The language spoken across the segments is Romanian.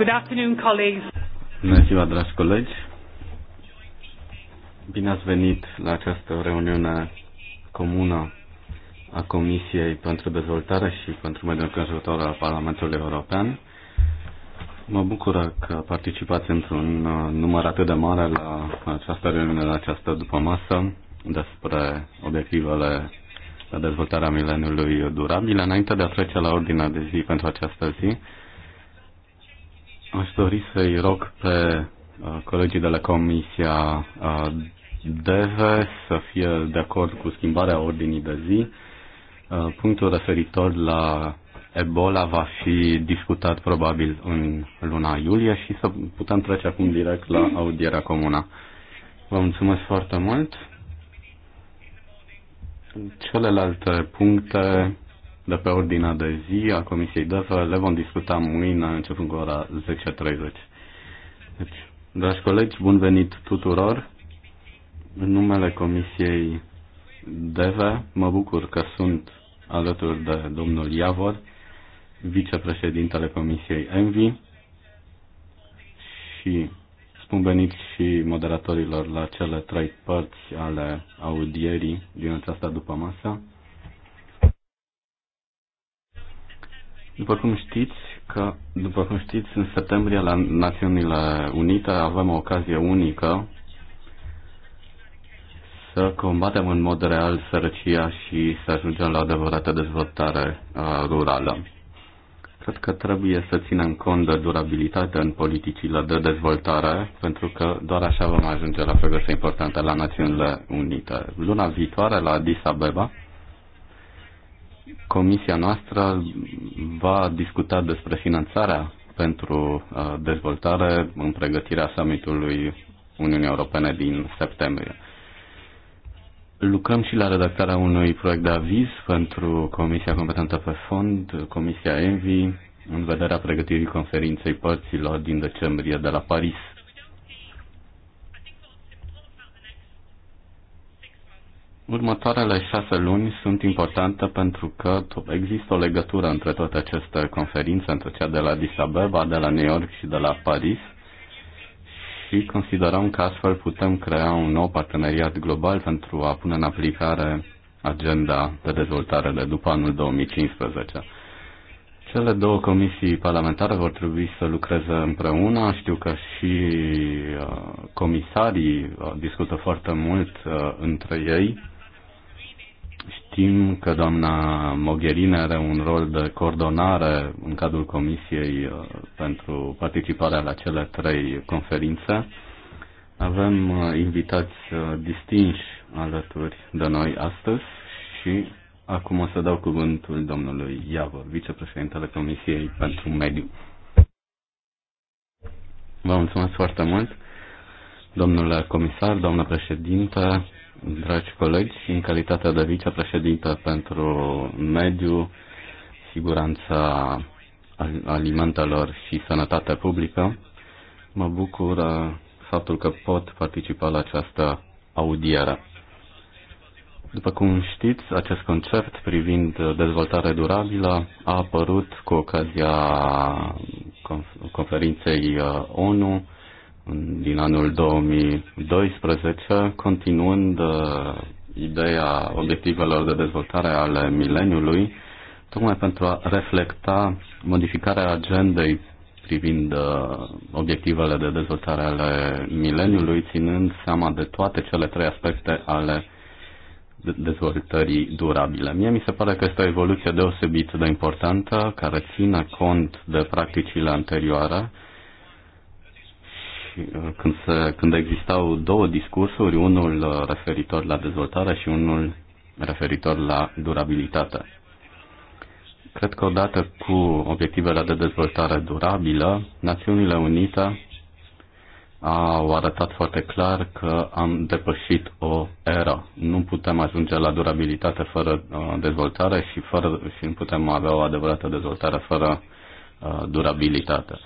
Good afternoon, colleagues. Bună ziua, dragi colegi. Bine ați venit la această reuniune comună a Comisiei pentru Dezvoltare și pentru Mediul Înconjurător al Parlamentului European. Mă bucură că participați într-un uh, număr atât de mare la această reuniune, la această dupămasă, despre obiectivele de dezvoltare a mileniului durabil. Înainte de a trece la ordinea de zi pentru această zi, Aș dori să-i rog pe uh, colegii de la Comisia uh, DEVE să fie de acord cu schimbarea ordinii de zi. Uh, punctul referitor la Ebola va fi discutat probabil în luna iulie și să putem trece acum direct la audierea comună. Vă mulțumesc foarte mult. Celelalte puncte de pe ordinea de zi a Comisiei DEVE le vom discuta mâine începând cu ora 10.30. Deci, dragi colegi, bun venit tuturor! În numele Comisiei DEVE mă bucur că sunt alături de domnul Iavor, vicepreședintele Comisiei ENVI și spun venit și moderatorilor la cele trei părți ale audierii din această după masă. După cum știți, că, după cum știți, în septembrie la Națiunile Unite avem o ocazie unică să combatem în mod real sărăcia și să ajungem la adevărată dezvoltare uh, rurală. Cred că trebuie să ținem cont de durabilitate în politicile de dezvoltare, pentru că doar așa vom ajunge la progrese importante la Națiunile Unite. Luna viitoare, la Addis Abeba, Comisia noastră va discuta despre finanțarea pentru uh, dezvoltare în pregătirea summitului Uniunii Europene din septembrie. Lucrăm și la redactarea unui proiect de aviz pentru Comisia competentă pe fond, Comisia ENVI, în vederea pregătirii conferinței părților din decembrie de la Paris Următoarele șase luni sunt importante pentru că există o legătură între toate aceste conferințe, între cea de la Disabeba, de la New York și de la Paris și considerăm că astfel putem crea un nou parteneriat global pentru a pune în aplicare agenda de dezvoltare de după anul 2015. Cele două comisii parlamentare vor trebui să lucreze împreună. Știu că și uh, comisarii uh, discută foarte mult uh, între ei Știm că doamna Mogherini are un rol de coordonare în cadrul Comisiei uh, pentru participarea la cele trei conferințe. Avem uh, invitați uh, distinși alături de noi astăzi și acum o să dau cuvântul domnului Iavor, vicepreședintele Comisiei pentru Mediu. Vă mulțumesc foarte mult, domnule comisar, doamnă președinte, dragi colegi, în calitatea de vicepreședintă pentru mediu, siguranța alimentelor și sănătatea publică, mă bucur uh, faptul că pot participa la această audiere. După cum știți, acest concept privind dezvoltare durabilă a apărut cu ocazia conferinței uh, ONU din anul 2012, continuând uh, ideea obiectivelor de dezvoltare ale mileniului, tocmai pentru a reflecta modificarea agendei privind uh, obiectivele de dezvoltare ale mileniului, ținând seama de toate cele trei aspecte ale dezvoltării durabile. Mie mi se pare că este o evoluție deosebit de importantă, care ține cont de practicile anterioare, Uh, când, se, când existau două discursuri, unul uh, referitor la dezvoltare și unul referitor la durabilitate. Cred că odată cu obiectivele de dezvoltare durabilă, Națiunile Unite au arătat foarte clar că am depășit o era. Nu putem ajunge la durabilitate fără uh, dezvoltare și, fără, și nu putem avea o adevărată dezvoltare fără durabilitate.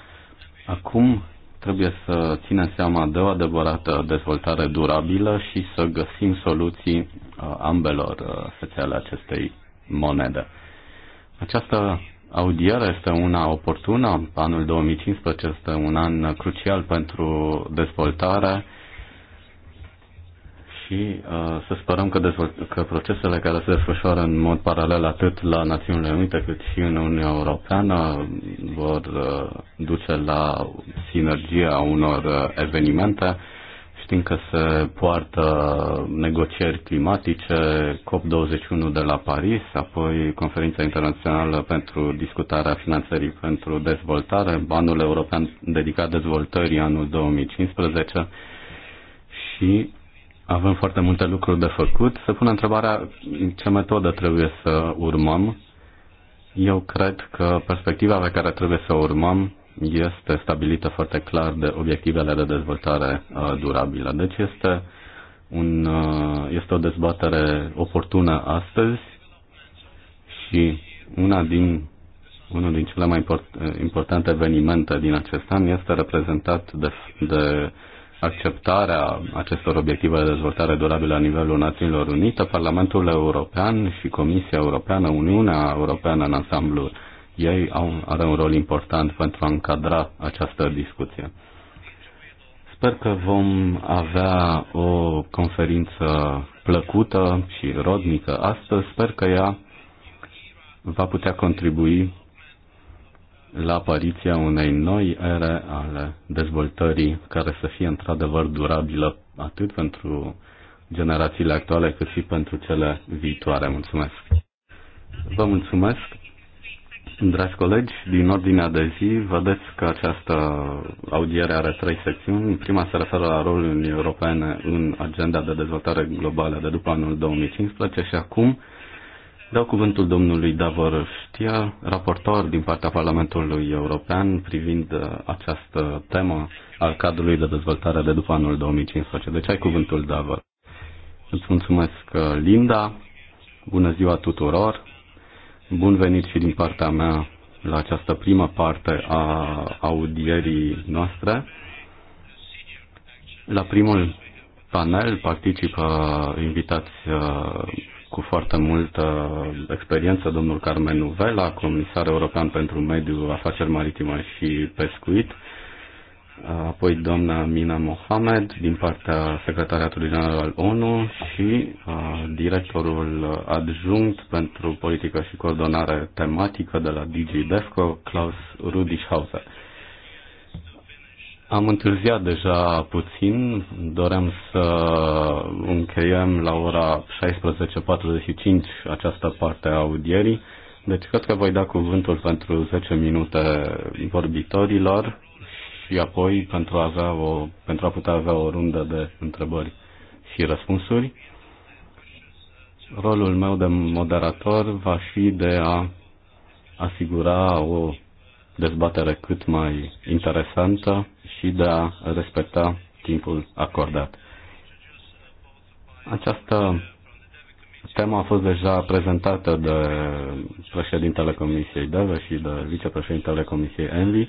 Acum trebuie să ținem seama de o adevărată dezvoltare durabilă și să găsim soluții uh, ambelor uh, fețe acestei monede. Această audiere este una oportună. Anul 2015 este un an crucial pentru dezvoltare și uh, să sperăm că, dezvolt- că procesele care se desfășoară în mod paralel atât la Națiunile Unite cât și în Uniunea Europeană vor uh, duce la sinergia unor uh, evenimente. Știm că se poartă negocieri climatice, COP21 de la Paris, apoi Conferința Internațională pentru discutarea finanțării pentru dezvoltare, Banul European dedicat dezvoltării anul 2015 și avem foarte multe lucruri de făcut. Se pune întrebarea ce metodă trebuie să urmăm. Eu cred că perspectiva pe care trebuie să o urmăm este stabilită foarte clar de obiectivele de dezvoltare uh, durabilă. Deci este, un, uh, este o dezbatere oportună astăzi și una din, unul din cele mai import, uh, importante evenimente din acest an este reprezentat de, de acceptarea acestor obiective de dezvoltare durabilă la nivelul Națiunilor Unite, Parlamentul European și Comisia Europeană, Uniunea Europeană în ansamblu ei au, are un rol important pentru a încadra această discuție. Sper că vom avea o conferință plăcută și rodnică astăzi. Sper că ea va putea contribui la apariția unei noi ere ale dezvoltării care să fie într-adevăr durabilă atât pentru generațiile actuale cât și pentru cele viitoare. Mulțumesc! Vă mulțumesc! Dragi colegi, din ordinea de zi, vedeți că această audiere are trei secțiuni. Prima se referă la rolul Uniunii Europene în agenda de dezvoltare globală de după anul 2015 și acum dau cuvântul domnului Davor Știa, raportor din partea Parlamentului European privind această temă al cadrului de dezvoltare de după anul 2015. Deci ai cuvântul, Davor. Îți mulțumesc, Linda. Bună ziua tuturor! Bun venit și din partea mea la această primă parte a audierii noastre. La primul panel participă invitați uh, cu foarte multă experiență, domnul Carmen Nuvela, comisar european pentru mediu, afaceri maritime și pescuit, apoi doamna Mina Mohamed din partea Secretariatului General al ONU și uh, directorul adjunct pentru politică și coordonare tematică de la DG DEFCO, Klaus Rudischhauser. Am întârziat deja puțin, doream să încheiem la ora 16.45 această parte a audierii, deci cred că voi da cuvântul pentru 10 minute vorbitorilor și apoi pentru a, avea o, pentru a putea avea o rundă de întrebări și răspunsuri. Rolul meu de moderator va fi de a asigura o dezbatere cât mai interesantă și de a respecta timpul acordat. Această temă a fost deja prezentată de președintele Comisiei DEVE și de vicepreședintele Comisiei ENVI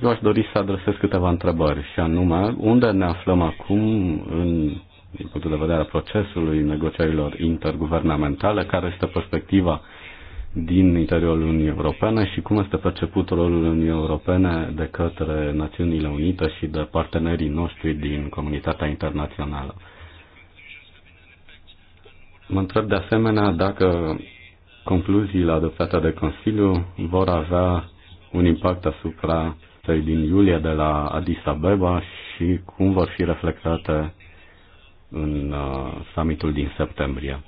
eu aș dori să adresez câteva întrebări și anume, unde ne aflăm acum în din punctul de vedere a procesului negocierilor interguvernamentale, care este perspectiva din interiorul Uniunii Europene și cum este perceput rolul Uniunii Europene de către Națiunile Unite și de partenerii noștri din comunitatea internațională. Mă întreb de asemenea dacă concluziile adoptate de Consiliu vor avea un impact asupra conferinței din iulie de la Addis Abeba și cum vor fi reflectate în uh, summitul din septembrie.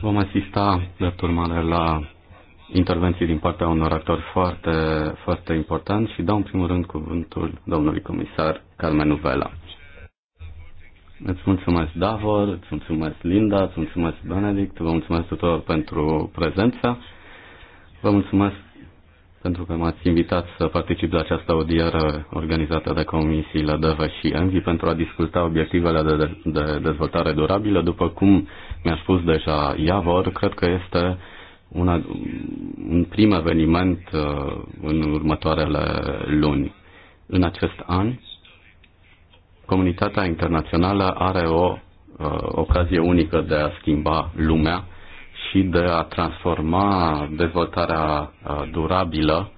Vom asista, de urmare, la intervenții din partea unor actori foarte, foarte importanti și dau în primul rând cuvântul domnului comisar Carmen Vela. Îți mulțumesc, Davor, îți mulțumesc, Linda, îți mulțumesc, Benedict, vă mulțumesc tuturor pentru prezența Vă mulțumesc pentru că m-ați invitat să particip la această audiere organizată de comisiile DEVE și ENVI pentru a discuta obiectivele de, de dezvoltare durabilă. După cum mi-a spus deja Iavor, cred că este una, un prim eveniment uh, în următoarele luni. În acest an, comunitatea internațională are o uh, ocazie unică de a schimba lumea și de a transforma dezvoltarea uh, durabilă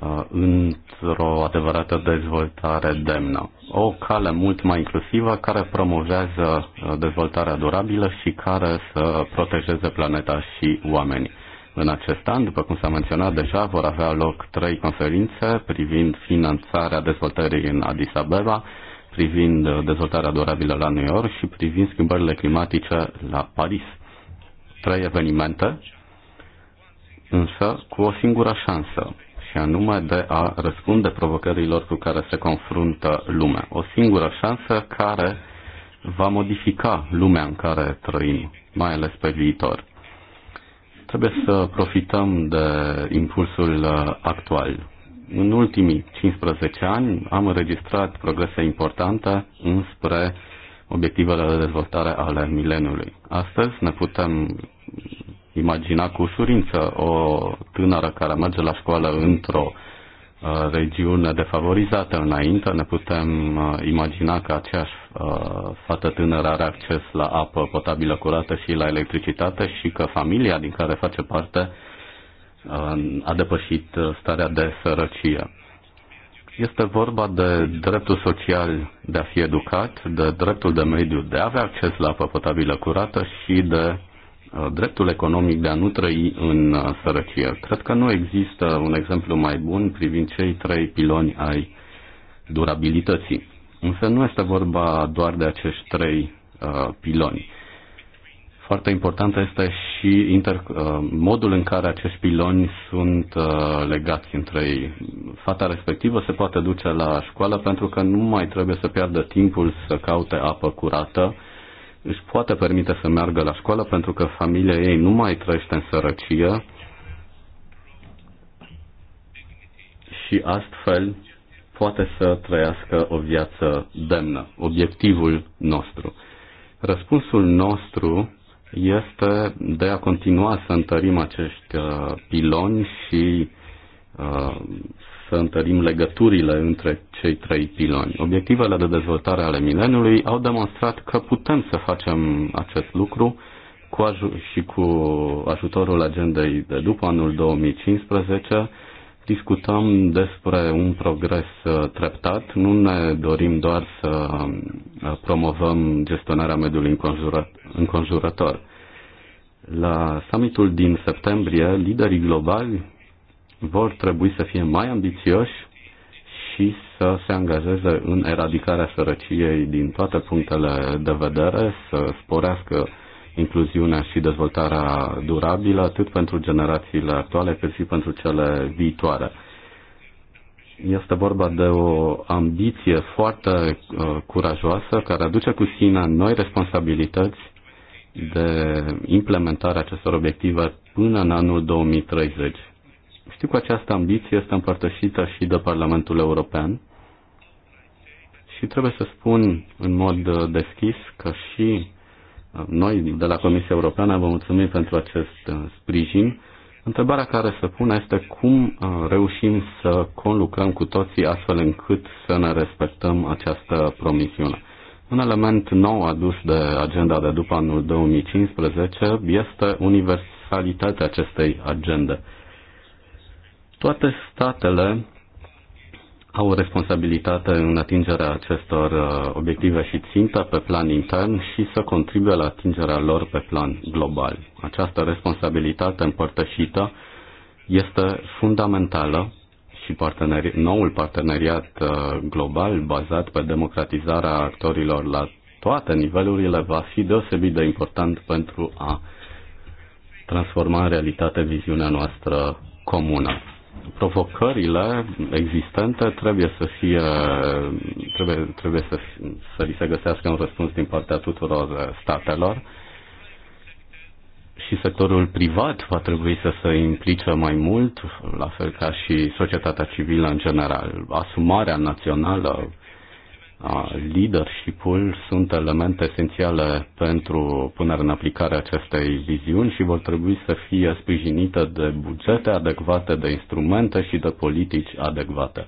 uh, într-o adevărată dezvoltare demnă. O cale mult mai inclusivă care promovează uh, dezvoltarea durabilă și care să protejeze planeta și oamenii. În acest an, după cum s-a menționat deja, vor avea loc trei conferințe privind finanțarea dezvoltării în Addis Abeba, privind dezvoltarea durabilă la New York și privind schimbările climatice la Paris trei evenimente, însă cu o singură șansă, și anume de a răspunde provocărilor cu care se confruntă lumea. O singură șansă care va modifica lumea în care trăim, mai ales pe viitor. Trebuie să profităm de impulsul uh, actual. În ultimii 15 ani am înregistrat progrese importante înspre obiectivele de dezvoltare ale mileniului. Astăzi ne putem imagina cu ușurință o tânără care merge la școală într-o uh, regiune defavorizată înainte, ne putem uh, imagina că aceeași uh, fată tânără are acces la apă potabilă curată și la electricitate și că familia din care face parte a depășit starea de sărăcie. Este vorba de dreptul social de a fi educat, de dreptul de mediu de a avea acces la apă potabilă curată și de uh, dreptul economic de a nu trăi în uh, sărăcie. Cred că nu există un exemplu mai bun privind cei trei piloni ai durabilității. Însă nu este vorba doar de acești trei uh, piloni. Foarte importantă este și inter, uh, modul în care acești piloni sunt uh, legați între ei. Fata respectivă se poate duce la școală pentru că nu mai trebuie să piardă timpul să caute apă curată. Își poate permite să meargă la școală pentru că familia ei nu mai trăiește în sărăcie și astfel poate să trăiască o viață demnă, obiectivul nostru. Răspunsul nostru este de a continua să întărim acești uh, piloni și uh, să întărim legăturile între cei trei piloni. Obiectivele de dezvoltare ale mileniului au demonstrat că putem să facem acest lucru cu aj- și cu ajutorul agendei de după anul 2015 discutăm despre un progres uh, treptat. Nu ne dorim doar să promovăm gestionarea mediului înconjurător. La summitul din septembrie, liderii globali vor trebui să fie mai ambițioși și să se angajeze în eradicarea sărăciei din toate punctele de vedere, să sporească incluziunea și dezvoltarea durabilă, atât pentru generațiile actuale, cât și pentru cele viitoare. Este vorba de o ambiție foarte uh, curajoasă care aduce cu sine noi responsabilități de implementarea acestor obiective până în anul 2030. Știu că această ambiție este împărtășită și de Parlamentul European și trebuie să spun în mod uh, deschis că și uh, noi de la Comisia Europeană vă mulțumim pentru acest uh, sprijin. Întrebarea care se pune este cum reușim să conlucrăm cu toții astfel încât să ne respectăm această promisiune. Un element nou adus de agenda de după anul 2015 este universalitatea acestei agende. Toate statele au o responsabilitate în atingerea acestor uh, obiective și ținte pe plan intern și să contribuie la atingerea lor pe plan global. Această responsabilitate împărtășită este fundamentală și parteneri, noul parteneriat uh, global bazat pe democratizarea actorilor la toate nivelurile va fi deosebit de important pentru a transforma în realitate viziunea noastră comună. Provocările existente trebuie să fie, trebuie, trebuie să, să li se găsească un răspuns din partea tuturor statelor și sectorul privat va trebui să se implice mai mult, la fel ca și societatea civilă în general. Asumarea națională a leadership-ul sunt elemente esențiale pentru punerea în aplicare acestei viziuni și vor trebui să fie sprijinite de bugete adecvate, de instrumente și de politici adecvate.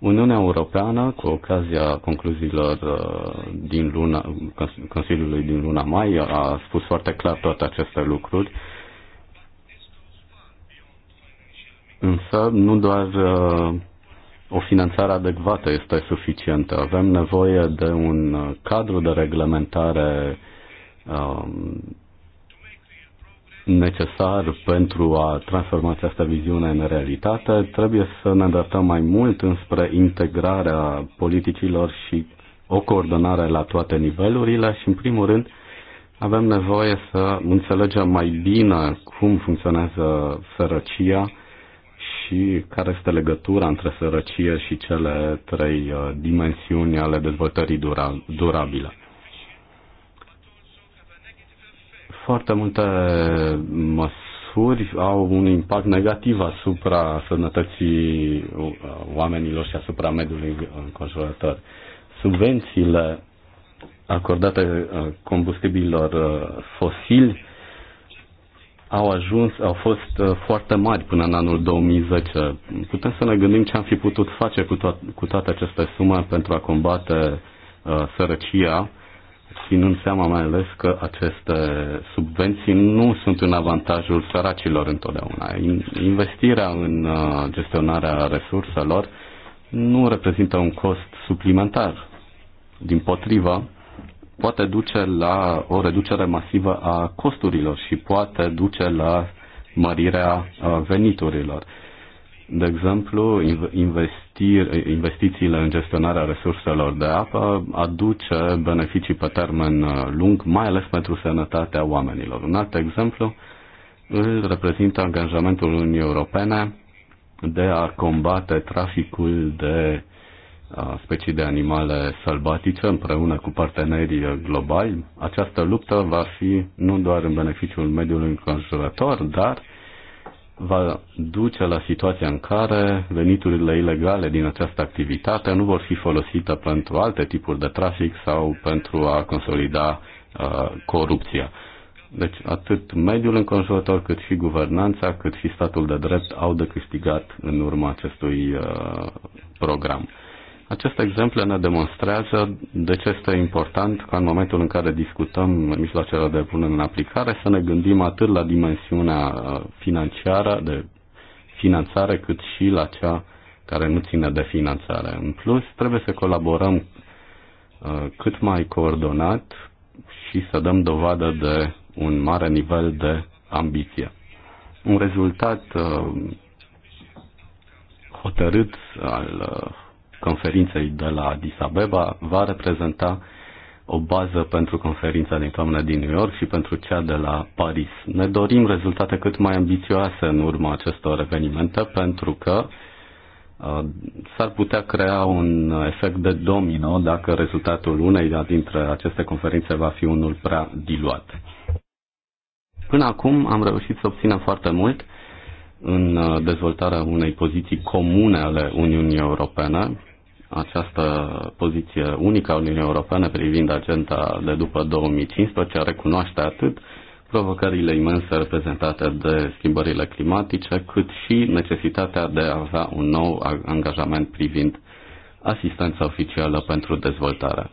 Uniunea Europeană, cu ocazia concluziilor uh, din luna, Consiliului din luna mai, a spus foarte clar toate aceste lucruri. Însă nu doar uh, o finanțare adecvată este suficientă. Avem nevoie de un uh, cadru de reglementare um, necesar pentru a transforma această viziune în realitate, trebuie să ne îndreptăm mai mult înspre integrarea politicilor și o coordonare la toate nivelurile și, în primul rând, avem nevoie să înțelegem mai bine cum funcționează sărăcia și care este legătura între sărăcie și cele trei uh, dimensiuni ale dezvoltării dura- durabile. foarte multe măsuri au un impact negativ asupra sănătății oamenilor și asupra mediului înconjurător. Subvențiile acordate uh, combustibililor uh, fosili au ajuns, au fost uh, foarte mari până în anul 2010. Putem să ne gândim ce am fi putut face cu, to- cu toate aceste sume pentru a combate uh, sărăcia ținând seama mai ales că aceste subvenții nu sunt în avantajul săracilor întotdeauna. Investirea în uh, gestionarea resurselor nu reprezintă un cost suplimentar. Din potrivă, poate duce la o reducere masivă a costurilor și poate duce la mărirea uh, veniturilor. De exemplu, invest investir, investițiile în gestionarea resurselor de apă aduce beneficii pe termen uh, lung, mai ales pentru sănătatea oamenilor. Un alt exemplu îl reprezintă angajamentul Uniunii Europene de a combate traficul de uh, specii de animale sălbatice împreună cu partenerii globali. Această luptă va fi nu doar în beneficiul mediului înconjurător, dar va duce la situația în care veniturile ilegale din această activitate nu vor fi folosite pentru alte tipuri de trafic sau pentru a consolida uh, corupția. Deci atât mediul înconjurător, cât și guvernanța, cât și statul de drept au de câștigat în urma acestui uh, program. Aceste exemple ne demonstrează de ce este important ca în momentul în care discutăm mijloacele de punere în aplicare să ne gândim atât la dimensiunea uh, financiară, de finanțare, cât și la cea care nu ține de finanțare. În plus, trebuie să colaborăm uh, cât mai coordonat și să dăm dovadă de un mare nivel de ambiție. Un rezultat uh, hotărât al conferinței de la Addis Abeba va reprezenta o bază pentru conferința din toamnă din New York și pentru cea de la Paris. Ne dorim rezultate cât mai ambițioase în urma acestor evenimente pentru că uh, s-ar putea crea un efect de domino dacă rezultatul uneia dintre aceste conferințe va fi unul prea diluat. Până acum am reușit să obținem foarte mult în uh, dezvoltarea unei poziții comune ale Uniunii Europene această poziție unică a Uniunii Europene privind agenda de după 2015 recunoaște atât provocările imense reprezentate de schimbările climatice, cât și necesitatea de a avea un nou angajament privind asistența oficială pentru dezvoltare.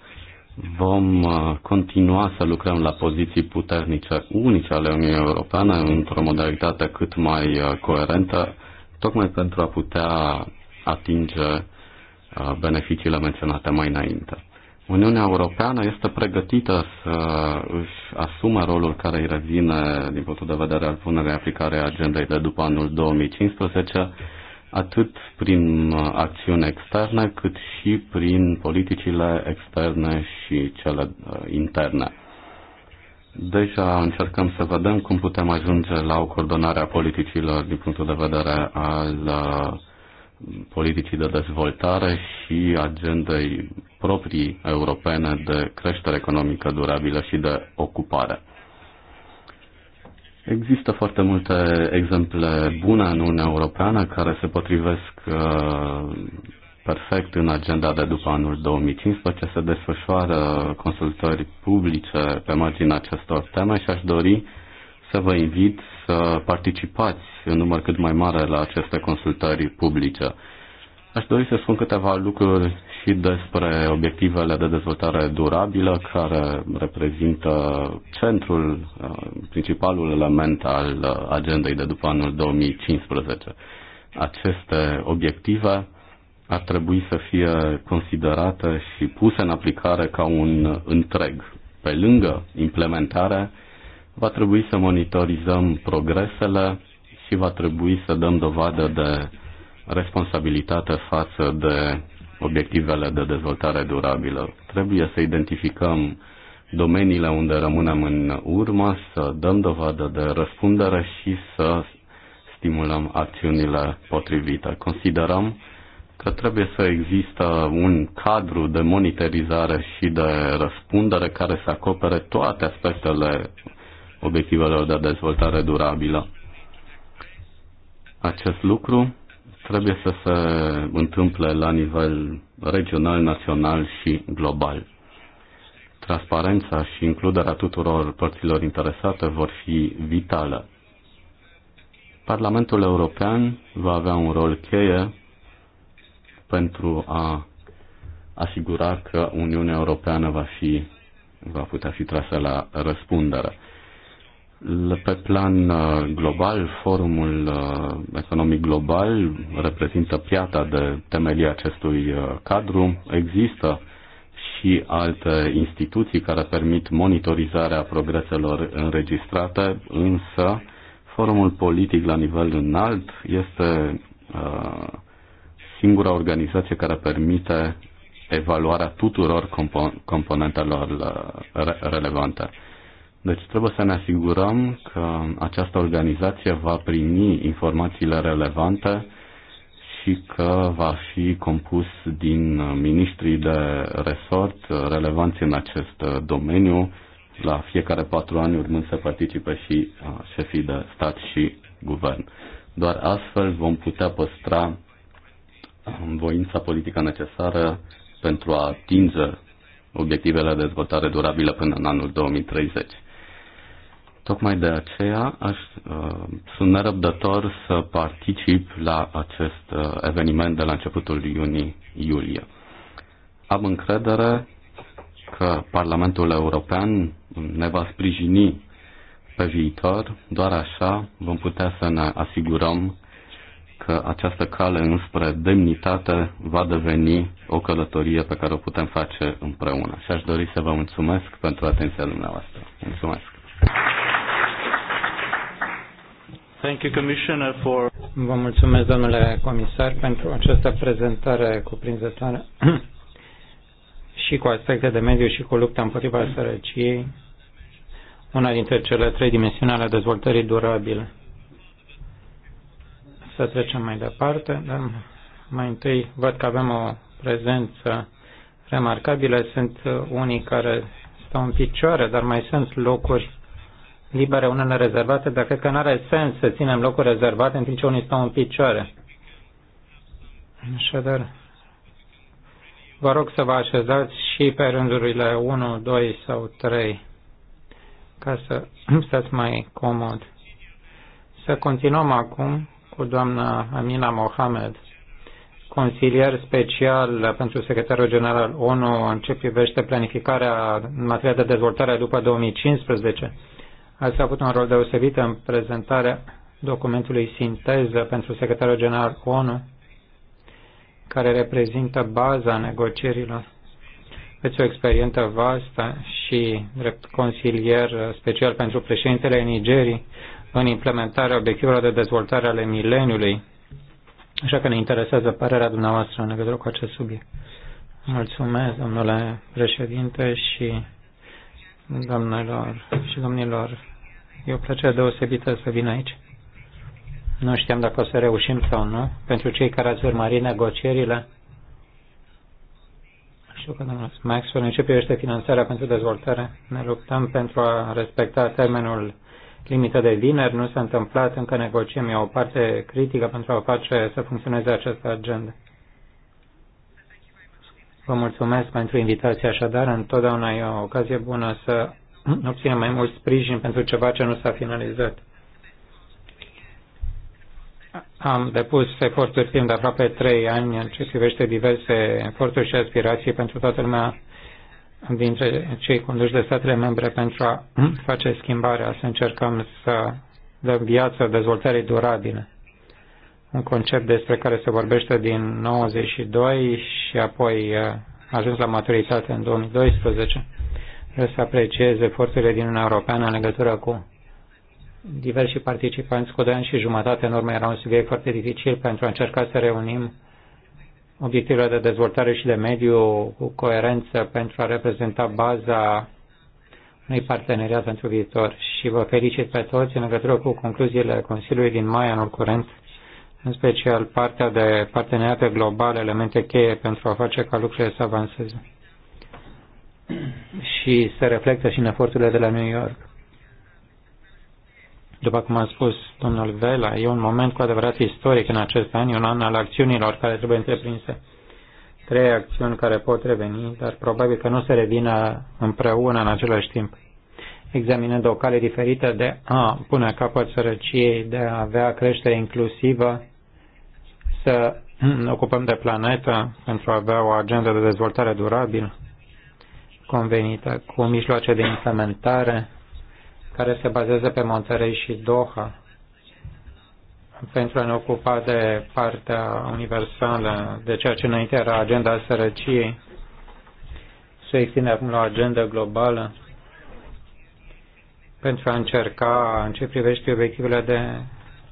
Vom uh, continua să lucrăm la poziții puternice unice ale Uniunii Europene într-o modalitate cât mai uh, coerentă, tocmai pentru a putea atinge beneficiile menționate mai înainte. Uniunea Europeană este pregătită să își asume rolul care îi revine din punctul de vedere al punerii aplicare a agendei de după anul 2015, atât prin acțiune externă, cât și prin politicile externe și cele interne. Deja încercăm să vedem cum putem ajunge la o coordonare a politicilor din punctul de vedere al politicii de dezvoltare și agendei proprii europene de creștere economică durabilă și de ocupare. Există foarte multe exemple bune în Uniunea Europeană care se potrivesc uh, perfect în agenda de după anul 2015. Se desfășoară consultări publice pe marginea acestor teme și aș dori să vă invit să participați în număr cât mai mare la aceste consultări publice. Aș dori să spun câteva lucruri și despre obiectivele de dezvoltare durabilă, care reprezintă centrul, uh, principalul element al uh, agendei de după anul 2015. Aceste obiective ar trebui să fie considerate și puse în aplicare ca un întreg. Pe lângă implementarea Va trebui să monitorizăm progresele și va trebui să dăm dovadă de responsabilitate față de obiectivele de dezvoltare durabilă. Trebuie să identificăm domeniile unde rămânem în urmă, să dăm dovadă de răspundere și să stimulăm acțiunile potrivite. Considerăm că trebuie să există un cadru de monitorizare și de răspundere care să acopere toate aspectele obiectivelor de dezvoltare durabilă. Acest lucru trebuie să se întâmple la nivel regional, național și global. Transparența și includerea tuturor părților interesate vor fi vitale. Parlamentul European va avea un rol cheie pentru a asigura că Uniunea Europeană va, fi, va putea fi trasă la răspundere. Pe plan uh, global, Forumul uh, Economic Global reprezintă piata de temelie acestui uh, cadru. Există și alte instituții care permit monitorizarea progreselor înregistrate, însă forumul politic la nivel înalt este singura organizație care permite evaluarea tuturor compo- componentelor relevante. Deci trebuie să ne asigurăm că această organizație va primi informațiile relevante și că va fi compus din ministrii de resort relevanți în acest domeniu. La fiecare patru ani urmând să participe și uh, șefii de stat și guvern. Doar astfel vom putea păstra um, voința politică necesară pentru a atinge obiectivele de dezvoltare durabilă până în anul 2030. Tocmai de aceea aș, uh, sunt nerăbdător să particip la acest uh, eveniment de la începutul iunie-iulie. Am încredere că Parlamentul European ne va sprijini pe viitor, doar așa vom putea să ne asigurăm că această cale înspre demnitate va deveni o călătorie pe care o putem face împreună. Și aș dori să vă mulțumesc pentru atenția dumneavoastră. Mulțumesc! Thank you, Commissioner, for... Vă mulțumesc, domnule comisar, pentru această prezentare cuprinzătoare și cu aspecte de mediu și cu lupta împotriva sărăciei, una dintre cele trei dimensiuni ale dezvoltării durabile. Să trecem mai departe, dar mai întâi văd că avem o prezență remarcabilă. Sunt unii care stau în picioare, dar mai sunt locuri libere, unele rezervate, dar cred că nu are sens să ținem locuri rezervate în timp ce unii stau în picioare. Așadar, vă rog să vă așezați și pe rândurile 1, 2 sau 3 ca să stați mai comod. Să continuăm acum cu doamna Amina Mohamed, consilier special pentru secretarul general ONU în ce privește planificarea în materie de dezvoltare după 2015 Ați avut un rol deosebit în prezentarea documentului sinteză pentru secretarul general ONU, care reprezintă baza negocierilor. Veți o experiență vastă și drept consilier special pentru președintele Nigerii în implementarea obiectivelor de dezvoltare ale mileniului. Așa că ne interesează părerea dumneavoastră în legătură cu acest subiect. Mulțumesc, domnule președinte, și doamnelor și domnilor. E o plăcere deosebită să vin aici. Nu știam dacă o să reușim sau nu. Pentru cei care ați urmărit negocierile, știu că domnul Maxwell începe este finanțarea pentru dezvoltare. Ne luptăm pentru a respecta termenul limită de vineri. Nu s-a întâmplat, încă negociem. E o parte critică pentru a face să funcționeze această agenda. Vă mulțumesc pentru invitație, așadar, întotdeauna e o ocazie bună să obținem mai mult sprijin pentru ceva ce nu s-a finalizat. Am depus eforturi timp de aproape trei ani în ce privește diverse eforturi și aspirații pentru toată lumea dintre cei conduși de statele membre pentru a face schimbarea, să încercăm să dăm viață dezvoltării durabile un concept despre care se vorbește din 92 și apoi uh, a ajuns la maturitate în 2012. Vreau să apreciez eforturile din Uniunea Europeană în legătură cu diversi participanți cu doi ani și jumătate în urmă era un subiect foarte dificil pentru a încerca să reunim obiectivele de dezvoltare și de mediu cu coerență pentru a reprezenta baza unui parteneriat pentru viitor și vă felicit pe toți în legătură cu concluziile Consiliului din mai anul curent în special partea de parteneriate globale, elemente cheie pentru a face ca lucrurile să avanseze. Și se reflectă și în eforturile de la New York. După cum a spus domnul Vela, e un moment cu adevărat istoric în acest an, e un an al acțiunilor care trebuie întreprinse. Trei acțiuni care pot reveni, dar probabil că nu se revină împreună în același timp examinând o cale diferită de a pune capăt sărăciei, de a avea creștere inclusivă să hmm, ne ocupăm de planetă pentru a avea o agendă de dezvoltare durabilă convenită cu mijloace de implementare care se bazează pe Monterey și Doha pentru a ne ocupa de partea universală, de ceea ce înainte era agenda sărăciei, să extinde acum la o agenda globală pentru a încerca, în ce privește obiectivele de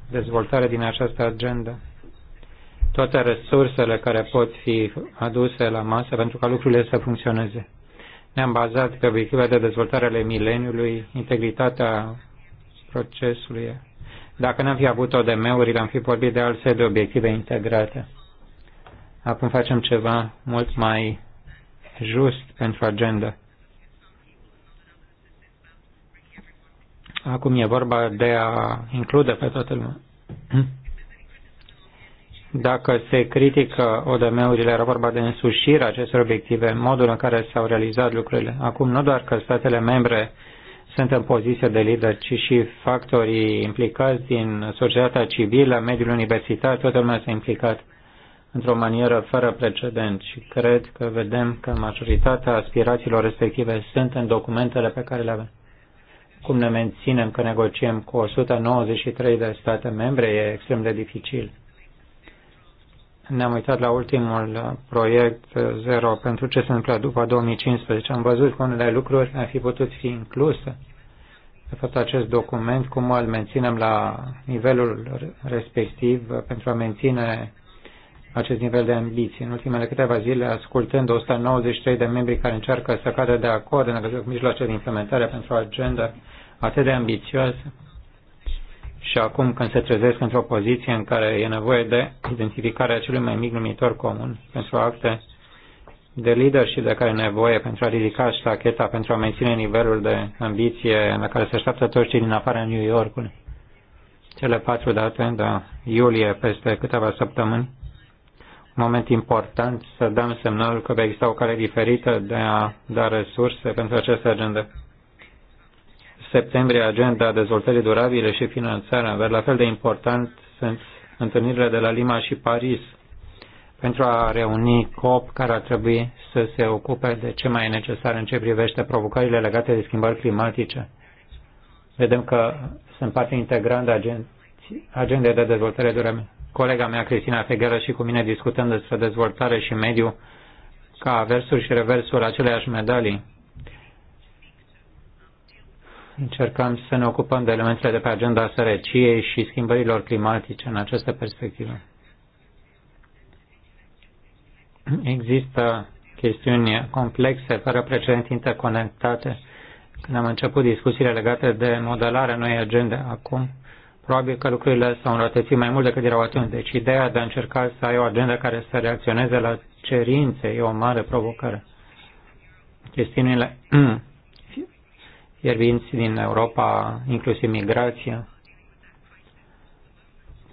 dezvoltare din această agenda toate resursele care pot fi aduse la masă pentru ca lucrurile să funcționeze. Ne-am bazat pe obiectivele de dezvoltare ale mileniului, integritatea procesului. Dacă n-am fi avut ODM-urile, am fi vorbit de alte de obiective integrate. Acum facem ceva mult mai just pentru agenda. Acum e vorba de a include pe toată lumea. Dacă se critică ODM-urile, era vorba de însușirea acestor obiective, modul în care s-au realizat lucrurile. Acum nu doar că statele membre sunt în poziție de lider, ci și factorii implicați din societatea civilă, mediul universitar, toată lumea s-a implicat într-o manieră fără precedent și cred că vedem că majoritatea aspirațiilor respective sunt în documentele pe care le avem. Cum ne menținem că negociem cu 193 de state membre e extrem de dificil ne-am uitat la ultimul uh, proiect uh, zero pentru ce se întâmplă după 2015. Am văzut că unele lucruri ar fi putut fi incluse. De fapt, acest document, cum îl menținem la nivelul respectiv uh, pentru a menține acest nivel de ambiții. În ultimele câteva zile, ascultând 193 de membri care încearcă să cadă de acord în legătură cu mijloace de implementare pentru o agenda atât de ambițioasă, și acum când se trezesc într-o poziție în care e nevoie de identificarea celui mai mic numitor comun pentru acte de leadership de care e nevoie pentru a ridica ștacheta, pentru a menține nivelul de ambiție la care se așteaptă toți cei din afara New Yorkului. Cele patru date, da, iulie, peste câteva săptămâni, un moment important să dăm semnalul că va exista o cale diferită de a da resurse pentru această agenda septembrie agenda dezvoltării durabile și finanțarea, dar la fel de important sunt întâlnirile de la Lima și Paris pentru a reuni COP care ar trebui să se ocupe de ce mai e necesar în ce privește provocările legate de schimbări climatice. Vedem că sunt parte integrantă agende de dezvoltare durabilă. Colega mea, Cristina Fegheră, și cu mine discutăm despre dezvoltare și mediu ca versuri și reversuri aceleași medalii încercăm să ne ocupăm de elementele de pe agenda sărăciei și schimbărilor climatice în această perspectivă. Există chestiuni complexe, fără precedent interconectate. Când am început discuțiile legate de modelarea noi agende acum, probabil că lucrurile s-au înrătățit mai mult decât erau atunci. Deci ideea de a încerca să ai o agenda care să reacționeze la cerințe e o mare provocare. Chestiunile iar din Europa, inclusiv migrația,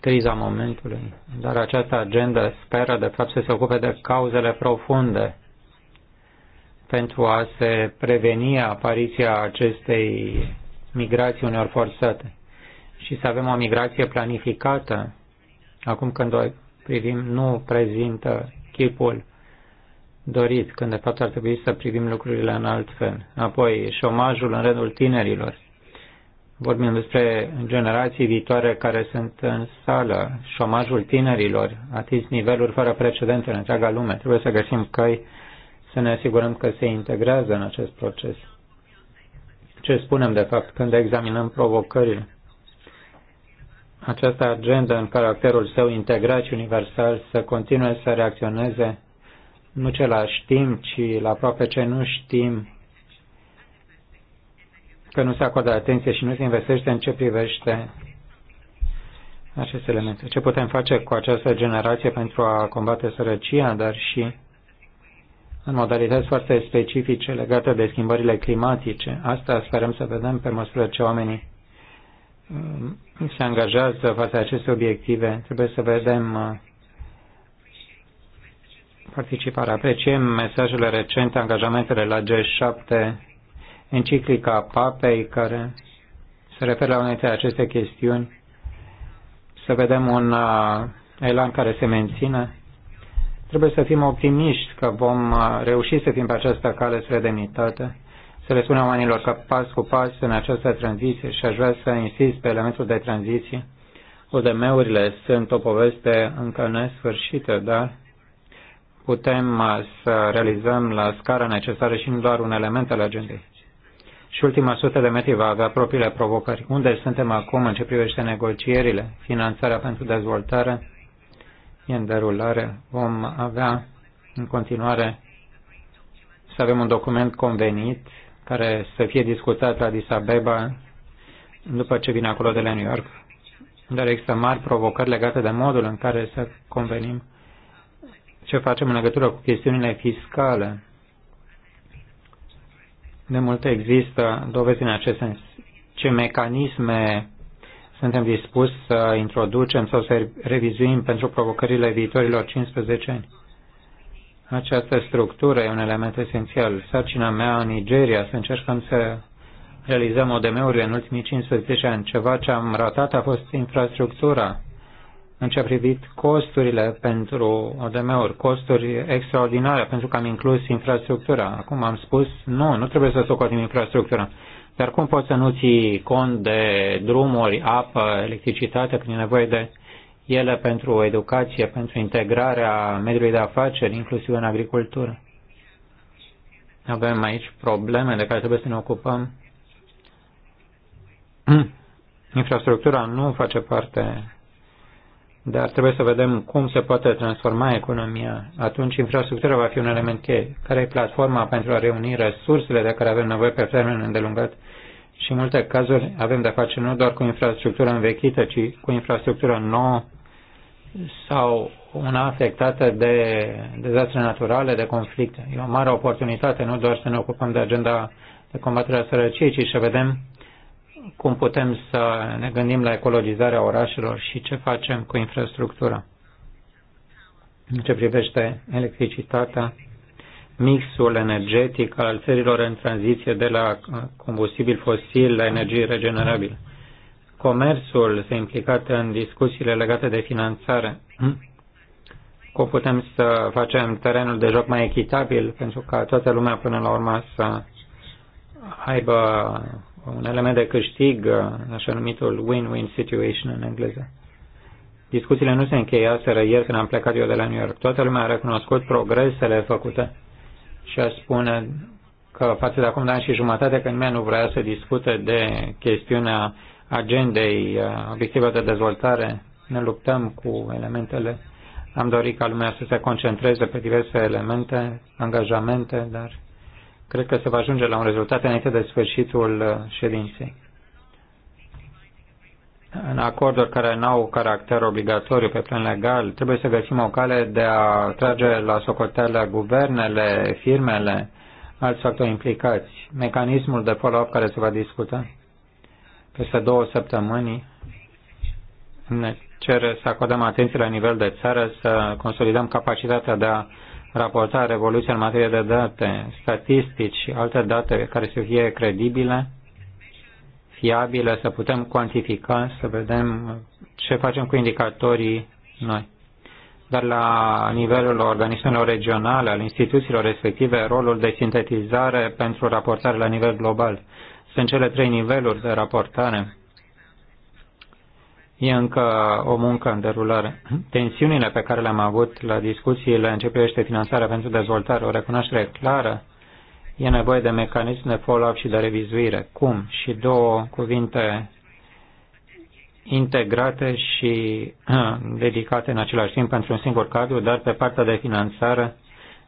criza momentului. Dar această agendă speră, de fapt, să se ocupe de cauzele profunde pentru a se preveni apariția acestei migrații uneori forțate și să avem o migrație planificată, acum când o privim, nu prezintă chipul dorit, când de fapt ar trebui să privim lucrurile în alt fel. Apoi, șomajul în rândul tinerilor. Vorbim despre generații viitoare care sunt în sală, șomajul tinerilor, atins niveluri fără precedent în întreaga lume. Trebuie să găsim căi să ne asigurăm că se integrează în acest proces. Ce spunem, de fapt, când examinăm provocările? Această agendă, în caracterul său integrat și universal, să continue să reacționeze nu ce la știm, ci la aproape ce nu știm că nu se acordă atenție și nu se investește în ce privește aceste elemente. Ce putem face cu această generație pentru a combate sărăcia, dar și în modalități foarte specifice legate de schimbările climatice. Asta sperăm să vedem pe măsură ce oamenii uh, se angajează față aceste obiective. Trebuie să vedem uh, participare. Apreciem mesajele recente, angajamentele la G7, enciclica Papei, care se referă la unele dintre aceste chestiuni. Să vedem un uh, elan care se menține. Trebuie să fim optimiști că vom uh, reuși să fim pe această cale spre demnitate să le spunem oamenilor că pas cu pas în această tranziție și aș vrea să insist pe elementul de tranziție. ODM-urile sunt o poveste încă nesfârșită, dar putem uh, să realizăm la scară necesară și nu doar un element al agendei. Și ultima sută de metri va avea propriile provocări. Unde suntem acum în ce privește negocierile, finanțarea pentru dezvoltare, e în derulare. Vom avea în continuare să avem un document convenit care să fie discutat la Addis Abeba după ce vine acolo de la New York. Dar există mari provocări legate de modul în care să convenim ce facem în legătură cu chestiunile fiscale. De multe există dovezi în acest sens. Ce mecanisme suntem dispuși să introducem sau să revizuim pentru provocările viitorilor 15 ani? Această structură e un element esențial. Sarcina mea în Nigeria să încercăm să realizăm ODM-urile în ultimii 15 ani. Ceva ce am ratat a fost infrastructura în ce a privit costurile pentru ODM-uri, costuri extraordinare pentru că am inclus infrastructura. Acum am spus, nu, nu trebuie să socotim infrastructura. Dar cum poți să nu ții cont de drumuri, apă, electricitate, e nevoie de ele pentru educație, pentru integrarea mediului de afaceri, inclusiv în agricultură? Avem aici probleme de care trebuie să ne ocupăm. Infrastructura nu face parte dar trebuie să vedem cum se poate transforma economia. Atunci infrastructura va fi un element cheie. Care e platforma pentru a reuni resursele de care avem nevoie pe termen îndelungat? Și în multe cazuri avem de face nu doar cu infrastructura învechită, ci cu infrastructura nouă sau una afectată de dezastre naturale, de conflicte. E o mare oportunitate nu doar să ne ocupăm de agenda de combatere a sărăciei, ci să vedem cum putem să ne gândim la ecologizarea orașelor și ce facem cu infrastructura. În ce privește electricitatea, mixul energetic al țărilor în tranziție de la combustibil fosil la energie regenerabilă. Comerțul se implicat în discuțiile legate de finanțare. Cum putem să facem terenul de joc mai echitabil pentru ca toată lumea până la urmă să aibă un element de câștig, uh, așa numitul win-win situation în engleză. Discuțiile nu se încheiaseră ieri când am plecat eu de la New York. Toată lumea a recunoscut progresele făcute și a spune că față de acum de ani și jumătate, când nimeni nu vrea să discute de chestiunea agendei, uh, obiective de dezvoltare, ne luptăm cu elementele. Am dorit ca lumea să se concentreze pe diverse elemente, angajamente, dar Cred că se va ajunge la un rezultat înainte de sfârșitul uh, ședinței. În acorduri care nu au caracter obligatoriu pe plan legal, trebuie să găsim o cale de a trage la socoteală guvernele, firmele, alți factori implicați. Mecanismul de follow-up care se va discuta peste două săptămâni ne cere să acordăm atenție la nivel de țară, să consolidăm capacitatea de a raporta revoluția în materie de date, statistici și alte date care să fie credibile, fiabile, să putem cuantifica, să vedem ce facem cu indicatorii noi. Dar la nivelul organismelor regionale, al instituțiilor respective, rolul de sintetizare pentru raportare la nivel global. Sunt cele trei niveluri de raportare E încă o muncă în derulare. Tensiunile pe care le-am avut la discuțiile în ce privește finanțarea pentru dezvoltare, o recunoaștere clară, e nevoie de mecanism de follow-up și de revizuire. Cum? Și două cuvinte integrate și dedicate în același timp pentru un singur cadru, dar pe partea de finanțare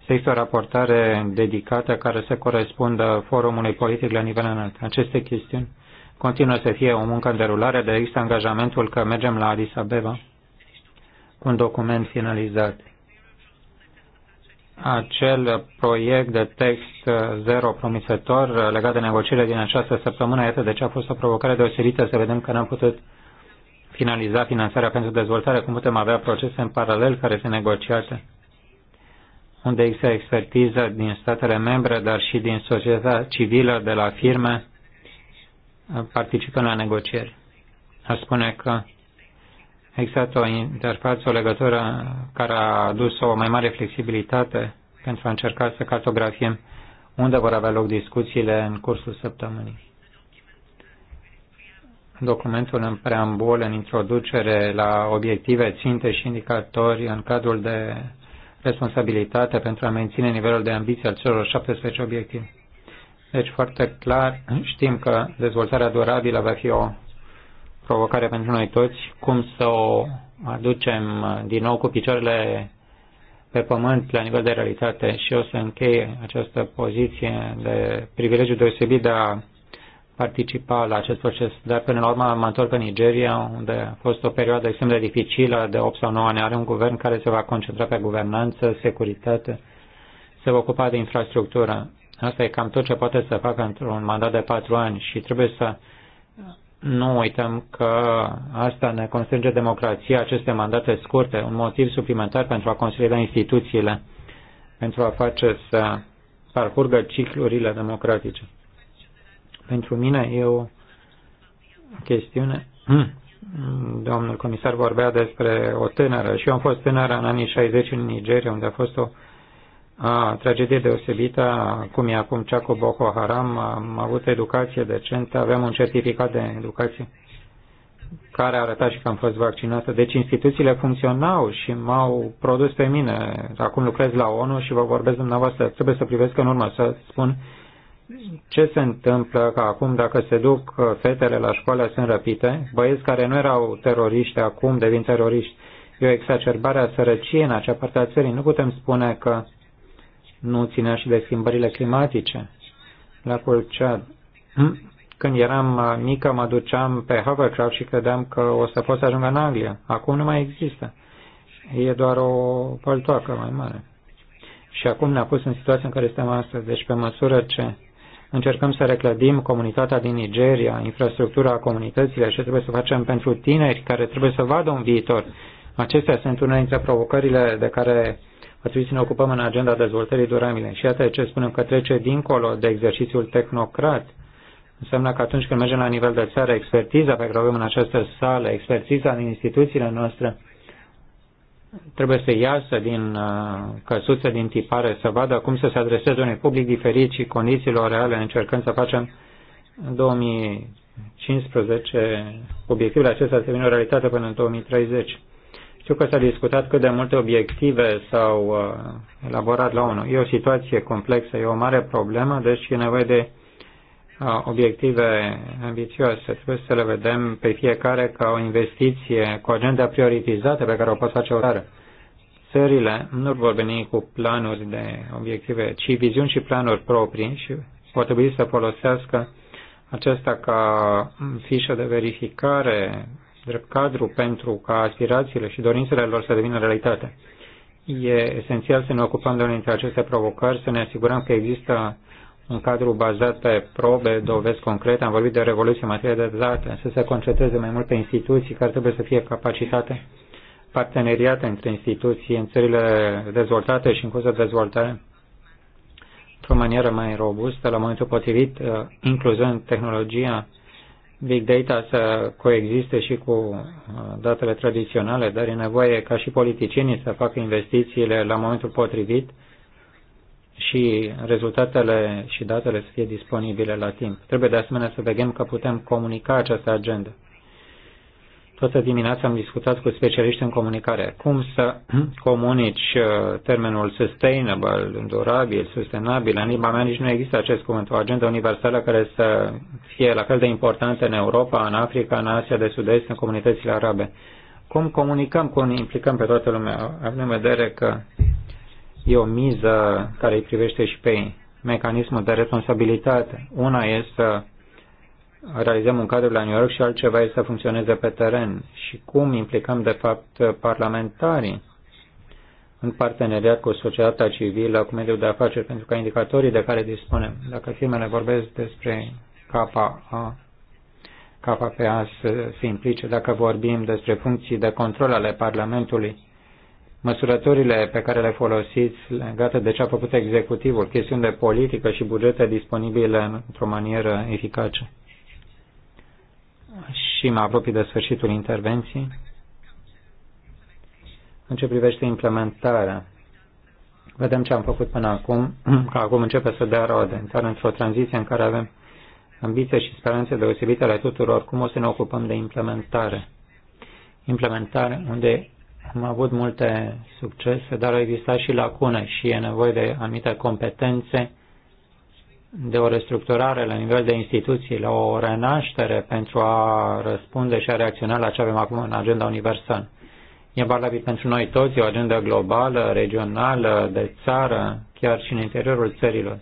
să există o raportare dedicată care să corespundă forumului politic la nivel înalt. Aceste chestiuni Continuă să fie o muncă în derulare, dar există angajamentul că mergem la Addis Abeba cu un document finalizat. Acel proiect de text uh, zero promisător uh, legat de negocierile din această săptămână, iată de ce a fost o provocare deosebită să vedem că n-am putut finaliza finanțarea pentru dezvoltare, cum putem avea procese în paralel care se negociate, unde există expertiză din statele membre, dar și din societatea civilă, de la firme, participând la negocieri. A spune că a existat o interfață, o legătură care a adus o mai mare flexibilitate pentru a încerca să cartografiem unde vor avea loc discuțiile în cursul săptămânii. Documentul în preambul, în introducere la obiective, ținte și indicatori în cadrul de responsabilitate pentru a menține nivelul de ambiție al celor 17 obiective. Deci foarte clar știm că dezvoltarea durabilă va fi o provocare pentru noi toți, cum să o aducem din nou cu picioarele pe pământ la nivel de realitate și o să încheie această poziție de privilegiu deosebit de a participa la acest proces. Dar până la urmă mă întorc în Nigeria, unde a fost o perioadă extrem de dificilă, de 8 sau 9 ani. Are un guvern care se va concentra pe guvernanță, securitate, se va ocupa de infrastructură. Asta e cam tot ce poate să facă într-un mandat de patru ani și trebuie să nu uităm că asta ne constrânge democrația, aceste mandate scurte, un motiv suplimentar pentru a consolida instituțiile, pentru a face să parcurgă ciclurile democratice. Pentru mine e o chestiune. Domnul comisar vorbea despre o tânără și eu am fost tânără în anii 60 în Nigeria, unde a fost o a tragedie deosebită, cum e acum cea cu Boko Haram, am avut educație decentă, aveam un certificat de educație care arăta și că am fost vaccinată. Deci instituțiile funcționau și m-au produs pe mine. Acum lucrez la ONU și vă vorbesc dumneavoastră. Trebuie să privesc în urmă, să spun ce se întâmplă că acum dacă se duc fetele la școală sunt răpite, băieți care nu erau teroriști acum devin teroriști. E o exacerbare a sărăciei în acea parte a țării. Nu putem spune că nu ținea și de schimbările climatice. La Chad. Când eram mică, mă duceam pe hovercraft și credeam că o să pot să ajung în Anglia. Acum nu mai există. E doar o păltoacă mai mare. Și acum ne-a pus în situația în care suntem astăzi. Deci, pe măsură ce încercăm să reclădim comunitatea din Nigeria, infrastructura comunităților, ce trebuie să facem pentru tineri care trebuie să vadă un viitor. Acestea sunt unele dintre provocările de care ar trebui să ne ocupăm în agenda dezvoltării durabile. Și iată ce spunem că trece dincolo de exercițiul tehnocrat. Înseamnă că atunci când mergem la nivel de țară, expertiza pe care o avem în această sală, expertiza din instituțiile noastre, trebuie să iasă din uh, căsuță, din tipare, să vadă cum să se adreseze unui public diferit și condițiilor reale. încercând să facem în 2015 obiectivele acestea să devină o realitate până în 2030. Știu că s-a discutat cât de multe obiective s-au uh, elaborat la unul. E o situație complexă, e o mare problemă, deci e nevoie de uh, obiective ambițioase. Trebuie să le vedem pe fiecare ca o investiție cu agenda prioritizată pe care o poate face o țară. Țările nu vor veni cu planuri de obiective, ci viziuni și planuri proprii și vor trebui să folosească acesta ca fișă de verificare drept cadru pentru ca aspirațiile și dorințele lor să devină realitate. E esențial să ne ocupăm de unele dintre aceste provocări, să ne asigurăm că există un cadru bazat pe probe, dovezi concrete. Am vorbit de revoluție în materie de date, să se concentreze mai mult pe instituții care trebuie să fie capacitate parteneriate între instituții în țările dezvoltate și în curs de dezvoltare într-o manieră mai robustă la momentul potrivit, uh, incluzând tehnologia big data să coexiste și cu uh, datele tradiționale, dar e nevoie ca și politicienii să facă investițiile la momentul potrivit și rezultatele și datele să fie disponibile la timp. Trebuie de asemenea să vedem că putem comunica această agendă. Toată dimineața am discutat cu specialiști în comunicare cum să comunici uh, termenul sustainable, durabil, sustenabil. În limba mea nici nu există acest cuvânt, o agenda universală care să fie la fel de importantă în Europa, în Africa, în Asia de Sud-Est, în comunitățile arabe. Cum comunicăm, cum implicăm pe toată lumea, Avem în vedere că e o miză care îi privește și pe ei. Mecanismul de responsabilitate. Una este să realizăm un cadru la New York și altceva este să funcționeze pe teren și cum implicăm, de fapt, parlamentarii în parteneriat cu societatea civilă, cu mediul de afaceri, pentru că indicatorii de care dispunem, dacă firmele vorbesc despre KPA, KPA să se implice, dacă vorbim despre funcții de control ale Parlamentului, măsurătorile pe care le folosiți legate de ce a făcut executivul, chestiuni de politică și bugete disponibile într-o manieră eficace și mă apropii de sfârșitul intervenției. În ce privește implementarea, vedem ce am făcut până acum, că acum începe să dea roade, dar într-o tranziție în care avem ambiție și speranțe deosebite ale tuturor, cum o să ne ocupăm de implementare. Implementare unde am avut multe succese, dar au existat și lacune și e nevoie de anumite competențe de o restructurare la nivel de instituții, la o renaștere pentru a răspunde și a reacționa la ce avem acum în agenda universală. E valabil pentru noi toți, o agenda globală, regională, de țară, chiar și în interiorul țărilor.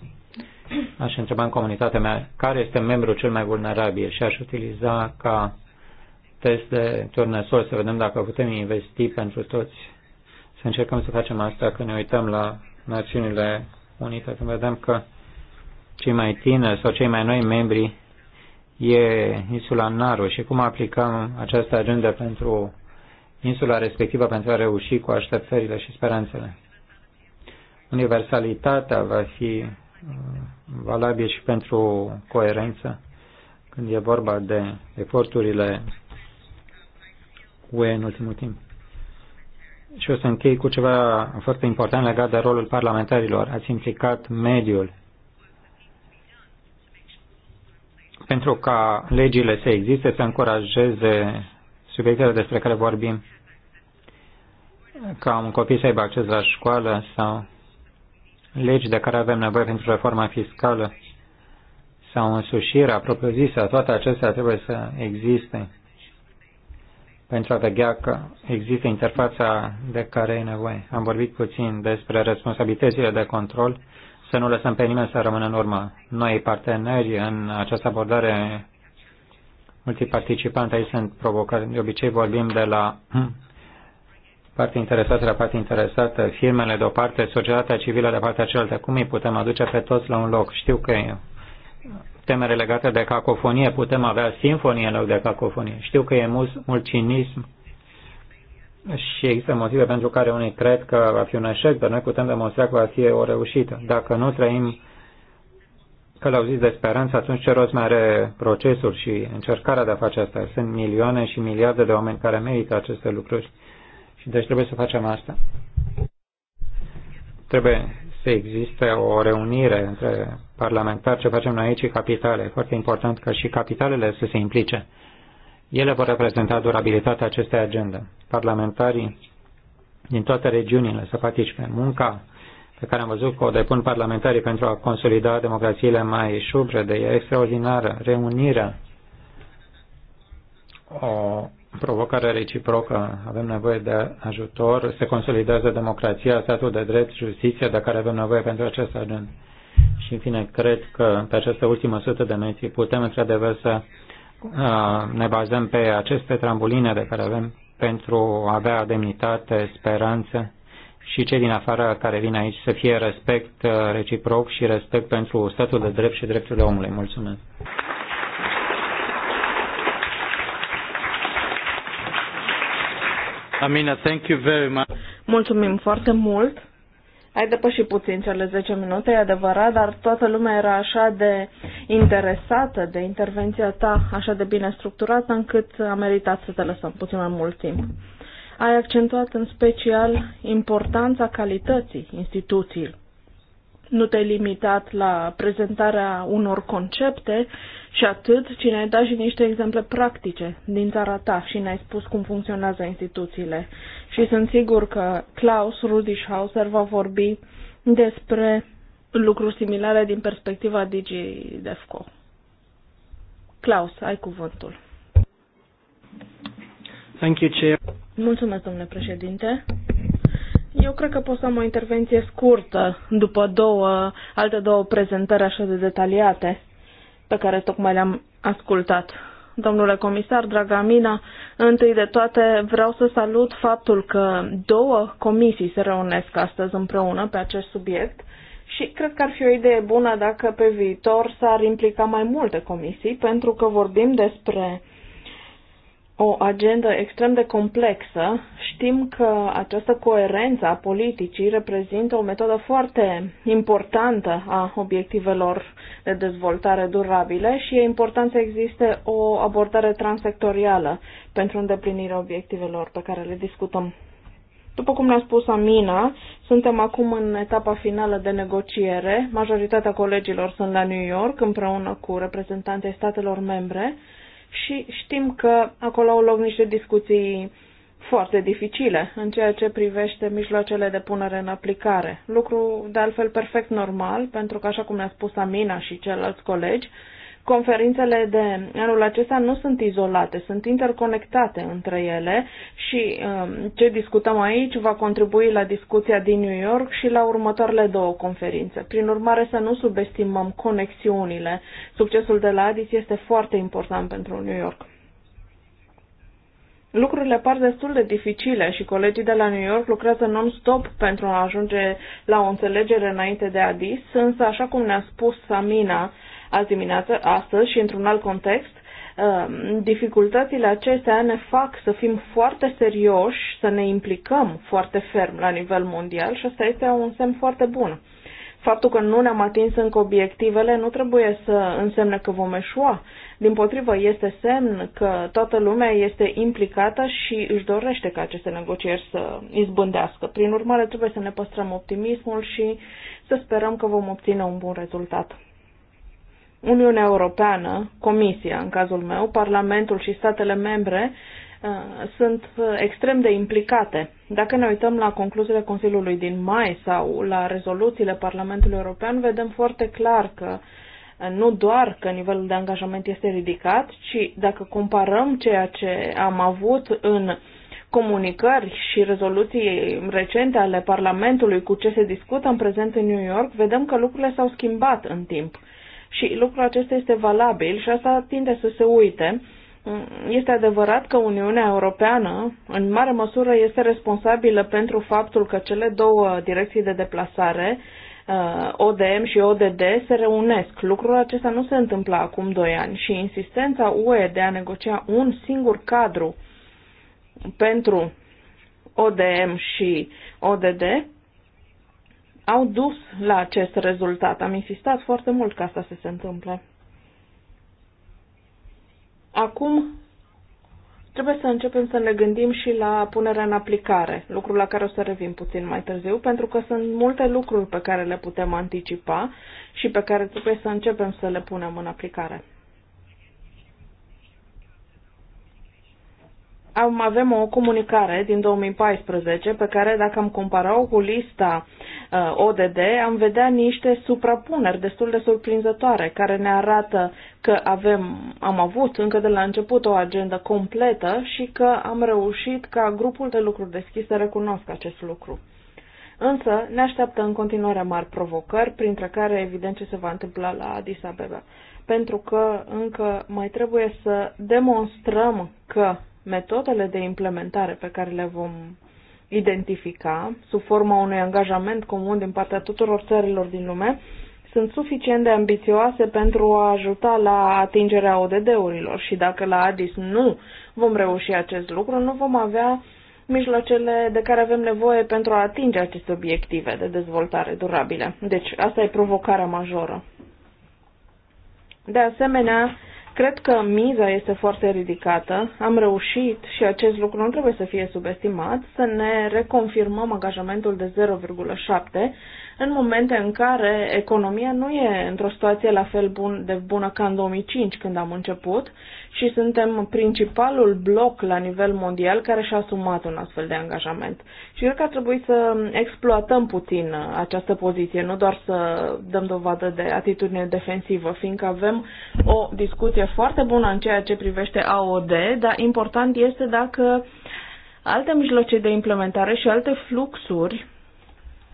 Aș întreba în comunitatea mea care este membru cel mai vulnerabil și aș utiliza ca test de turnesol să vedem dacă putem investi pentru toți. Să încercăm să facem asta când ne uităm la Națiunile Unite, când vedem că cei mai tineri sau cei mai noi membri e insula Naru și cum aplicăm această agenda pentru insula respectivă pentru a reuși cu așteptările și speranțele. Universalitatea va fi uh, valabilă și pentru coerență când e vorba de eforturile UE în ultimul timp. Și o să închei cu ceva foarte important legat de rolul parlamentarilor. Ați implicat mediul pentru ca legile să existe, să încurajeze subiectele despre care vorbim, ca un copil să aibă acces la școală sau legi de care avem nevoie pentru reforma fiscală sau însușirea propriu-zisă, toate acestea trebuie să existe pentru a vedea că există interfața de care e nevoie. Am vorbit puțin despre responsabilitățile de control să nu lăsăm pe nimeni să rămână în urmă. Noi, parteneri, în această abordare participanți aici sunt provocați De obicei vorbim de la parte interesată la parte interesată, firmele de o parte, societatea civilă de partea cealaltă. Cum îi putem aduce pe toți la un loc? Știu că e temere legate de cacofonie, putem avea sinfonie în loc de cacofonie. Știu că e mult, mult cinism și există motive pentru care unii cred că va fi un eșec, dar noi putem demonstra că va fi o reușită. Dacă nu trăim călăuziți de speranță, atunci ce rost mai are procesul și încercarea de a face asta? Sunt milioane și miliarde de oameni care merită aceste lucruri și deci trebuie să facem asta. Trebuie să existe o reunire între parlamentari, ce facem noi aici și capitale. E foarte important ca și capitalele să se implice ele vor reprezenta durabilitatea acestei agende. Parlamentarii din toate regiunile să participe. Munca pe care am văzut că o depun parlamentarii pentru a consolida democrațiile mai De e extraordinară. Reunirea, o provocare reciprocă, avem nevoie de ajutor, se consolidează democrația, statul de drept, justiția, de care avem nevoie pentru acest agent. Și, în fine, cred că pe această ultimă sută de metri putem, într-adevăr, să Ah, ne bazăm pe aceste trambuline de care avem pentru a avea demnitate, speranță și cei din afară care vin aici să fie respect uh, reciproc și respect pentru statul de drept și drepturile omului. Mulțumesc! Amina, thank you very much. Mulțumim foarte mult! Ai depășit puțin cele 10 minute, e adevărat, dar toată lumea era așa de interesată de intervenția ta, așa de bine structurată, încât a meritat să te lăsăm puțin mai mult timp. Ai accentuat în special importanța calității instituțiilor. Nu te-ai limitat la prezentarea unor concepte, și atât, ci ne-ai dat și niște exemple practice din țara ta și ne-ai spus cum funcționează instituțiile. Și sunt sigur că Klaus Rudischhauser va vorbi despre lucruri similare din perspectiva DigiDefco. Klaus, ai cuvântul. Thank you, Chair. Mulțumesc, domnule președinte. Eu cred că pot să am o intervenție scurtă după două, alte două prezentări așa de detaliate pe care tocmai le-am ascultat. Domnule comisar, draga Mina, întâi de toate vreau să salut faptul că două comisii se reunesc astăzi împreună pe acest subiect și cred că ar fi o idee bună dacă pe viitor s-ar implica mai multe comisii, pentru că vorbim despre o agendă extrem de complexă, știm că această coerență a politicii reprezintă o metodă foarte importantă a obiectivelor de dezvoltare durabile și e important să existe o abordare transectorială pentru îndeplinirea obiectivelor pe care le discutăm. După cum ne-a spus Amina, suntem acum în etapa finală de negociere. Majoritatea colegilor sunt la New York împreună cu reprezentanții statelor membre și știm că acolo au loc niște discuții foarte dificile în ceea ce privește mijloacele de punere în aplicare. Lucru de altfel perfect normal, pentru că, așa cum ne-a spus Amina și ceilalți colegi, conferințele de anul acesta nu sunt izolate, sunt interconectate între ele și um, ce discutăm aici va contribui la discuția din New York și la următoarele două conferințe. Prin urmare, să nu subestimăm conexiunile. Succesul de la Adis este foarte important pentru New York. Lucrurile par destul de dificile și colegii de la New York lucrează non-stop pentru a ajunge la o înțelegere înainte de Adis, însă, așa cum ne-a spus Samina, azi dimineață, astăzi și într-un alt context, um, dificultățile acestea ne fac să fim foarte serioși, să ne implicăm foarte ferm la nivel mondial și asta este un semn foarte bun. Faptul că nu ne-am atins încă obiectivele nu trebuie să însemne că vom eșua. Din potrivă, este semn că toată lumea este implicată și își dorește ca aceste negocieri să izbândească. Prin urmare, trebuie să ne păstrăm optimismul și să sperăm că vom obține un bun rezultat. Uniunea Europeană, Comisia, în cazul meu, Parlamentul și statele membre uh, sunt uh, extrem de implicate. Dacă ne uităm la concluziile Consiliului din mai sau la rezoluțiile Parlamentului European, vedem foarte clar că uh, nu doar că nivelul de angajament este ridicat, ci dacă comparăm ceea ce am avut în comunicări și rezoluții recente ale Parlamentului cu ce se discută în prezent în New York, vedem că lucrurile s-au schimbat în timp. Și lucrul acesta este valabil și asta tinde să se uite. Este adevărat că Uniunea Europeană, în mare măsură, este responsabilă pentru faptul că cele două direcții de deplasare, uh, ODM și ODD, se reunesc. Lucrul acesta nu se întâmpla acum doi ani și insistența UE de a negocia un singur cadru pentru ODM și ODD au dus la acest rezultat. Am insistat foarte mult ca asta să se întâmple. Acum trebuie să începem să ne gândim și la punerea în aplicare, lucru la care o să revin puțin mai târziu, pentru că sunt multe lucruri pe care le putem anticipa și pe care trebuie să începem să le punem în aplicare. am, avem o comunicare din 2014 pe care dacă am compara-o cu lista uh, ODD, am vedea niște suprapuneri destul de surprinzătoare care ne arată că avem, am avut încă de la început o agendă completă și că am reușit ca grupul de lucruri deschis să recunoască acest lucru. Însă ne așteaptă în continuare mari provocări, printre care evident ce se va întâmpla la Addis Abeba, pentru că încă mai trebuie să demonstrăm că metodele de implementare pe care le vom identifica, sub forma unui angajament comun din partea tuturor țărilor din lume, sunt suficient de ambițioase pentru a ajuta la atingerea ODD-urilor și dacă la ADIS nu vom reuși acest lucru, nu vom avea mijloacele de care avem nevoie pentru a atinge aceste obiective de dezvoltare durabile. Deci, asta e provocarea majoră. De asemenea, Cred că miza este foarte ridicată. Am reușit, și acest lucru nu trebuie să fie subestimat, să ne reconfirmăm angajamentul de 0,7 în momente în care economia nu e într-o situație la fel bun, de bună ca în 2005 când am început și suntem principalul bloc la nivel mondial care și-a asumat un astfel de angajament. Și cred că ar trebui să exploatăm puțin uh, această poziție, nu doar să dăm dovadă de atitudine defensivă, fiindcă avem o discuție foarte bună în ceea ce privește AOD, dar important este dacă alte mijloace de implementare și alte fluxuri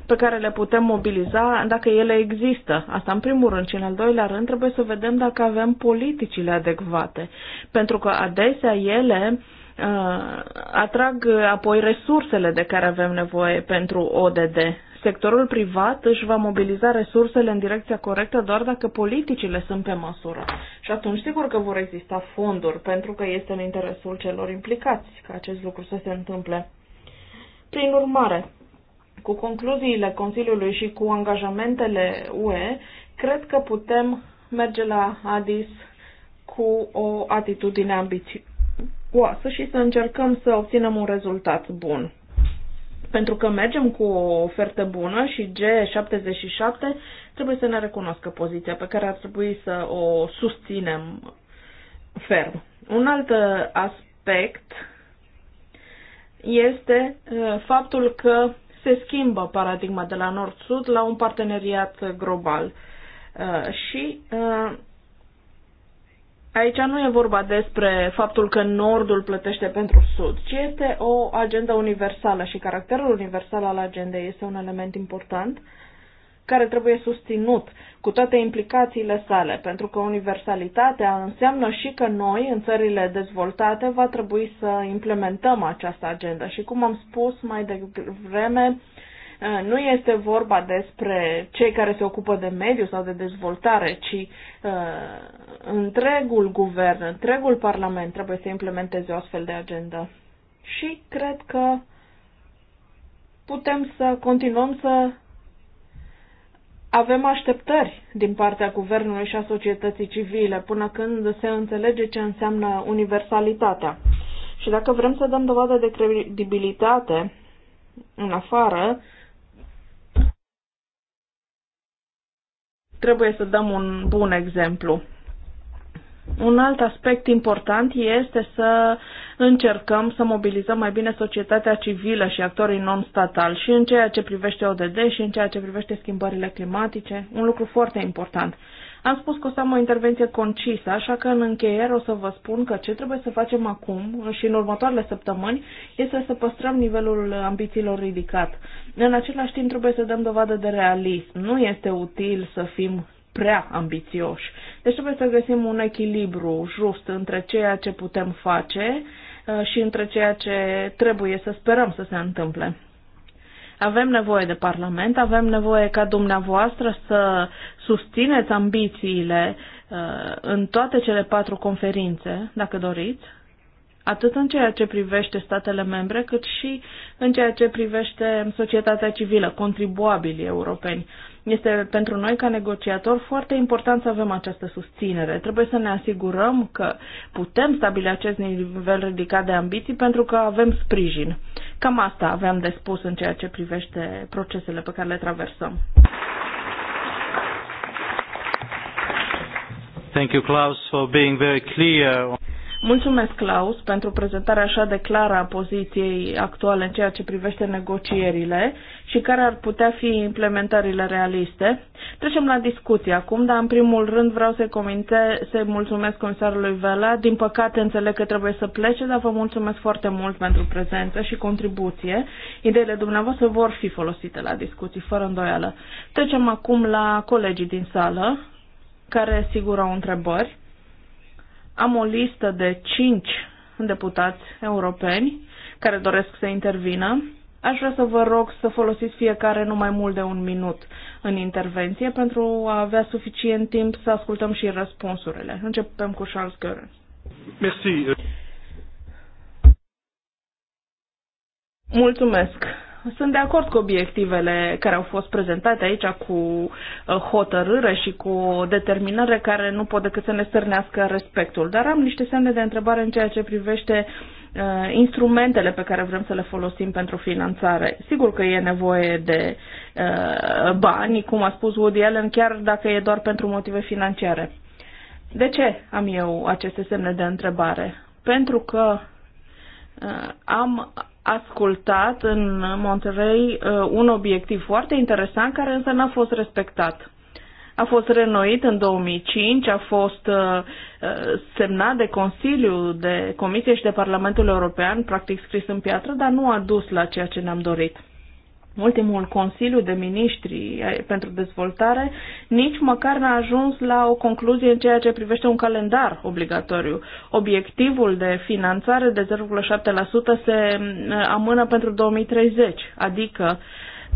pe care le putem mobiliza dacă ele există. Asta în primul rând și în al doilea rând trebuie să vedem dacă avem politicile adecvate, pentru că adesea ele uh, atrag apoi resursele de care avem nevoie pentru ODD. Sectorul privat își va mobiliza resursele în direcția corectă doar dacă politicile sunt pe măsură. Și atunci sigur că vor exista fonduri, pentru că este în interesul celor implicați ca acest lucru să se întâmple. Prin urmare, cu concluziile Consiliului și cu angajamentele UE, cred că putem merge la Addis cu o atitudine ambițioasă și să încercăm să obținem un rezultat bun. Pentru că mergem cu o ofertă bună și G77 trebuie să ne recunoască poziția pe care ar trebui să o susținem ferm. Un alt uh, aspect este uh, faptul că se schimbă paradigma de la nord-sud la un parteneriat global. Uh, și uh, aici nu e vorba despre faptul că nordul plătește pentru sud, ci este o agenda universală și caracterul universal al agendei este un element important care trebuie susținut cu toate implicațiile sale, pentru că universalitatea înseamnă și că noi, în țările dezvoltate, va trebui să implementăm această agendă. Și cum am spus mai devreme, eh, nu este vorba despre cei care se ocupă de mediu sau de dezvoltare, ci uh, întregul guvern, întregul parlament trebuie să implementeze o astfel de agendă. Și cred că putem să continuăm să avem așteptări din partea guvernului și a societății civile până când se înțelege ce înseamnă universalitatea. Și dacă vrem să dăm dovadă de credibilitate în afară, trebuie să dăm un bun exemplu. Un alt aspect important este să încercăm să mobilizăm mai bine societatea civilă și actorii non-statali și în ceea ce privește ODD și în ceea ce privește schimbările climatice, un lucru foarte important. Am spus că o să am o intervenție concisă, așa că în încheiere o să vă spun că ce trebuie să facem acum și în următoarele săptămâni este să păstrăm nivelul ambițiilor ridicat. În același timp trebuie să dăm dovadă de realism. Nu este util să fim prea ambițioși. Deci trebuie să găsim un echilibru just între ceea ce putem face uh, și între ceea ce trebuie să sperăm să se întâmple. Avem nevoie de Parlament, avem nevoie ca dumneavoastră să susțineți ambițiile uh, în toate cele patru conferințe, dacă doriți, atât în ceea ce privește statele membre, cât și în ceea ce privește societatea civilă, contribuabilii europeni. Este pentru noi, ca negociator, foarte important să avem această susținere. Trebuie să ne asigurăm că putem stabili acest nivel ridicat de ambiții pentru că avem sprijin. Cam asta aveam de spus în ceea ce privește procesele pe care le traversăm. Thank you, Klaus, for being very clear. Mulțumesc, Claus, pentru prezentarea așa de clară a poziției actuale în ceea ce privește negocierile și care ar putea fi implementările realiste. Trecem la discuție acum, dar în primul rând vreau să-i cominte, să-i mulțumesc comisarului Vela. Din păcate înțeleg că trebuie să plece, dar vă mulțumesc foarte mult pentru prezență și contribuție. Ideile dumneavoastră vor fi folosite la discuții, fără îndoială. Trecem acum la colegii din sală, care sigur au întrebări. Am o listă de 5 deputați europeni care doresc să intervină. Aș vrea să vă rog să folosiți fiecare nu mai mult de un minut în intervenție pentru a avea suficient timp să ascultăm și răspunsurile. Începem cu Charles Gören. Mulțumesc. Sunt de acord cu obiectivele care au fost prezentate aici cu uh, hotărâre și cu o determinare care nu pot decât să ne stârnească respectul. Dar am niște semne de întrebare în ceea ce privește uh, instrumentele pe care vrem să le folosim pentru finanțare. Sigur că e nevoie de uh, bani, cum a spus Woody Allen, chiar dacă e doar pentru motive financiare. De ce am eu aceste semne de întrebare? Pentru că am ascultat în Monterey uh, un obiectiv foarte interesant care însă n-a fost respectat. A fost renoit în 2005, a fost uh, uh, semnat de Consiliu, de Comisie și de Parlamentul European, practic scris în piatră, dar nu a dus la ceea ce ne-am dorit ultimul Consiliu de Ministri eh, pentru Dezvoltare, nici măcar n-a ajuns la o concluzie în ceea ce privește un calendar obligatoriu. Obiectivul de finanțare de 0,7% se eh, amână pentru 2030, adică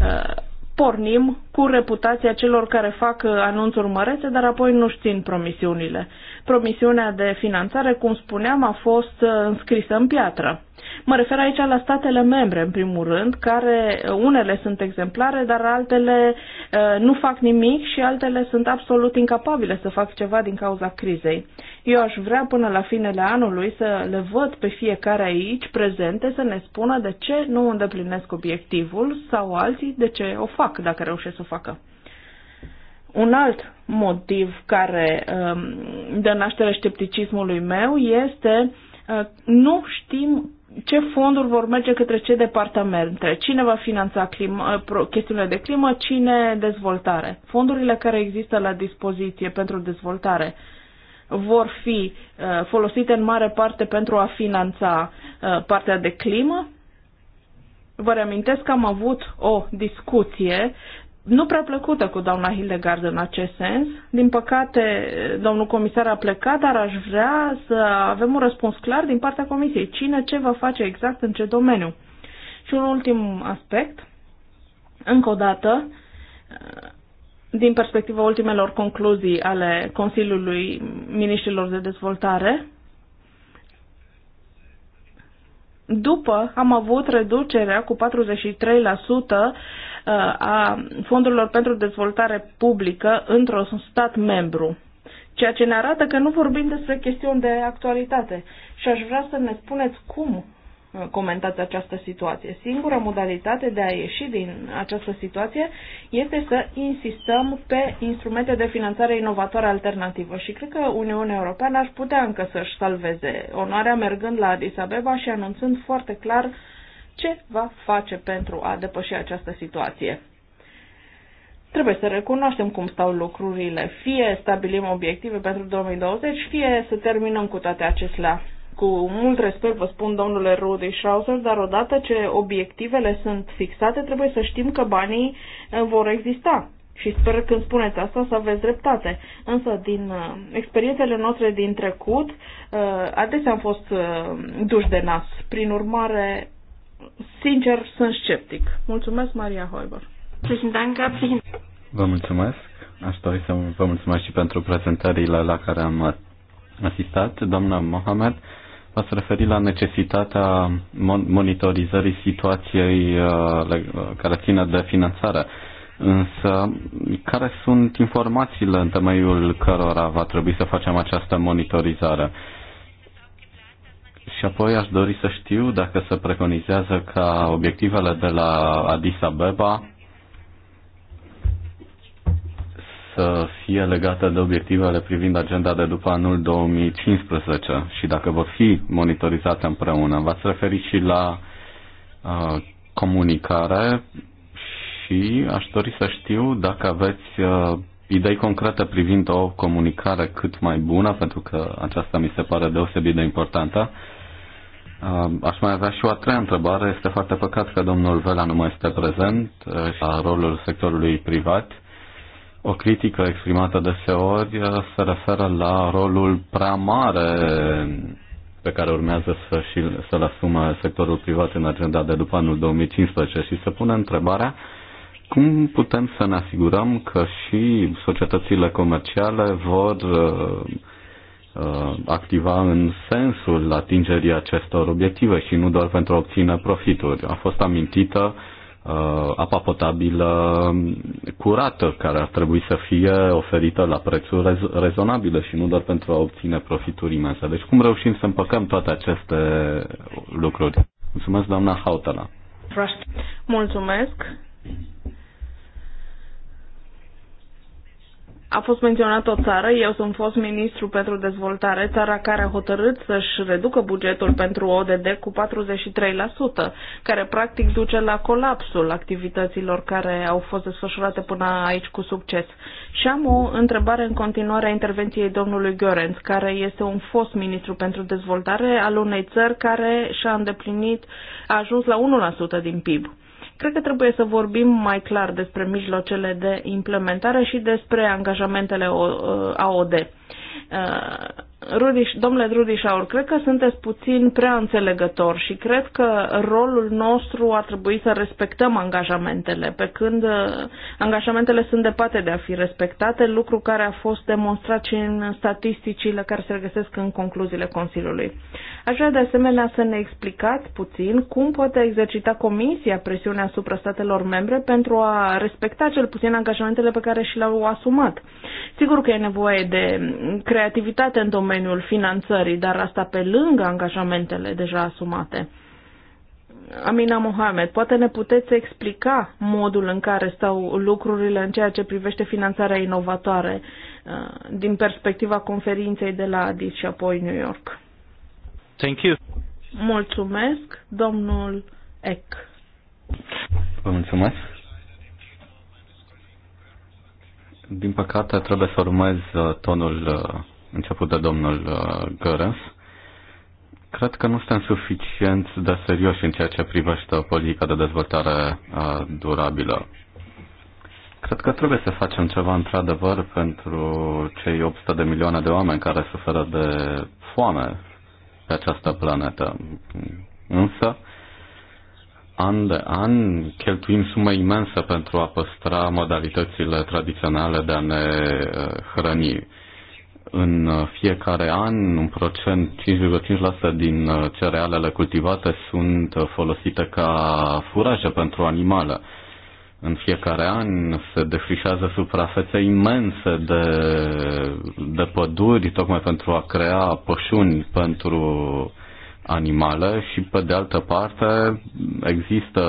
eh, pornim cu reputația celor care fac anunțuri mărețe, dar apoi nu țin promisiunile. Promisiunea de finanțare, cum spuneam, a fost înscrisă în piatră. Mă refer aici la statele membre, în primul rând, care uh, unele sunt exemplare, dar altele uh, nu fac nimic și altele sunt absolut incapabile să fac ceva din cauza crizei. Eu aș vrea până la finele anului să le văd pe fiecare aici prezente să ne spună de ce nu îndeplinesc obiectivul sau alții de ce o fac dacă reușesc să o facă. Un alt motiv care um, dă naștere scepticismului meu este uh, nu știm ce fonduri vor merge către ce departamente, cine va finanța clima, uh, chestiunile de climă, cine dezvoltare. Fondurile care există la dispoziție pentru dezvoltare vor fi uh, folosite în mare parte pentru a finanța uh, partea de climă. Vă reamintesc că am avut o discuție nu prea plăcută cu doamna Hildegard în acest sens. Din păcate, domnul comisar a plecat, dar aș vrea să avem un răspuns clar din partea comisiei. Cine ce va face exact în ce domeniu? Și un ultim aspect, încă o dată, din perspectiva ultimelor concluzii ale Consiliului Ministrilor de Dezvoltare, după am avut reducerea cu 43% Uh, a fondurilor pentru dezvoltare publică într-un stat membru. Ceea ce ne arată că nu vorbim despre chestiuni de actualitate. Și aș vrea să ne spuneți cum uh, comentați această situație. Singura modalitate de a ieși din această situație este să insistăm pe instrumente de finanțare inovatoare alternativă și cred că Uniunea Europeană ar putea încă să-și salveze onoarea mergând la Addis Abeba și anunțând foarte clar ce va face pentru a depăși această situație. Trebuie să recunoaștem cum stau lucrurile. Fie stabilim obiective pentru 2020, fie să terminăm cu toate acestea. Cu mult respect vă spun, domnule Rudy Schrauser, dar odată ce obiectivele sunt fixate, trebuie să știm că banii eh, vor exista. Și sper când spuneți asta să aveți dreptate. Însă din uh, experiențele noastre din trecut, uh, adesea am fost uh, duși de nas. Prin urmare, sincer, sunt sceptic. Mulțumesc, Maria Hoiber. Vă mulțumesc. Aș dori să vă mulțumesc și pentru prezentările la care am asistat. Doamna Mohamed, v-ați referit la necesitatea monitorizării situației uh, uh, care ține de finanțare. Însă, care sunt informațiile în temeiul cărora va trebui să facem această monitorizare? Și apoi aș dori să știu dacă se preconizează ca obiectivele de la Addis Abeba să fie legate de obiectivele privind agenda de după anul 2015 și dacă vor fi monitorizate împreună. V-ați referit și la uh, comunicare și aș dori să știu dacă aveți uh, idei concrete privind o comunicare cât mai bună, pentru că aceasta mi se pare deosebit de importantă. Uh, Aș mai avea și o a treia întrebare. Este foarte păcat că domnul Vela nu mai este prezent uh, și la rolul sectorului privat. O critică exprimată deseori uh, se referă la rolul prea mare pe care urmează să și, să-l asume sectorul privat în agenda de după anul 2015 și se pune întrebarea cum putem să ne asigurăm că și societățile comerciale vor uh, Uh, activa în sensul atingerii acestor obiective și nu doar pentru a obține profituri. A fost amintită uh, apa potabilă curată, care ar trebui să fie oferită la prețuri rez- rezonabile și nu doar pentru a obține profituri imense. Deci cum reușim să împăcăm toate aceste lucruri? Mulțumesc, doamna Hautala. Mulțumesc. A fost menționată o țară, eu sunt fost ministru pentru dezvoltare, țara care a hotărât să-și reducă bugetul pentru ODD cu 43%, care practic duce la colapsul activităților care au fost desfășurate până aici cu succes. Și am o întrebare în continuare a intervenției domnului Giorenț, care este un fost ministru pentru dezvoltare al unei țări care și-a îndeplinit, a ajuns la 1% din PIB. Cred că trebuie să vorbim mai clar despre mijloacele de implementare și despre angajamentele uh, AOD uh, Rudiș, domnule Rudișaur, cred că sunteți puțin prea înțelegător și cred că rolul nostru ar trebui să respectăm angajamentele, pe când uh, angajamentele sunt departe de a fi respectate, lucru care a fost demonstrat și în statisticile care se regăsesc în concluziile Consiliului. Aș vrea de asemenea să ne explicați puțin cum poate exercita Comisia presiunea asupra statelor membre pentru a respecta cel puțin angajamentele pe care și le-au asumat. Sigur că e nevoie de creativitate în domeniul domeniul finanțării, dar asta pe lângă angajamentele deja asumate. Amina Mohamed, poate ne puteți explica modul în care stau lucrurile în ceea ce privește finanțarea inovatoare uh, din perspectiva conferinței de la Addis și apoi New York. Thank you. Mulțumesc, domnul Eck. Vă mulțumesc. Din păcate, trebuie să urmez uh, tonul uh, început de domnul uh, Gărăs, cred că nu suntem suficient de serioși în ceea ce privește politica de dezvoltare uh, durabilă. Cred că trebuie să facem ceva într-adevăr pentru cei 800 de milioane de oameni care suferă de foame pe această planetă. Însă, an de an, cheltuim sume imense pentru a păstra modalitățile tradiționale de a ne uh, hrăni în fiecare an, un procent 5,5% din cerealele cultivate sunt folosite ca furaje pentru animale. În fiecare an se defrișează suprafețe imense de, de păduri tocmai pentru a crea pășuni pentru animale și pe de altă parte există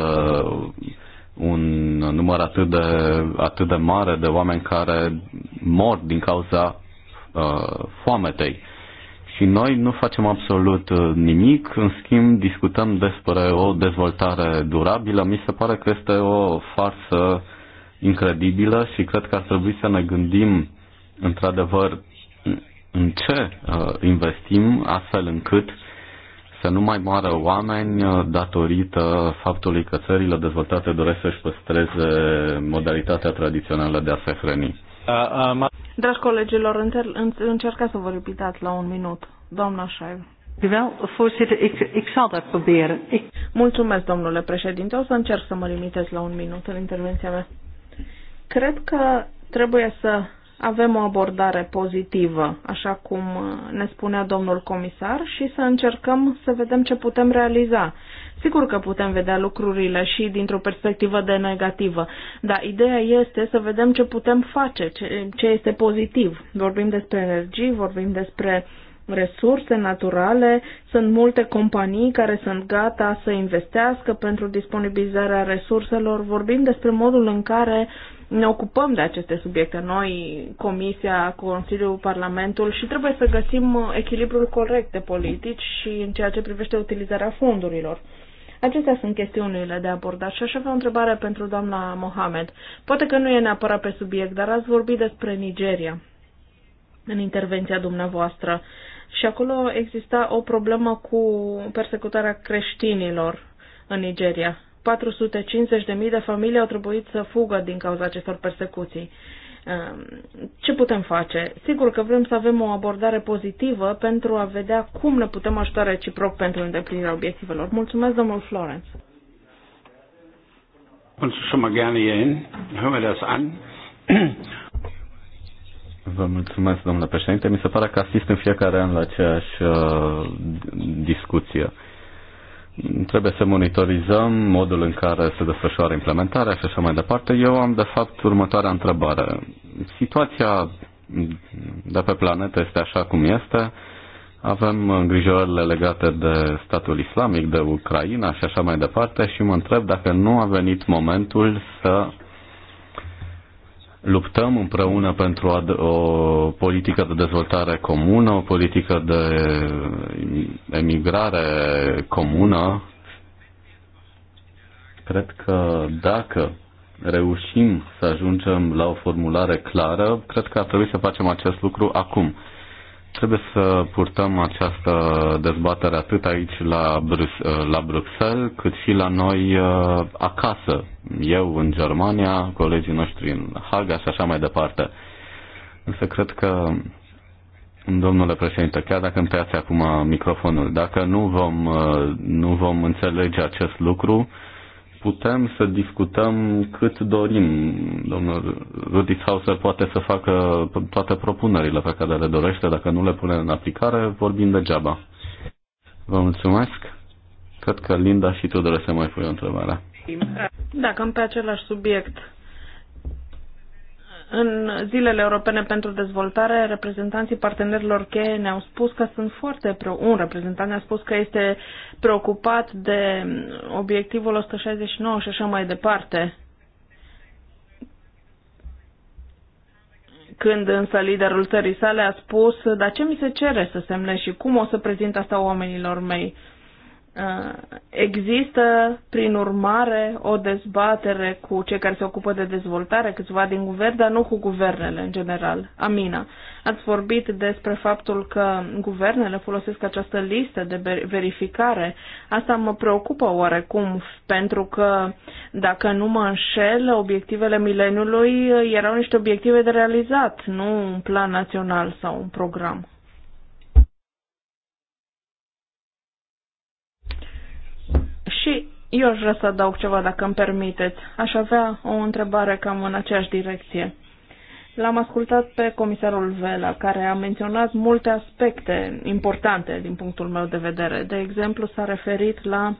un număr atât de, atât de mare de oameni care mor din cauza uh, foametei. Și noi nu facem absolut uh, nimic, în schimb discutăm despre o dezvoltare durabilă. Mi se pare că este o farsă incredibilă și cred că ar trebui să ne gândim într-adevăr în ce uh, investim astfel încât să nu mai moară oameni uh, datorită faptului că țările dezvoltate doresc să-și păstreze modalitatea tradițională de a se hrăni. Uh, uh, Dragi colegilor, încer încercați să vă limitați la un minut. Doamna Șaiv. Mulțumesc, domnule președinte. O să încerc să mă limitez la un minut în intervenția mea. Cred că trebuie să avem o abordare pozitivă, așa cum uh, ne spunea domnul comisar, și să încercăm să vedem ce putem realiza. Sigur că putem vedea lucrurile și dintr-o perspectivă de negativă, dar ideea este să vedem ce putem face, ce, ce este pozitiv. Vorbim despre energie, vorbim despre resurse naturale, sunt multe companii care sunt gata să investească pentru disponibilizarea resurselor. Vorbim despre modul în care ne ocupăm de aceste subiecte, noi, Comisia, Consiliul, Parlamentul și trebuie să găsim echilibrul corect de politici și în ceea ce privește utilizarea fondurilor. Acestea sunt chestiunile de abordat și aș avea o întrebare pentru doamna Mohamed. Poate că nu e neapărat pe subiect, dar ați vorbit despre Nigeria în intervenția dumneavoastră. Și acolo exista o problemă cu persecutarea creștinilor în Nigeria. 450.000 de familii au trebuit să fugă din cauza acestor persecuții. Ehm, ce putem face? Sigur că vrem să avem o abordare pozitivă pentru a vedea cum ne putem ajuta reciproc pentru îndeplinirea obiectivelor. Mulțumesc, domnul Florence. Vă mulțumesc, domnule președinte. Mi se pare că asist în fiecare an la aceeași uh, discuție. Uh, Trebuie să monitorizăm modul în care se desfășoară implementarea și așa mai departe. Eu am, de fapt, următoarea întrebare. Situația de pe planetă este așa cum este. Avem îngrijorările legate de statul islamic, de Ucraina și așa mai departe și mă întreb dacă nu a venit momentul să luptăm împreună pentru o politică de dezvoltare comună, o politică de emigrare comună. Cred că dacă reușim să ajungem la o formulare clară, cred că ar trebui să facem acest lucru acum. Trebuie să purtăm această dezbatere atât aici la, Brus- uh, la Bruxelles, cât și la noi uh, acasă. Eu în Germania, colegii noștri în Haga și așa mai departe. Însă cred că Domnule președinte, chiar dacă îmi tăiați acum microfonul, dacă nu vom, uh, nu vom înțelege acest lucru, putem să discutăm cât dorim. Domnul Sauser poate să facă toate propunerile pe care le dorește, dacă nu le pune în aplicare, vorbim degeaba. Vă mulțumesc. Cred că Linda și Tudor se mai pui o întrebare. Dacă îmi pe același subiect, în zilele europene pentru dezvoltare, reprezentanții partenerilor cheie ne-au spus că sunt foarte preocupați. Un reprezentant ne-a spus că este preocupat de obiectivul 169 și așa mai departe. Când însă liderul țării sale a spus, dar ce mi se cere să semne și cum o să prezint asta oamenilor mei? Uh, există, prin urmare, o dezbatere cu cei care se ocupă de dezvoltare, câțiva din guvern, dar nu cu guvernele în general. Amina, ați vorbit despre faptul că guvernele folosesc această listă de verificare. Asta mă preocupă oarecum, pentru că, dacă nu mă înșel, obiectivele mileniului erau niște obiective de realizat, nu un plan național sau un program. Și eu aș vrea să adaug ceva, dacă îmi permiteți. Aș avea o întrebare cam în aceeași direcție. L-am ascultat pe comisarul Vela, care a menționat multe aspecte importante din punctul meu de vedere. De exemplu, s-a referit la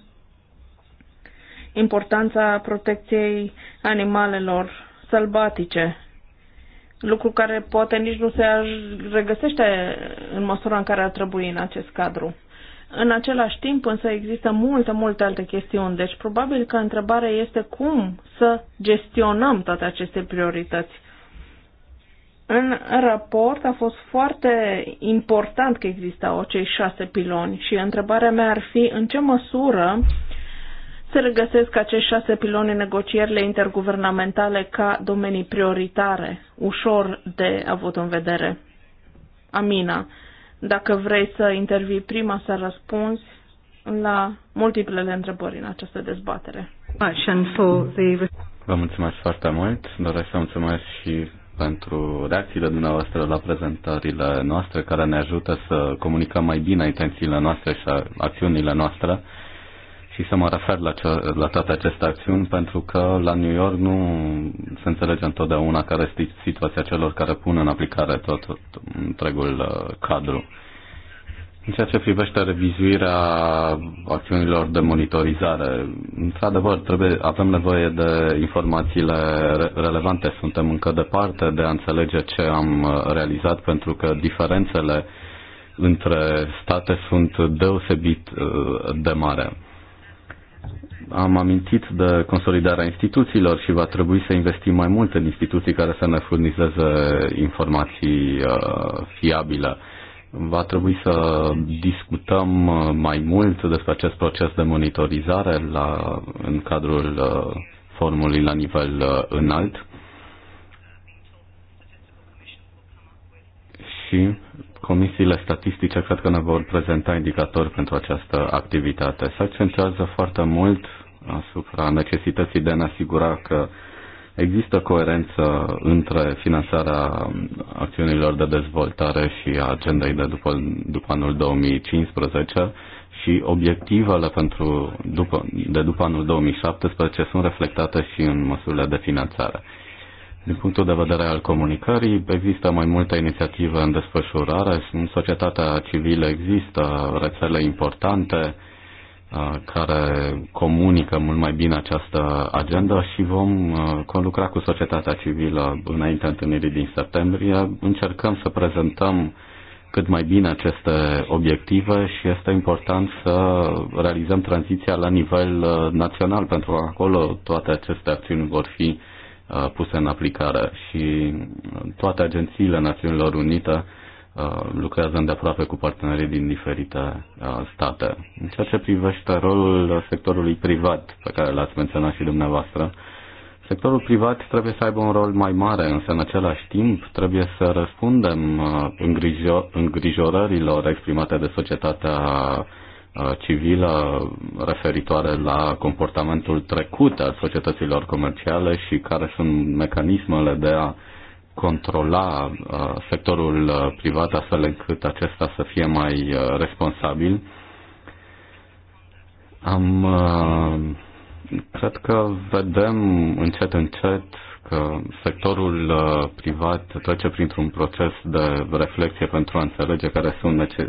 importanța protecției animalelor sălbatice, lucru care poate nici nu se regăsește în măsura în care ar trebui în acest cadru. În același timp, însă, există multe, multe alte chestiuni. Deci, probabil că întrebarea este cum să gestionăm toate aceste priorități. În raport a fost foarte important că existau cei șase piloni și întrebarea mea ar fi în ce măsură se regăsesc acești șase piloni în negocierile interguvernamentale ca domenii prioritare, ușor de avut în vedere. Amina, dacă vrei să intervii prima, să răspunzi la multiplele întrebări în această dezbatere. Vă mulțumesc foarte mult. Doresc să mulțumesc și pentru reacțiile dumneavoastră la prezentările noastre care ne ajută să comunicăm mai bine intențiile noastre și acțiunile noastre și să mă refer la, ce, la toate aceste acțiuni pentru că la New York nu se înțelege întotdeauna care este situația celor care pun în aplicare tot, tot întregul uh, cadru. În ceea ce privește revizuirea acțiunilor de monitorizare, într-adevăr, trebuie, avem nevoie de informațiile relevante. Suntem încă departe de a înțelege ce am uh, realizat, pentru că diferențele între state sunt deosebit uh, de mare am amintit de consolidarea instituțiilor și va trebui să investim mai mult în instituții care să ne furnizeze informații uh, fiabile. Va trebui să discutăm uh, mai mult despre acest proces de monitorizare la, în cadrul uh, formului la nivel uh, înalt. Și Comisiile statistice cred că ne vor prezenta indicatori pentru această activitate. Se accentuează foarte mult asupra necesității de a ne asigura că există coerență între finanțarea acțiunilor de dezvoltare și a agendei de după, după anul 2015 și obiectivele pentru, după, de după anul 2017 sunt reflectate și în măsurile de finanțare. Din punctul de vedere al comunicării, există mai multă inițiativă în desfășurare. În societatea civilă există rețele importante uh, care comunică mult mai bine această agenda și vom uh, conlucra cu societatea civilă înaintea întâlnirii din septembrie. Încercăm să prezentăm cât mai bine aceste obiective și este important să realizăm tranziția la nivel uh, național, pentru că acolo toate aceste acțiuni vor fi uh, Uh, puse în aplicare și uh, toate agențiile Națiunilor Unite uh, lucrează îndeaproape cu partenerii din diferite state. În ceea ce privește rolul sectorului privat, pe care l-ați menționat și dumneavoastră, sectorul privat trebuie să aibă un rol mai mare, însă în același timp trebuie să răspundem îngrijorărilor exprimate de societatea Uh, civilă referitoare la comportamentul trecut al societăților comerciale și care sunt mecanismele de a controla uh, sectorul uh, privat astfel încât acesta să fie mai responsabil. Am, cred că vedem încet încet că sectorul uh, privat trece printr-un proces de reflexie pentru a înțelege care sunt uh,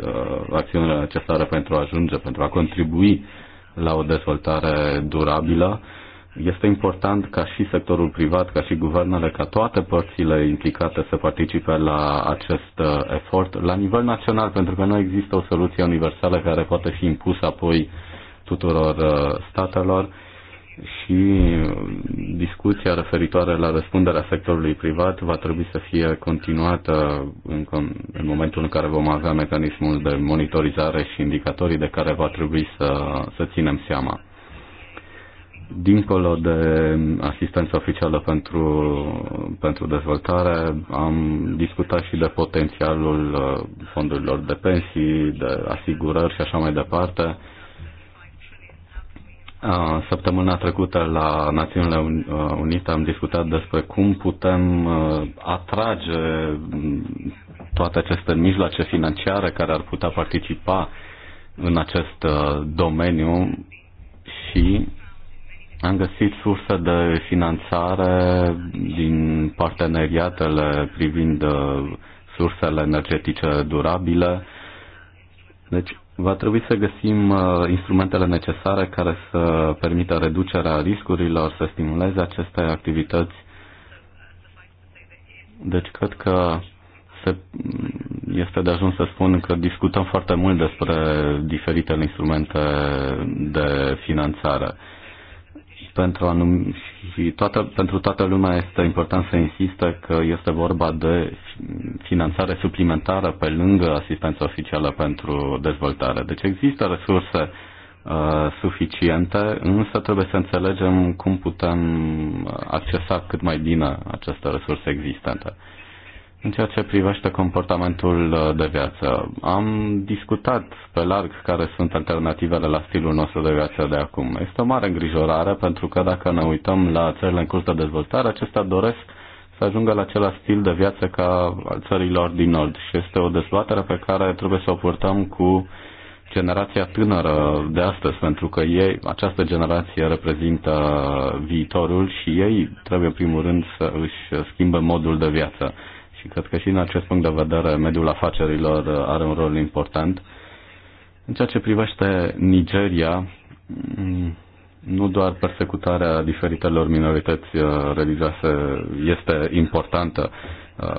acțiunile necesare pentru a ajunge, pentru a contribui la o dezvoltare durabilă. Este important ca și sectorul privat, ca și guvernele, ca toate părțile implicate să participe la acest uh, efort la nivel național, pentru că nu există o soluție universală care poate fi impusă apoi tuturor statelor și uh, discuția referitoare la răspunderea sectorului privat va trebui să fie continuată în, în momentul în care vom avea mecanismul de monitorizare și indicatorii de care va trebui să, să ținem seama. Dincolo de asistența oficială pentru, pentru dezvoltare, am discutat și de potențialul uh, fondurilor de pensii, de asigurări și așa mai departe Uh, săptămâna trecută la Națiunile uh, Unite am discutat despre cum putem uh, atrage mm, toate aceste mijloace financiare care ar putea participa în acest domeniu și am găsit surse de finanțare din parteneriatele privind sursele energetice durabile. Deci Va trebui să găsim uh, instrumentele necesare care să permită reducerea riscurilor, să stimuleze aceste activități. Deci cred că se, este de ajuns să spun că discutăm foarte mult despre diferitele instrumente de finanțare pentru, anum- și toată, pentru toată lumea este important să insiste că este vorba de finanțare suplimentară pe lângă asistența oficială pentru dezvoltare. Deci există resurse uh, suficiente, însă trebuie să înțelegem cum putem accesa cât mai bine aceste resurse existente. În ceea ce privește comportamentul uh, de viață, am discutat pe larg care sunt alternativele la stilul nostru de viață de acum. Este o mare îngrijorare pentru că dacă ne uităm la țările în curs de dezvoltare, acestea doresc să ajungă la același stil de viață ca țărilor din nord și este o dezbatere pe care trebuie să o purtăm cu generația tânără de astăzi, pentru că ei, această generație reprezintă viitorul și ei trebuie în primul rând să își schimbe modul de viață și cred că și în acest punct de vedere mediul afacerilor uh, are un rol important. În ceea ce privește Nigeria, mm, nu doar persecutarea diferitelor minorități uh, religioase este importantă, uh,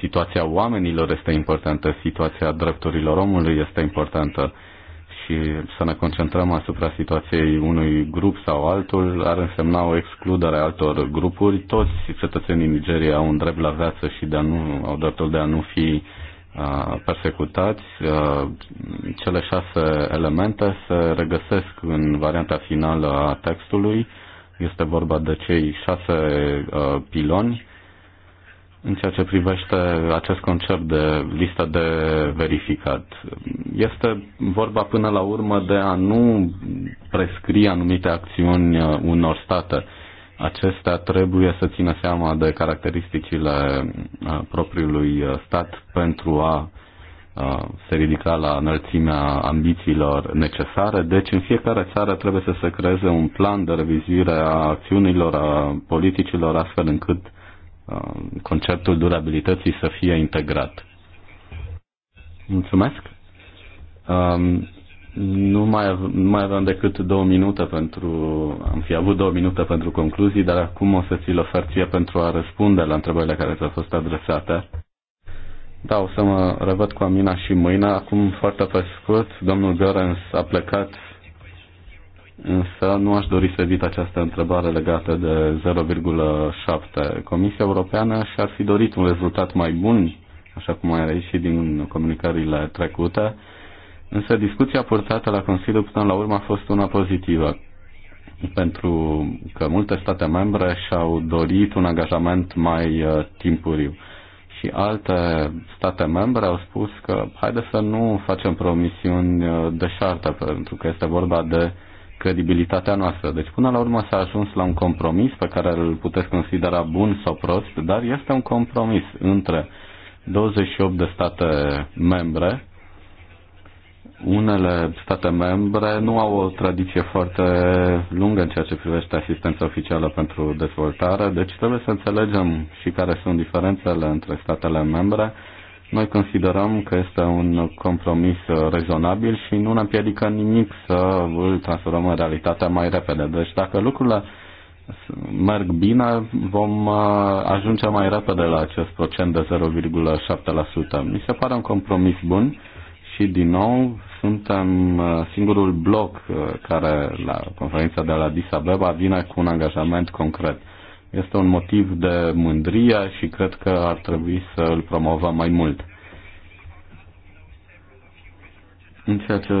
situația oamenilor este importantă, situația drepturilor omului este importantă și să ne concentrăm asupra situației unui grup sau altul ar însemna o excludere a altor grupuri. Toți cetățenii Nigeriei au un drept la viață și de a nu, au dreptul de a nu fi uh, persecutați. Uh, cele șase elemente se regăsesc în varianta finală a textului. Este vorba de cei șase uh, piloni în ceea ce privește acest concept de listă de verificat. Este vorba până la urmă de a nu prescrie anumite acțiuni uh, unor state. Acestea trebuie să țină seama de caracteristicile uh, propriului uh, stat pentru a se ridica la înălțimea ambițiilor necesare. Deci în fiecare țară trebuie să se creeze un plan de revizuire a acțiunilor, a politicilor, astfel încât uh, Um, conceptul durabilității să fie integrat. Mulțumesc. Um, nu mai, nu mai aveam decât două minute pentru, am fi avut două minute pentru concluzii, dar acum o să ți-l ofer ție pentru a răspunde la întrebările care ți-au fost adresate. Da, o să mă revăd cu Amina și mâine. Acum, foarte pe scurt, domnul Görens a plecat Însă nu aș dori să evit această întrebare legată de 0,7. Comisia Europeană și-ar fi dorit un rezultat mai bun, așa cum a ieșit din comunicările trecute, însă discuția purtată la Consiliu până la urmă a fost una pozitivă, pentru că multe state membre și-au dorit un angajament mai uh, timpuriu și alte state membre au spus că haide să nu facem promisiuni uh, deșarte, pentru că este vorba de credibilitatea noastră. Deci până la urmă s-a ajuns la un compromis pe care îl puteți considera bun sau prost, dar este un compromis între 28 de state membre. Unele state membre nu au o tradiție foarte lungă în ceea ce privește asistența oficială pentru dezvoltare, deci trebuie să înțelegem și care sunt diferențele între statele membre noi considerăm că este un compromis rezonabil și nu ne împiedică nimic să îl transformăm în realitatea mai repede. Deci dacă lucrurile merg bine, vom uh, ajunge mai repede la acest procent de 0,7%. Mi se pare un compromis bun și, din nou, suntem uh, singurul bloc uh, care la conferința de la Disabeba vine cu un angajament concret este un motiv de mândrie și cred că ar trebui să îl promovăm mai mult. În ceea ce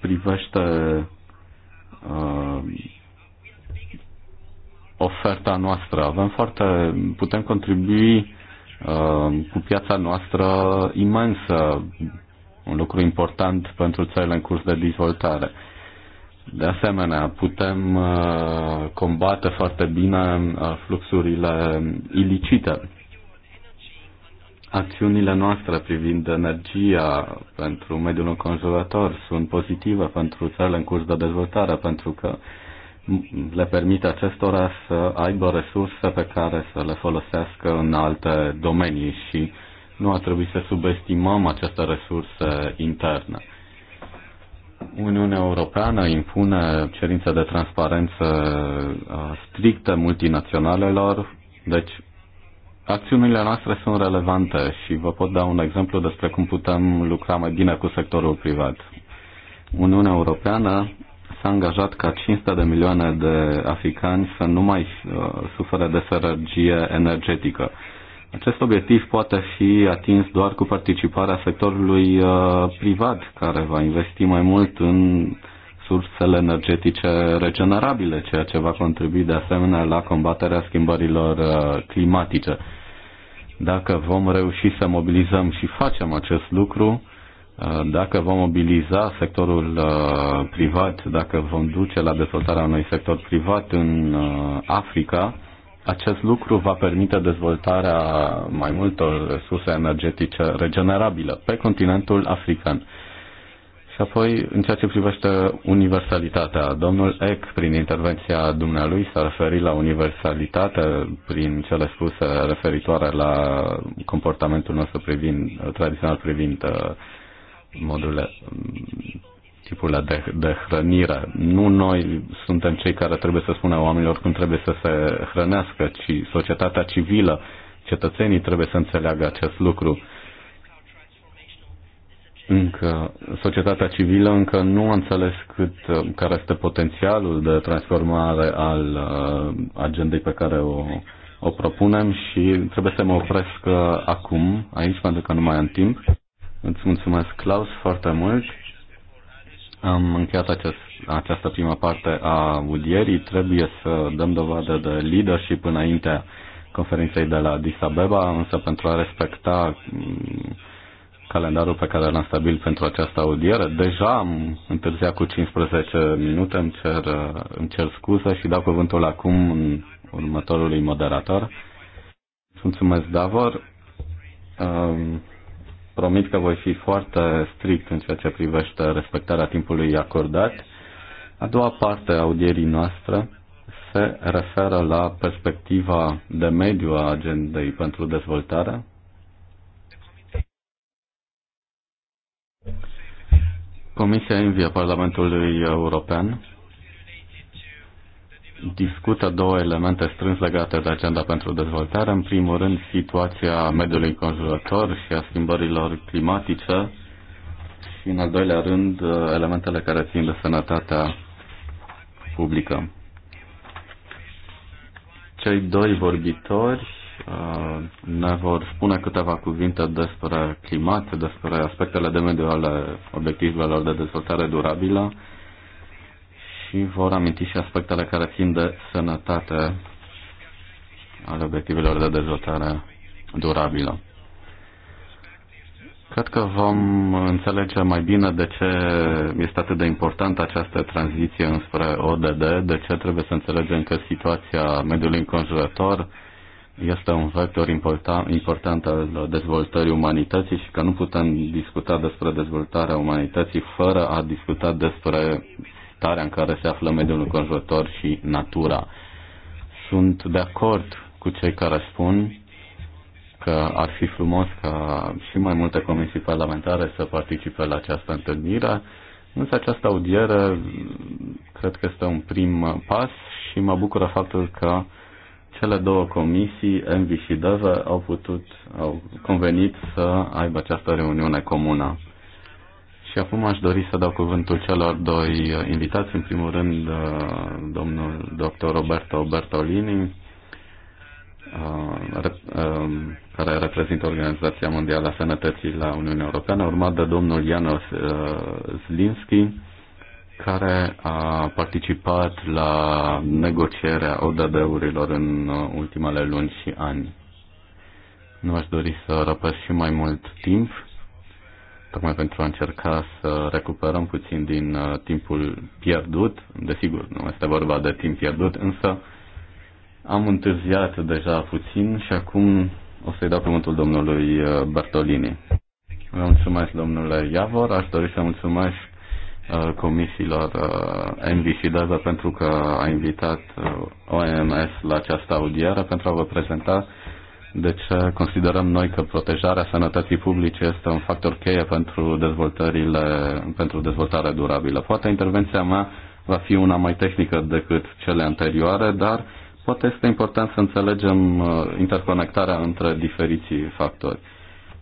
privește uh, oferta noastră, avem foarte, putem contribui uh, cu piața noastră imensă, un lucru important pentru țările în curs de dezvoltare. Uh, de asemenea, putem uh, combate foarte bine uh, fluxurile ilicite. Acțiunile noastre privind energia pentru mediul înconjurător sunt pozitive pentru țările în curs de dezvoltare, pentru că le permite acestora să aibă resurse pe care să le folosească în alte domenii și nu ar trebui să subestimăm aceste resurse interne. Uniunea Europeană impune cerințe de transparență uh, strictă multinaționalelor, deci acțiunile noastre sunt relevante și vă pot da un exemplu despre cum putem lucra mai bine cu sectorul privat. Uniunea Europeană s-a angajat ca 500 de milioane de africani să nu mai uh, sufere de sărăgie energetică. Acest obiectiv poate fi atins doar cu participarea sectorului uh, privat, care va investi mai mult în sursele energetice regenerabile, ceea ce va contribui de asemenea la combaterea schimbărilor uh, climatice. Dacă vom reuși să mobilizăm și facem acest lucru, uh, dacă vom mobiliza sectorul privat, dacă vom duce la dezvoltarea unui sector privat în Africa, acest lucru va permite dezvoltarea mai multor resurse energetice regenerabile pe continentul african. Și apoi, în ceea ce privește universalitatea, domnul Eck, prin intervenția dumnealui, s-a referit la universalitate prin cele spuse referitoare la comportamentul nostru privind, tradițional privind uh, modul tipul de, de hrănire. Nu noi suntem cei care trebuie să spună oamenilor cum trebuie să se hrănească, ci societatea civilă, cetățenii trebuie să înțeleagă acest lucru. Încă societatea civilă încă nu a înțeles cât, care este potențialul de transformare al uh, agendei pe care o, o propunem și trebuie să mă opresc uh, acum, aici, pentru că nu mai am timp. Îți mulțumesc, Claus, foarte mult. Am încheiat acest, această primă parte a audierii. Trebuie să dăm dovadă de leadership înaintea conferinței de la Disabeba, însă pentru a respecta mm, calendarul pe care l-am stabilit pentru această audiere. Deja am întârziat cu 15 minute, îmi cer, îmi cer scuze și dau cuvântul acum următorului moderator. Mulțumesc, Davor. Um, promit că voi fi foarte strict în ceea ce privește respectarea timpului acordat. A doua parte a audierii noastre se referă la perspectiva de mediu a agendei pentru dezvoltare. Comisia Invia Parlamentului European discută două elemente strâns legate de agenda pentru dezvoltare. În primul rând, situația mediului înconjurător și a schimbărilor climatice și, în al doilea rând, elementele care țin de sănătatea publică. Cei doi vorbitori uh, ne vor spune câteva cuvinte despre climat, despre aspectele de mediu ale obiectivelor de dezvoltare durabilă, și vor aminti și aspectele care țin de sănătate ale obiectivelor de dezvoltare durabilă. Cred că vom înțelege mai bine de ce este atât de importantă această tranziție înspre ODD, de ce trebuie să înțelegem că situația mediului înconjurător este un vector important, important al dezvoltării umanității și că nu putem discuta despre dezvoltarea umanității fără a discuta despre starea în care se află mediul înconjurător și natura. Sunt de acord cu cei care spun că ar fi frumos ca și mai multe comisii parlamentare să participe la această întâlnire, însă această audiere cred că este un prim pas și mă bucură faptul că cele două comisii, Envi și Deve, au putut, au convenit să aibă această reuniune comună. Și acum aș dori să dau cuvântul celor doi uh, invitați, în primul rând uh, domnul dr. Roberto Bertolini, uh, care reprezintă Organizația Mondială a Sănătății la Uniunea Europeană, urmat de domnul Janos Zlinski, care a participat la negocierea ODD-urilor în ultimele luni și ani. Nu aș dori să răpăs și mai mult timp tocmai pentru a încerca să recuperăm puțin din uh, timpul pierdut. Desigur, nu este vorba de timp pierdut, însă am întârziat deja puțin și acum o să-i dau cuvântul domnului uh, Bartolini. Vă mulțumesc, domnule Iavor. Aș dori să mulțumesc uh, comisiilor Envi și DAZA pentru că a invitat OMS la această audiere pentru a vă prezenta de ce considerăm noi că protejarea sănătății publice este un factor cheie pentru, dezvoltările, pentru dezvoltarea durabilă. Poate intervenția mea va fi una mai tehnică decât cele anterioare, dar poate este important să înțelegem uh, interconectarea între diferiții factori.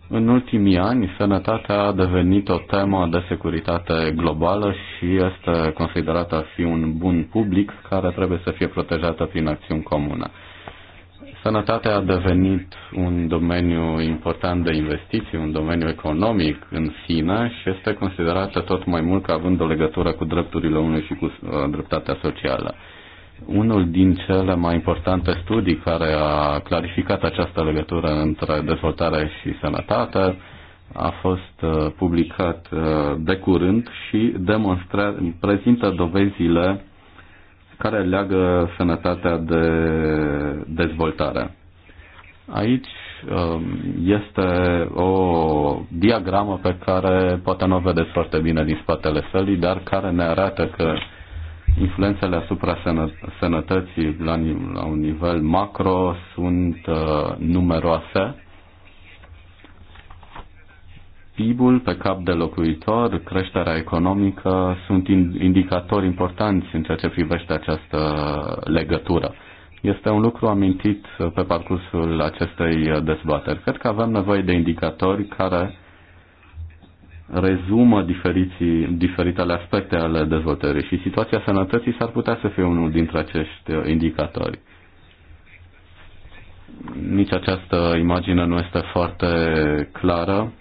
În ultimii ani, sănătatea a devenit o temă de securitate globală și este considerată a fi un bun public care trebuie să fie protejată prin acțiuni comune. Sănătatea a devenit un domeniu important de investiții, un domeniu economic în sine și este considerată tot mai mult ca având o legătură cu drepturile unui și cu uh, dreptatea socială. Unul din cele mai importante studii care a clarificat această legătură între dezvoltare și sănătate a fost uh, publicat uh, de curând și demonstrează, prezintă dovezile care leagă sănătatea de dezvoltare. Aici um, este o diagramă pe care poate nu o vedeți foarte bine din spatele sălii, dar care ne arată că influențele asupra sănătății la, un nivel macro sunt uh, numeroase PIB-ul pe cap de locuitor, creșterea economică sunt indicatori importanți în ceea ce privește această legătură. Este un lucru amintit pe parcursul acestei dezbateri. Cred că avem nevoie de indicatori care rezumă diferiții, diferitele aspecte ale dezvoltării și situația sănătății s-ar putea să fie unul dintre acești indicatori nici această imagine nu este foarte clară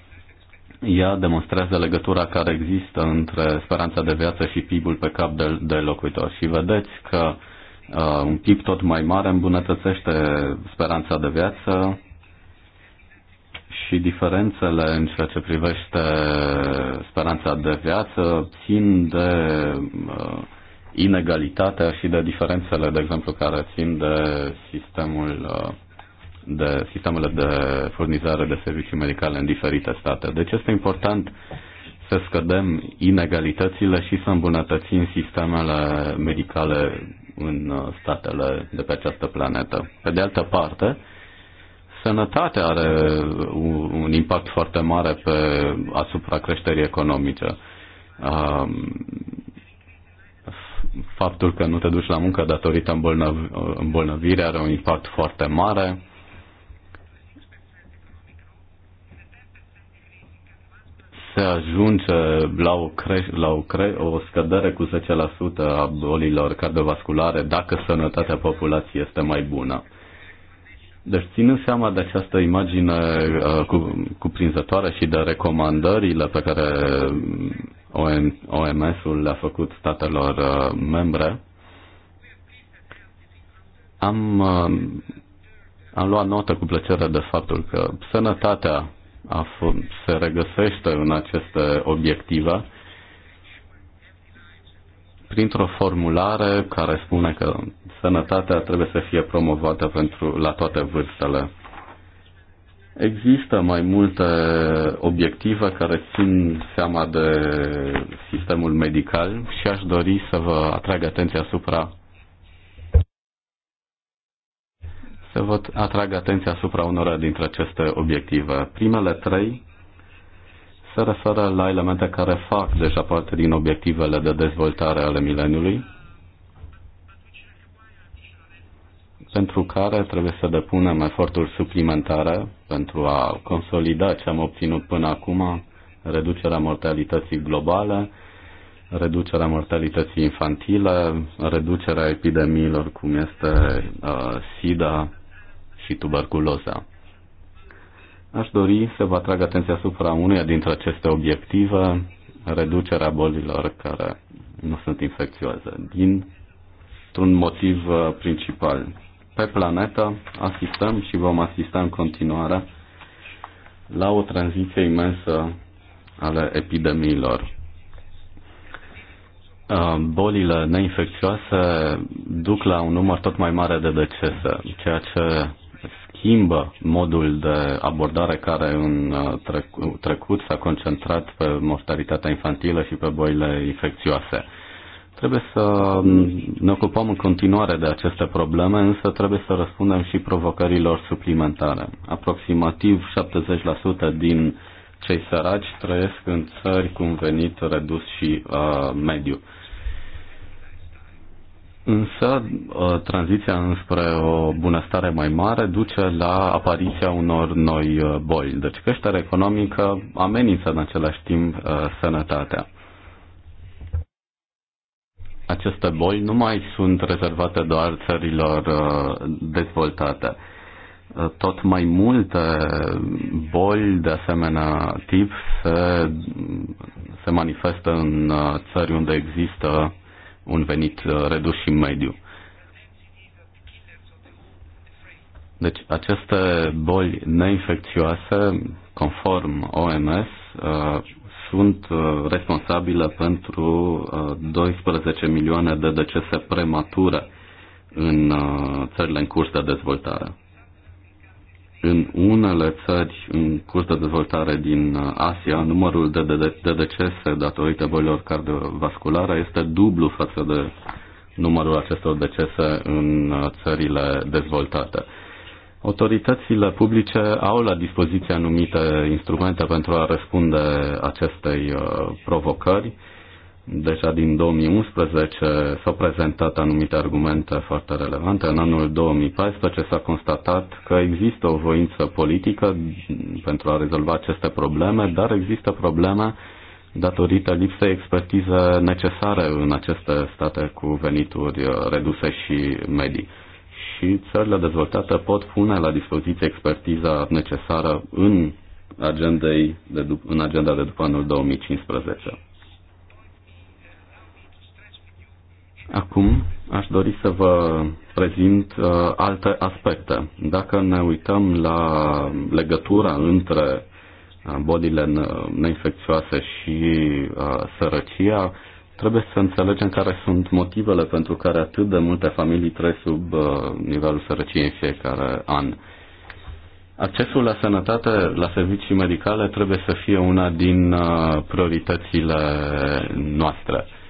ea demonstrează legătura care există între speranța de viață și PIB-ul pe cap de, de locuitor. Și vedeți că uh, un PIB tot mai mare îmbunătățește speranța de viață și diferențele în ceea ce privește speranța de viață țin de uh, inegalitatea și de diferențele, de exemplu, care țin de sistemul uh, de sistemele de furnizare de servicii medicale în diferite state. Deci este important să scădem inegalitățile și să îmbunătățim sistemele medicale în uh, statele de pe această planetă. Pe de altă parte, sănătatea are un impact foarte mare pe asupra creșterii economice. Um, faptul că nu te duci la muncă datorită îmbolnăvirii are un impact foarte mare se ajunge la o, cre- la o, cre- o scădere cu 10% a bolilor cardiovasculare dacă sănătatea populației este mai bună. Deci, ținând seama de această imagine uh, cu, cuprinzătoare și de recomandările pe care uh, OMS-ul le-a făcut statelor uh, membre, am, uh, am luat notă cu plăcere de faptul că sănătatea a f- se regăsește în aceste obiective printr-o formulare care spune că sănătatea trebuie să fie promovată pentru, la toate vârstele. Există mai multe obiective care țin seama de sistemul medical și aș dori să vă atrag atenția asupra să vă atrag atenția asupra unora dintre aceste obiective. Primele trei se referă la elemente care fac deja parte din obiectivele de dezvoltare ale mileniului, pentru care trebuie să depunem eforturi suplimentare pentru a consolida ce am obținut până acum, reducerea mortalității globale, reducerea mortalității infantile, reducerea epidemiilor cum este uh, SIDA, și tuberculoza. Aș dori să vă atrag atenția asupra uneia dintre aceste obiective, reducerea bolilor care nu sunt infecțioase, dintr-un motiv uh, principal. Pe planetă asistăm și vom asista în continuare la o tranziție imensă ale epidemiilor. Uh, bolile neinfecțioase duc la un număr tot mai mare de decese, ceea ce schimbă modul de abordare care în uh, trecut s-a concentrat pe mortalitatea infantilă și pe boile infecțioase. Trebuie să um, ne ocupăm în continuare de aceste probleme, însă trebuie să răspundem și provocărilor suplimentare. Aproximativ 70% din cei săraci trăiesc în țări cu un venit redus și uh, mediu. Însă, ă, tranziția înspre o bunăstare mai mare duce la apariția unor noi ă, boli. Deci creșterea economică amenință în același timp ă, sănătatea. Aceste boli nu mai sunt rezervate doar țărilor dezvoltate. Tot mai multe boli de asemenea tip se, se manifestă în țări unde există un venit uh, redus și mediu. Deci aceste boli neinfecțioase, conform OMS, uh, sunt uh, responsabile pentru 12 milioane de decese premature în țările în curs de dezvoltare în unele țări în curs de dezvoltare din uh, Asia, numărul de, de, de decese datorită bolilor cardiovasculare este dublu față de numărul acestor decese în uh, țările dezvoltate. Autoritățile publice au la dispoziție anumite instrumente pentru a răspunde acestei uh, provocări Deja din 2011 s-au prezentat anumite argumente foarte relevante. În anul 2014 s-a constatat că există o voință politică pentru a rezolva aceste probleme, dar există probleme datorită lipsei expertiză necesare în aceste state cu venituri reduse și medii. Și țările dezvoltate pot pune la dispoziție expertiza necesară în, agendei de, în agenda de după anul 2015. Acum aș dori să vă prezint uh, alte aspecte. Dacă ne uităm la legătura între uh, bolile neinfecțioase și uh, sărăcia, trebuie să înțelegem care sunt motivele pentru care atât de multe familii trăiesc sub uh, nivelul sărăciei în fiecare an. Accesul la sănătate, la servicii medicale trebuie să fie una din uh, prioritățile noastre. Uh,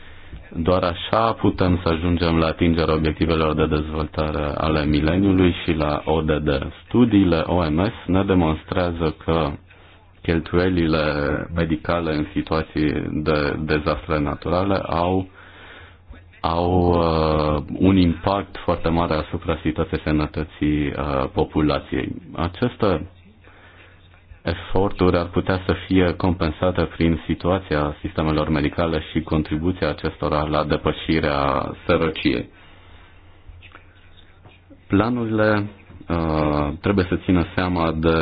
doar așa putem să ajungem la atingerea obiectivelor de dezvoltare ale mileniului și la ODD. Studiile OMS ne demonstrează că cheltuielile medicale în situații de dezastre naturale au, au uh, un impact foarte mare asupra situației sănătății uh, populației. Aceste eforturi ar putea să fie compensate prin situația sistemelor medicale și contribuția acestora la depășirea sărăciei. Planurile uh, trebuie să țină seama de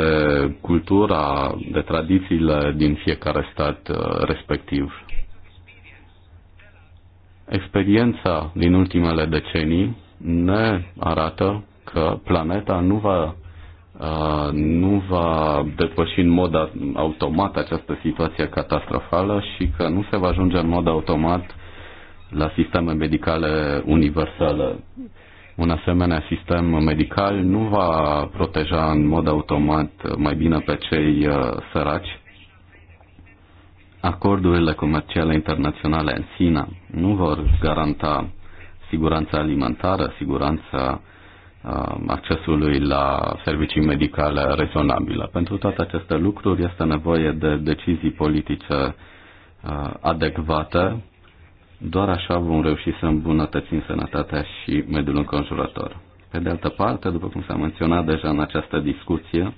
cultura, de tradițiile din fiecare stat uh, respectiv. Experiența din ultimele decenii ne arată că planeta nu va Uh, nu va depăși în mod automat această situație catastrofală și că nu se va ajunge în mod automat la sisteme medicale universale. Un asemenea sistem medical nu va proteja în mod automat mai bine pe cei uh, săraci. Acordurile comerciale internaționale în sine nu vor garanta siguranța alimentară, siguranța Um, accesului la servicii medicale rezonabile. Pentru toate aceste lucruri este nevoie de decizii politice uh, adecvate. Doar așa vom reuși să îmbunătățim sănătatea și mediul înconjurător. Pe de altă parte, după cum s-a menționat deja în această discuție,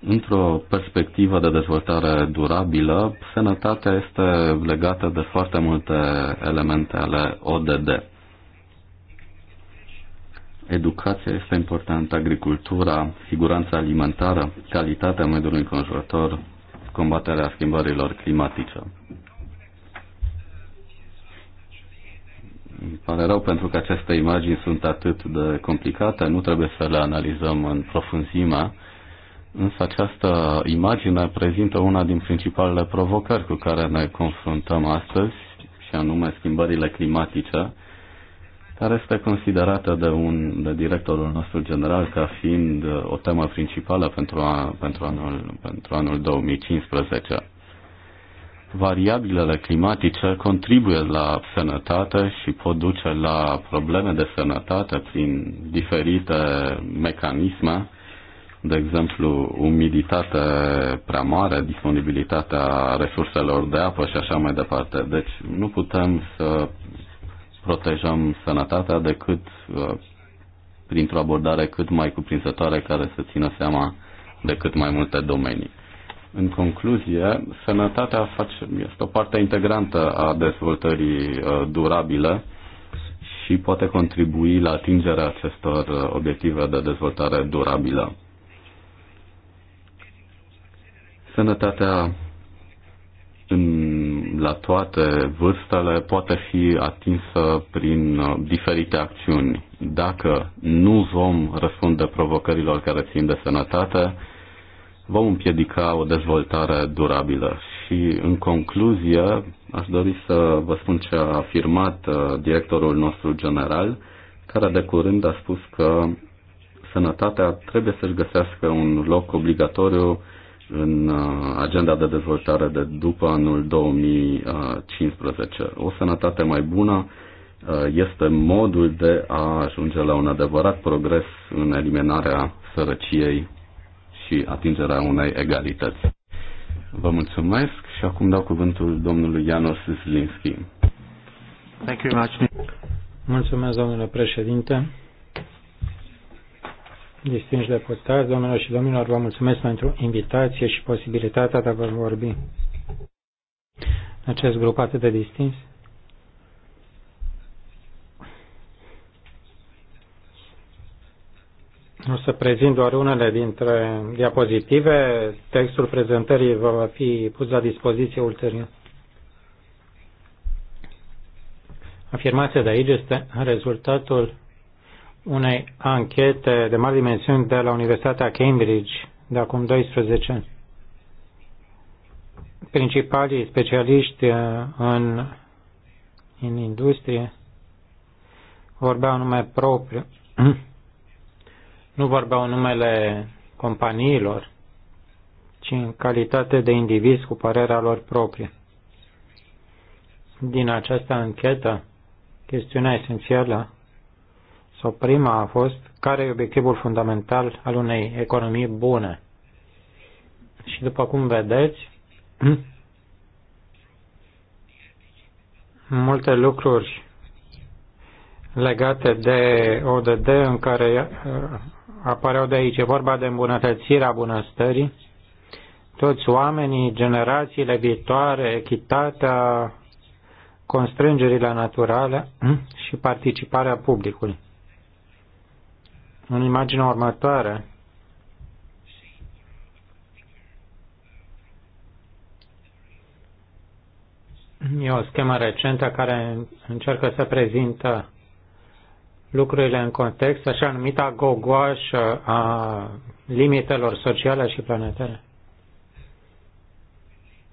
într-o perspectivă de dezvoltare durabilă, sănătatea este legată de foarte multe elemente ale ODD. Educația este importantă, agricultura, siguranța alimentară, calitatea mediului înconjurător, combaterea schimbărilor climatice. Îmi pare rău pentru că aceste imagini sunt atât de complicate, nu trebuie să le analizăm în profunzime, însă această imagine prezintă una din principalele provocări cu care ne confruntăm astăzi, și anume schimbările climatice, care este considerată de, un, de directorul nostru general ca fiind uh, o temă principală pentru, a, pentru, anul, pentru anul 2015. Variabilele climatice contribuie la sănătate și pot duce la probleme de sănătate prin diferite mecanisme, de exemplu umiditate prea mare, disponibilitatea resurselor de apă și așa mai departe. Deci nu putem să protejăm sănătatea decât uh, printr-o abordare cât mai cuprinzătoare care să țină seama de cât mai multe domenii. În concluzie, sănătatea face, este o parte integrantă a dezvoltării uh, durabile și poate contribui la atingerea acestor uh, obiective de dezvoltare durabilă. Sănătatea în la toate vârstele poate fi atinsă prin uh, diferite acțiuni. Dacă nu vom răspunde provocărilor care țin de sănătate, vom împiedica o dezvoltare durabilă. Și în concluzie, aș dori să vă spun ce a afirmat uh, directorul nostru general, care de curând a spus că sănătatea trebuie să-și găsească un loc obligatoriu în uh, agenda de dezvoltare de după anul 2015. Uh, o sănătate mai bună uh, este modul de a ajunge la un adevărat progres în eliminarea sărăciei și atingerea unei egalități. Vă mulțumesc și acum dau cuvântul domnului Janos Zlinski. Thank you much. Mulțumesc, domnule președinte distinși deputați, domnilor și domnilor, vă mulțumesc pentru invitație și posibilitatea de a vă vorbi în acest grup atât de distins. O să prezint doar unele dintre diapozitive. Textul prezentării va fi pus la dispoziție ulterior. Afirmația de aici este rezultatul unei anchete de mari dimensiuni de la Universitatea Cambridge de acum 12 ani. Principalii specialiști uh, în, în industrie vorbeau nume propriu, nu vorbeau numele companiilor, ci în calitate de indivizi cu părerea lor proprie. Din această anchetă, chestiunea esențială sau prima a fost care e obiectivul fundamental al unei economii bune. Și după cum vedeți, multe lucruri legate de ODD în care uh, apăreau de aici. E vorba de îmbunătățirea bunăstării. Toți oamenii, generațiile viitoare, echitatea, constrângerile naturale și participarea publicului. În imaginea următoare, E o schemă recentă care încearcă să prezintă lucrurile în context, așa numită gogoașă a limitelor sociale și planetare.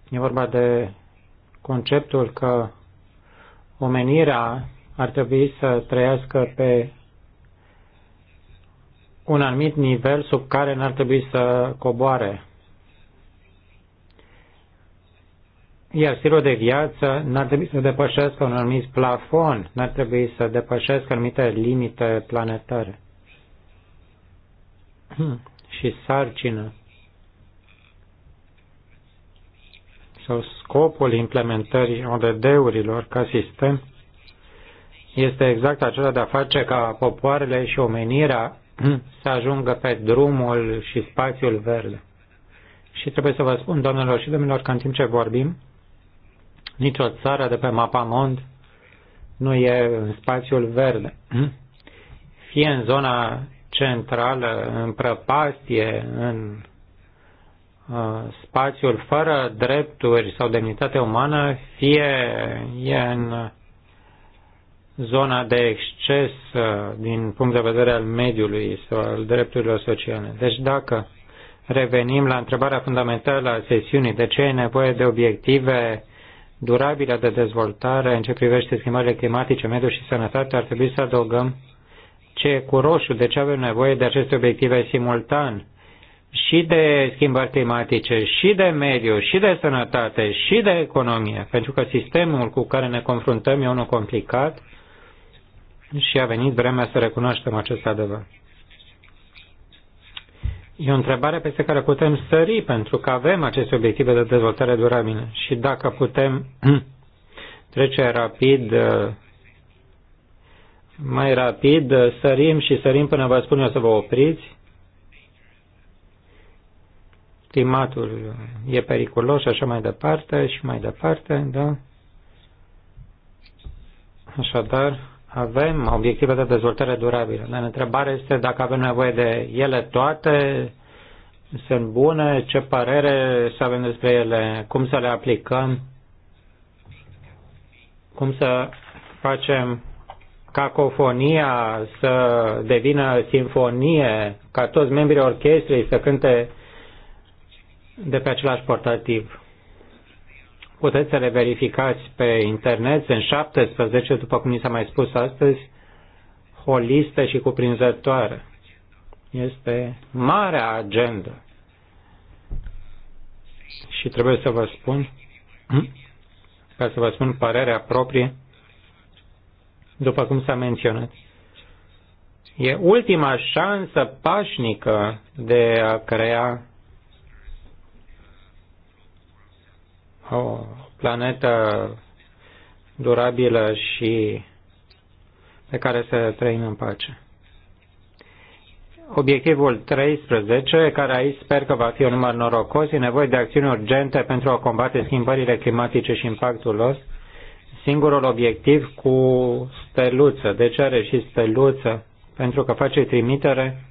E vorba de conceptul că omenirea ar trebui să trăiască pe un anumit nivel sub care n-ar trebui să coboare. Iar stilul de viață n-ar trebui să depășească un anumit plafon, n-ar trebui să depășească anumite limite planetare. și sarcină. sau scopul implementării ODD-urilor ca sistem este exact acela de a face ca popoarele și omenirea să ajungă pe drumul și spațiul verde. Și trebuie să vă spun, doamnelor și domnilor, că în timp ce vorbim, nicio țară de pe mapa mond nu e în spațiul verde. Fie în zona centrală, în prăpastie, în uh, spațiul fără drepturi sau demnitate umană, fie e în zona de exces uh, din punct de vedere al mediului sau al drepturilor sociale. Deci dacă revenim la întrebarea fundamentală a sesiunii, de ce e nevoie de obiective durabile de dezvoltare în ce privește schimbările climatice, mediul și sănătate, ar trebui să adăugăm ce e cu roșu, de ce avem nevoie de aceste obiective simultan și de schimbări climatice, și de mediu, și de sănătate, și de economie, pentru că sistemul cu care ne confruntăm e unul complicat și a venit vremea să recunoaștem acest adevăr. E o întrebare peste care putem sări pentru că avem aceste obiective de dezvoltare durabilă și dacă putem trece rapid, uh, mai rapid, uh, sărim și sărim până vă spun eu să vă opriți. Climatul e periculos și așa mai departe și mai departe, da? Așadar, avem obiective de dezvoltare durabilă, dar întrebarea este dacă avem nevoie de ele toate, sunt bune, ce părere să avem despre ele, cum să le aplicăm, cum să facem cacofonia să devină sinfonie, ca toți membrii orchestrei să cânte de pe același portativ. Puteți să le verificați pe internet, sunt 17, după cum ni s-a mai spus astăzi, holiste și cuprinzătoare. Este marea agenda. Și trebuie să vă spun, ca să vă spun părerea proprie, după cum s-a menționat. E ultima șansă pașnică de a crea o planetă durabilă și pe care să trăim în pace. Obiectivul 13, care aici sper că va fi un număr norocos, e nevoie de acțiuni urgente pentru a combate schimbările climatice și impactul lor. Singurul obiectiv cu steluță. De ce are și steluță? Pentru că face trimitere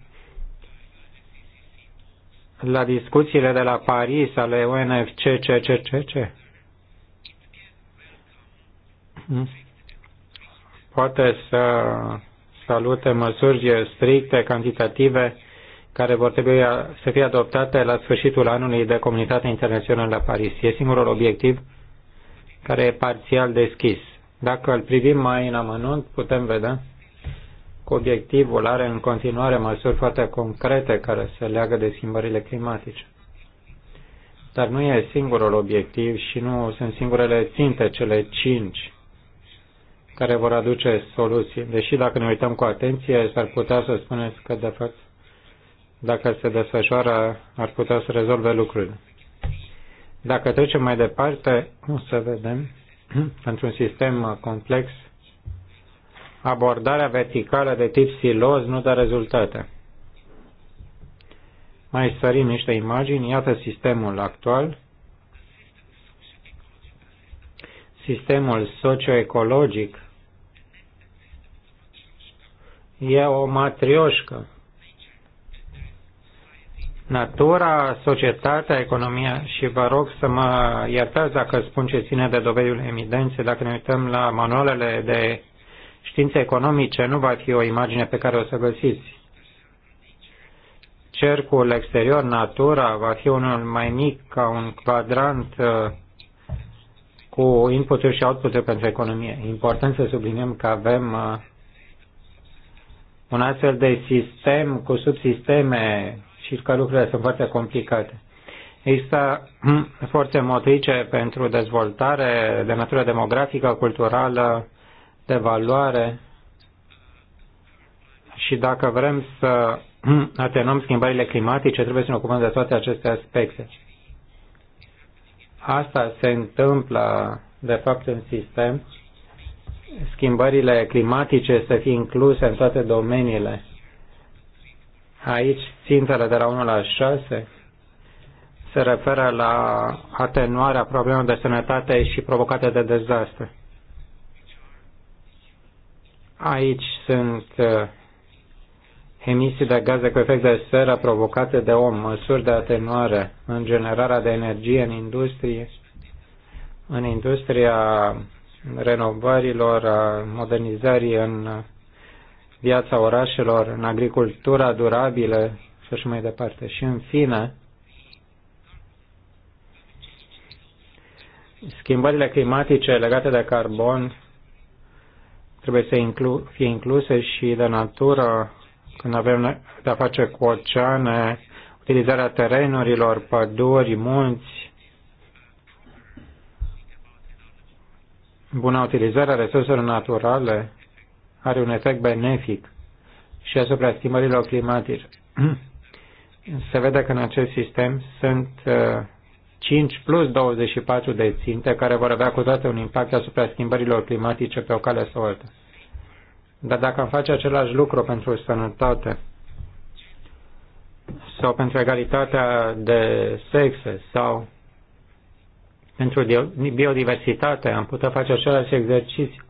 la discuțiile de la Paris ale ce ce ce ce Poate să salute măsuri stricte, cantitative, care vor trebui să fie adoptate la sfârșitul anului de comunitatea internațională la Paris. E singurul obiectiv care e parțial deschis. Dacă îl privim mai în amănunt, putem vedea cu obiectivul are în continuare măsuri foarte concrete care se leagă de schimbările climatice. Dar nu e singurul obiectiv și nu sunt singurele ținte, cele cinci, care vor aduce soluții. Deși dacă ne uităm cu atenție, s-ar putea să spuneți că, de fapt, dacă se desfășoară, ar putea să rezolve lucrurile. Dacă trecem mai departe, o să vedem, pentru un sistem complex, abordarea verticală de tip siloz nu dă rezultate. Mai sărim niște imagini. Iată sistemul actual. Sistemul socioecologic e o matrioșcă. Natura, societatea, economia și vă rog să mă iertați dacă spun ce ține de dovediul evidenței, dacă ne uităm la manualele de științe economice nu va fi o imagine pe care o să găsiți. Cercul exterior, natura, va fi unul mai mic ca un quadrant uh, cu input-uri și output-uri pentru economie. E important să subliniem că avem uh, un astfel de sistem cu subsisteme și că lucrurile sunt foarte complicate. Există forțe motrice pentru dezvoltare de natură demografică, culturală, de valoare și dacă vrem să atenuăm schimbările climatice, trebuie să ne ocupăm de toate aceste aspecte. Asta se întâmplă, de fapt, în sistem. Schimbările climatice să fie incluse în toate domeniile. Aici, țintele de la 1 la 6 se referă la atenuarea problemelor de sănătate și provocate de dezastre. Aici sunt uh, emisii de gaze cu efect de seră provocate de om, măsuri de atenuare în generarea de energie în industrie, în industria renovărilor, modernizării în viața orașelor, în agricultura durabilă și așa mai departe. Și în fine, schimbările climatice legate de carbon trebuie să inclu- fie incluse și de natură, când avem de-a face cu oceane, utilizarea terenurilor, păduri, munți, buna utilizare a resurselor naturale are un efect benefic și asupra schimbărilor climatice. Se vede că în acest sistem sunt uh, 5 plus 24 de ținte care vor avea cu toate un impact asupra schimbărilor climatice pe o cale sau alta. Dar dacă am face același lucru pentru sănătate sau pentru egalitatea de sexe sau pentru biodiversitate, am putea face același exercițiu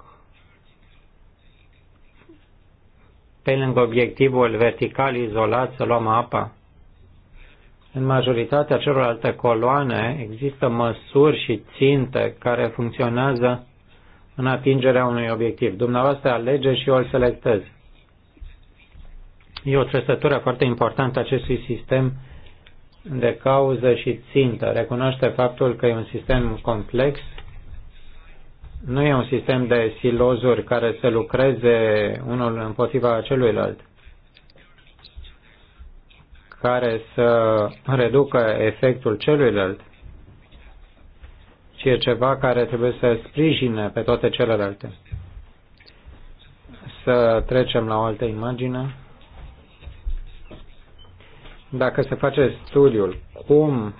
pe lângă obiectivul vertical izolat să luăm apa în majoritatea celorlalte coloane există măsuri și ținte care funcționează în atingerea unui obiectiv. Dumneavoastră alege și eu îl selectez. E o trăsătură foarte importantă acestui sistem de cauză și țintă. Recunoaște faptul că e un sistem complex, nu e un sistem de silozuri care să lucreze unul împotriva celuilalt care să reducă efectul celuilalt, ci e ceva care trebuie să sprijine pe toate celelalte. Să trecem la o altă imagine. Dacă se face studiul cum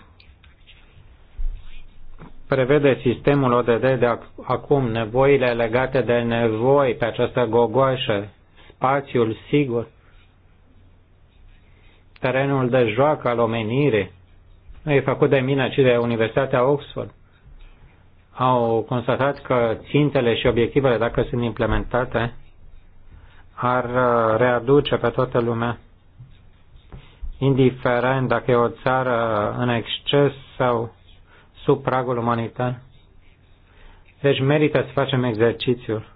prevede sistemul ODD de acum nevoile legate de nevoi pe această gogoașă, spațiul sigur, terenul de joacă al omenire. Nu e făcut de mine, ci de Universitatea Oxford. Au constatat că țintele și obiectivele, dacă sunt implementate, ar uh, readuce pe toată lumea, indiferent dacă e o țară în exces sau sub pragul umanitar. Deci merită să facem exercițiul.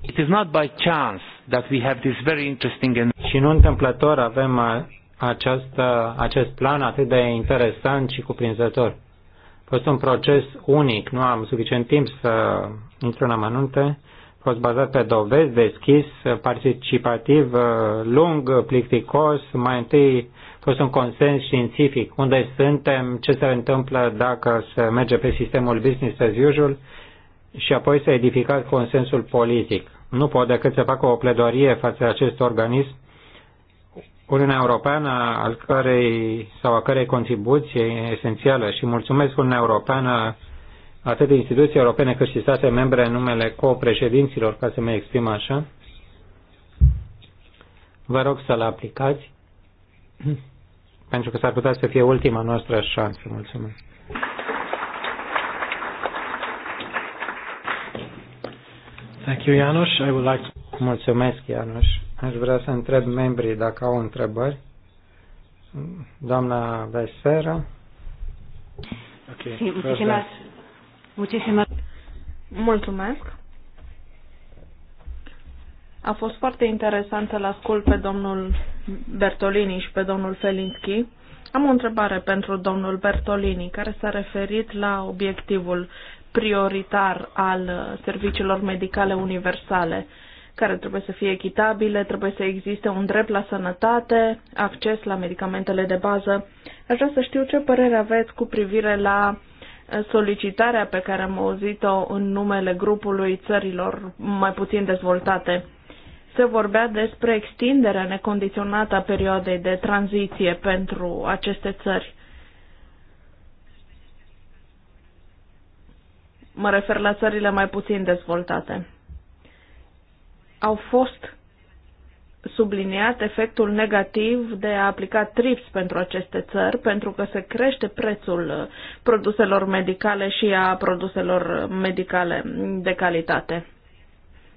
It is not by chance that we have this very interesting and Și nu întâmplător avem această, acest plan atât de interesant și cuprinzător. A fost un proces unic, nu am suficient timp să intru în amănunte. A fost bazat pe dovezi, deschis, participativ, lung, plicticos. Mai întâi a fost un consens științific. Unde suntem, ce se întâmplă dacă se merge pe sistemul business as usual și apoi să edificați consensul politic. Nu pot decât să fac o pledoarie față acest organism, Uniunea Europeană, al cărei sau a cărei contribuție esențială și mulțumesc Uniunea Europeană, atât de instituții europene cât și state membre în numele co-președinților, ca să mă exprim așa. Vă rog să-l aplicați, pentru că s-ar putea să fie ultima noastră șansă. Mulțumesc. Thank you, Janos. I would like to... Mulțumesc, Ianuș. Aș vrea să întreb membrii dacă au întrebări. Doamna Vesera. Okay. Muchísimas. Mulțumesc. A fost foarte interesant să-l ascult pe domnul Bertolini și pe domnul Felinski. Am o întrebare pentru domnul Bertolini, care s-a referit la obiectivul prioritar al uh, serviciilor medicale universale, care trebuie să fie echitabile, trebuie să existe un drept la sănătate, acces la medicamentele de bază. Aș vrea să știu ce părere aveți cu privire la uh, solicitarea pe care am auzit-o în numele grupului țărilor mai puțin dezvoltate. Se vorbea despre extinderea necondiționată a perioadei de tranziție pentru aceste țări. mă refer la țările mai puțin dezvoltate, au fost subliniat efectul negativ de a aplica TRIPS pentru aceste țări, pentru că se crește prețul produselor medicale și a produselor medicale de calitate.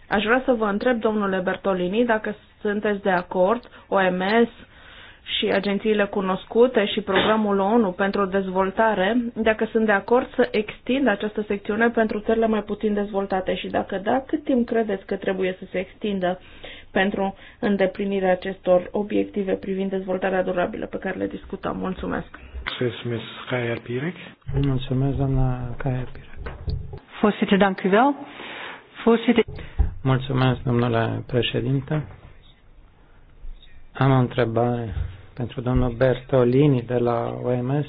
Aș vrea să vă întreb, domnule Bertolini, dacă sunteți de acord, OMS, și agențiile cunoscute și programul ONU pentru dezvoltare, dacă sunt de acord să extind această secțiune pentru țările mai puțin dezvoltate și dacă da, cât timp credeți că trebuie să se extindă pentru îndeplinirea acestor obiective privind dezvoltarea durabilă pe care le discutăm. Mulțumesc! Mulțumesc, doamna Caia Pirec. Voorzitter, dank u wel. Mulțumesc, domnule președinte. Am o întrebare pentru domnul Bertolini de la OMS.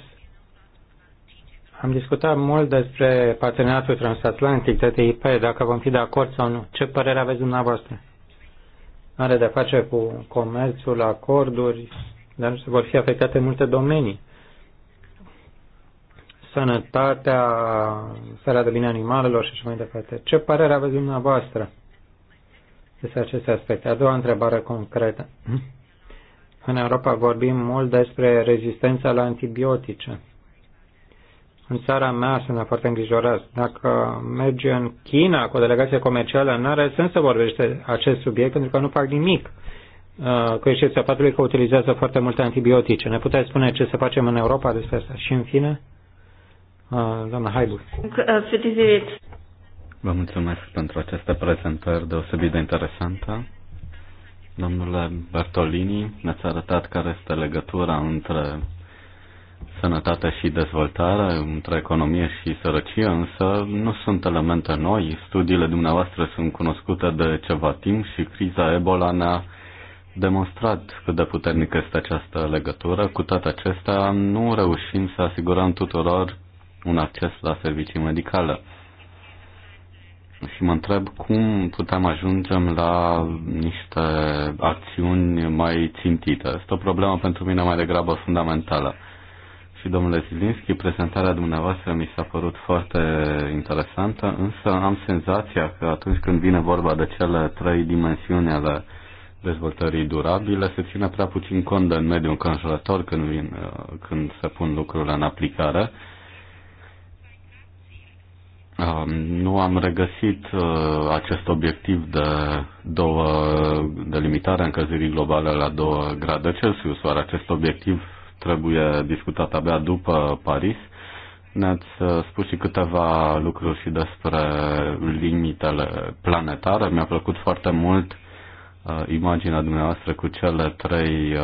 Am discutat mult despre parteneriatul transatlantic, TTIP, dacă vom fi de acord sau nu. Ce părere aveți dumneavoastră? Are de face cu comerțul, acorduri, dar nu se vor fi afectate multe domenii. Sănătatea, starea de bine animalelor și așa mai departe. Ce părere aveți dumneavoastră despre aceste aspecte? A doua întrebare concretă. În Europa vorbim mult despre rezistența la antibiotice. În țara mea sunt foarte îngrijorați. Dacă mergi în China cu o delegație comercială, nu are sens să vorbește acest subiect pentru că nu fac nimic uh, cu excepția faptului că utilizează foarte multe antibiotice. Ne puteți spune ce să facem în Europa despre asta? Și în fine, uh, doamna Haibu. Uh, Vă mulțumesc pentru această prezentare deosebit de interesantă. Domnule Bertolini, ne-ați arătat care este legătura între sănătate și dezvoltare, între economie și sărăcie, însă nu sunt elemente noi. Studiile dumneavoastră sunt cunoscute de ceva timp și criza Ebola ne-a demonstrat cât de puternică este această legătură. Cu toate acestea, nu reușim să asigurăm tuturor un acces la servicii medicale și mă întreb cum putem ajungem la niște acțiuni mai țintite. Este o problemă pentru mine mai degrabă fundamentală. Și domnule Zilinski, prezentarea dumneavoastră mi s-a părut foarte interesantă, însă am senzația că atunci când vine vorba de cele trei dimensiuni ale dezvoltării durabile, se ține prea puțin cont de mediul înconjurător când, vin, uh, când se pun lucrurile în aplicare Um, nu am regăsit uh, acest obiectiv de, două, de limitare a încălzirii globale la 2 grade Celsius, oare acest obiectiv trebuie discutat abia după Paris. Ne-ați uh, spus și câteva lucruri și despre limitele planetare. Mi-a plăcut foarte mult uh, imaginea dumneavoastră cu cele trei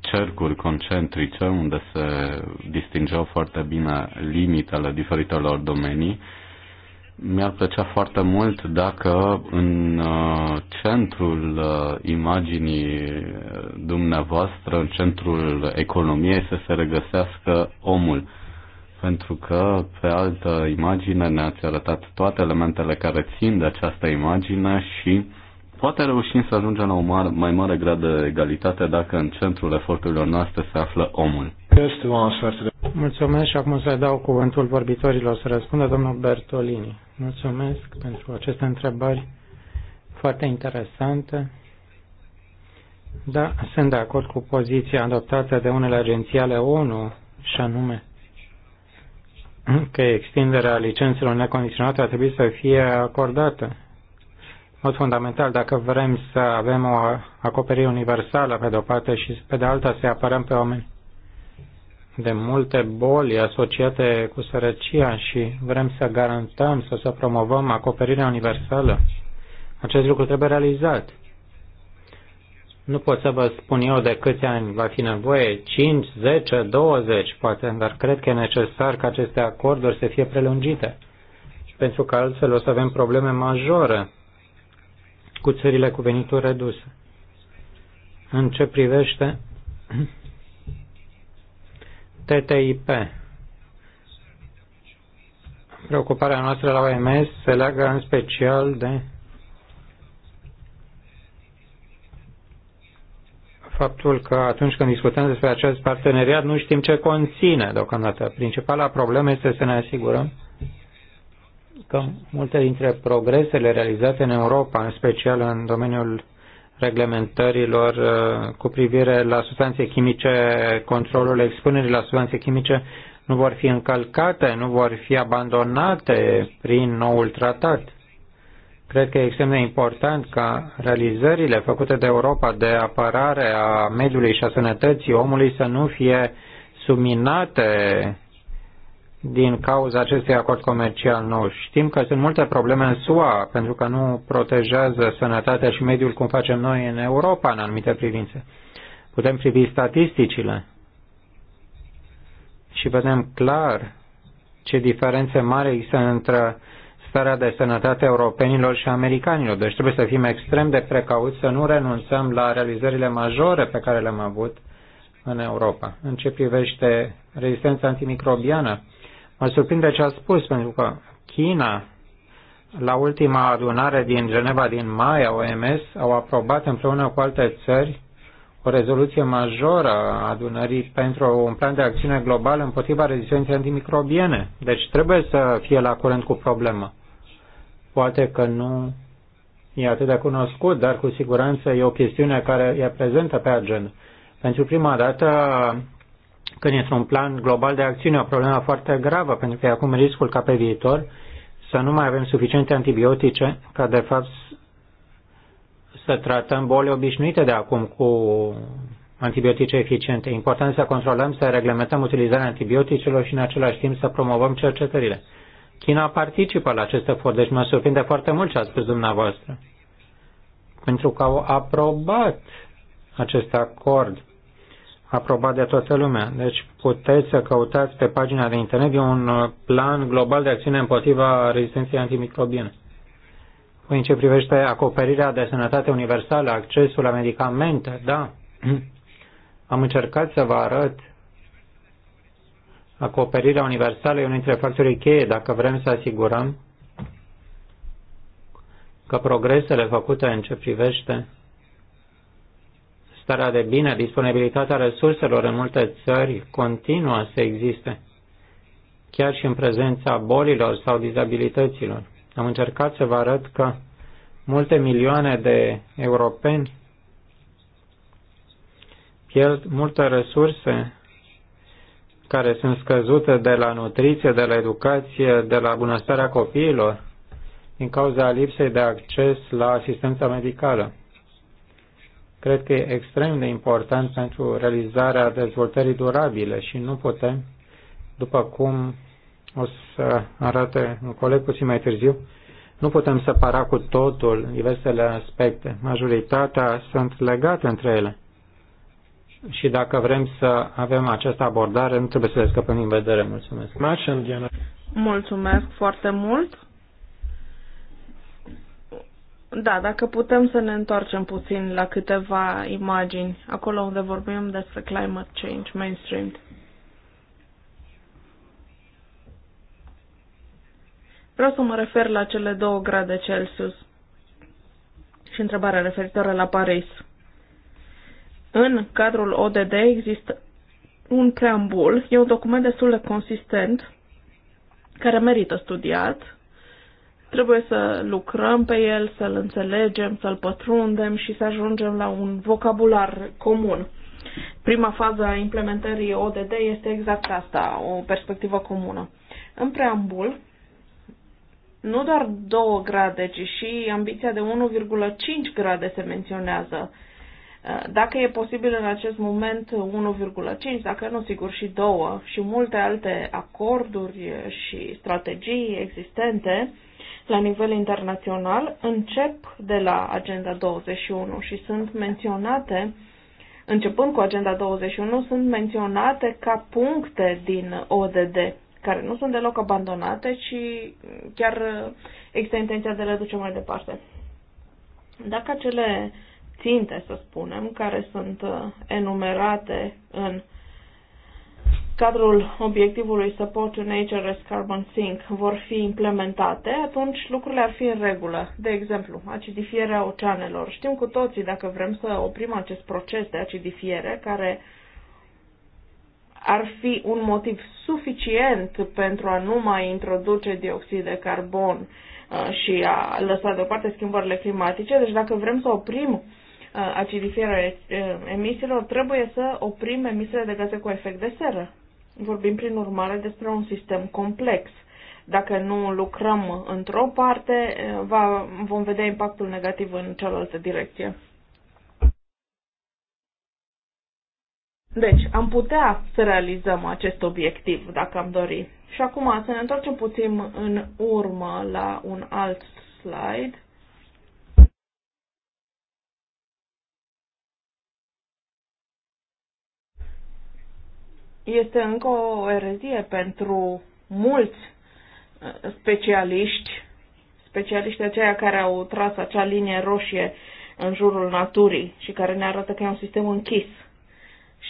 cercuri concentrice unde se distingeau foarte bine limitele diferitelor domenii mi-ar plăcea foarte mult dacă în uh, centrul uh, imaginii uh, dumneavoastră, în centrul economiei, să se regăsească omul. Pentru că pe altă imagine ne-ați arătat toate elementele care țin de această imagine și poate reușim să ajungem la o mare, mai mare grad de egalitate dacă în centrul eforturilor noastre se află omul. Mulțumesc și acum să dau cuvântul vorbitorilor să răspundă domnul Bertolini. Mulțumesc pentru aceste întrebări foarte interesante. Da, sunt de acord cu poziția adoptată de unele agenții ale ONU, și anume că extinderea licențelor necondiționate ar trebui să fie acordată. În mod fundamental, dacă vrem să avem o acoperire universală pe de-o parte și pe de alta să apărăm pe oameni de multe boli asociate cu sărăcia și vrem să garantăm sau să promovăm acoperirea universală. Acest lucru trebuie realizat. Nu pot să vă spun eu de câți ani va fi nevoie, 5, 10, 20 poate, dar cred că e necesar ca aceste acorduri să fie prelungite, pentru că altfel o să avem probleme majore cu țările cu venituri reduse. În ce privește TTIP. Preocuparea noastră la OMS se leagă în special de faptul că atunci când discutăm despre acest parteneriat nu știm ce conține deocamdată. Principala problemă este să ne asigurăm că multe dintre progresele realizate în Europa, în special în domeniul reglementărilor uh, cu privire la substanțe chimice, controlul expunerii la substanțe chimice nu vor fi încălcate, nu vor fi abandonate prin noul tratat. Cred că e extrem de important ca realizările făcute de Europa de apărare a mediului și a sănătății omului să nu fie subminate din cauza acestui acord comercial nou. Știm că sunt multe probleme în SUA pentru că nu protejează sănătatea și mediul cum facem noi în Europa în anumite privințe. Putem privi statisticile și vedem clar ce diferențe mari există între starea de sănătate europenilor și americanilor. Deci trebuie să fim extrem de precauți să nu renunțăm la realizările majore pe care le-am avut în Europa. În ce privește rezistența antimicrobiană, Mă surprinde ce a spus, pentru că China, la ultima adunare din Geneva din mai a OMS, au aprobat împreună cu alte țări o rezoluție majoră a adunării pentru un plan de acțiune global împotriva rezistenței antimicrobiene. Deci trebuie să fie la curent cu problemă. Poate că nu e atât de cunoscut, dar cu siguranță e o chestiune care e prezentă pe agenda. Pentru prima dată, că dintr-un plan global de acțiune o problemă foarte gravă, pentru că e acum riscul ca pe viitor să nu mai avem suficiente antibiotice ca de fapt să tratăm boli obișnuite de acum cu antibiotice eficiente. important să controlăm, să reglementăm utilizarea antibioticelor și în același timp să promovăm cercetările. China participă la acest efort, deci mă surprinde foarte mult ce a spus dumneavoastră. Pentru că au aprobat acest acord aprobat de toată lumea. Deci puteți să căutați pe pagina de internet, e un uh, plan global de acțiune împotriva rezistenței antimicrobiene. În ce privește acoperirea de sănătate universală, accesul la medicamente, da, am încercat să vă arăt acoperirea universală e unul dintre factorii cheie dacă vrem să asigurăm că progresele făcute în ce privește starea de bine, disponibilitatea resurselor în multe țări continuă să existe, chiar și în prezența bolilor sau dizabilităților. Am încercat să vă arăt că multe milioane de europeni pierd multe resurse care sunt scăzute de la nutriție, de la educație, de la bunăstarea copiilor, din cauza lipsei de acces la asistența medicală. Cred că e extrem de important pentru realizarea dezvoltării durabile și nu putem, după cum o să arate un coleg puțin mai târziu, nu putem separa cu totul diversele aspecte. Majoritatea sunt legate între ele. Și dacă vrem să avem această abordare, nu trebuie să le scăpăm din vedere. Mulțumesc. Mulțumesc foarte mult. Da, dacă putem să ne întoarcem puțin la câteva imagini, acolo unde vorbim despre climate change mainstream. Vreau să mă refer la cele două grade Celsius și întrebarea referitoare la Paris. În cadrul ODD există un preambul, e un document destul de consistent care merită studiat, Trebuie să lucrăm pe el, să-l înțelegem, să-l pătrundem și să ajungem la un vocabular comun. Prima fază a implementării ODD este exact asta, o perspectivă comună. În preambul, nu doar 2 grade, ci și ambiția de 1,5 grade se menționează. Dacă e posibil în acest moment 1,5, dacă nu, sigur și 2 și multe alte acorduri și strategii existente, la nivel internațional încep de la Agenda 21 și sunt menționate, începând cu Agenda 21, sunt menționate ca puncte din ODD, care nu sunt deloc abandonate, ci chiar există intenția de a le duce mai departe. Dacă acele ținte, să spunem, care sunt enumerate în cadrul obiectivului Support to Nature as Carbon Sink vor fi implementate, atunci lucrurile ar fi în regulă. De exemplu, acidifierea oceanelor. Știm cu toții dacă vrem să oprim acest proces de acidifiere care ar fi un motiv suficient pentru a nu mai introduce dioxid de carbon uh, și a lăsa deoparte schimbările climatice. Deci dacă vrem să oprim uh, acidifierea uh, emisiilor, trebuie să oprim emisiile de gaze cu efect de seră. Vorbim, prin urmare, despre un sistem complex. Dacă nu lucrăm într-o parte, eh, va, vom vedea impactul negativ în cealaltă direcție. Deci, am putea să realizăm acest obiectiv dacă am dori. Și acum să ne întoarcem puțin în urmă la un alt slide. este încă o erezie pentru mulți uh, specialiști, specialiști aceia care au tras acea linie roșie în jurul naturii și care ne arată că e un sistem închis.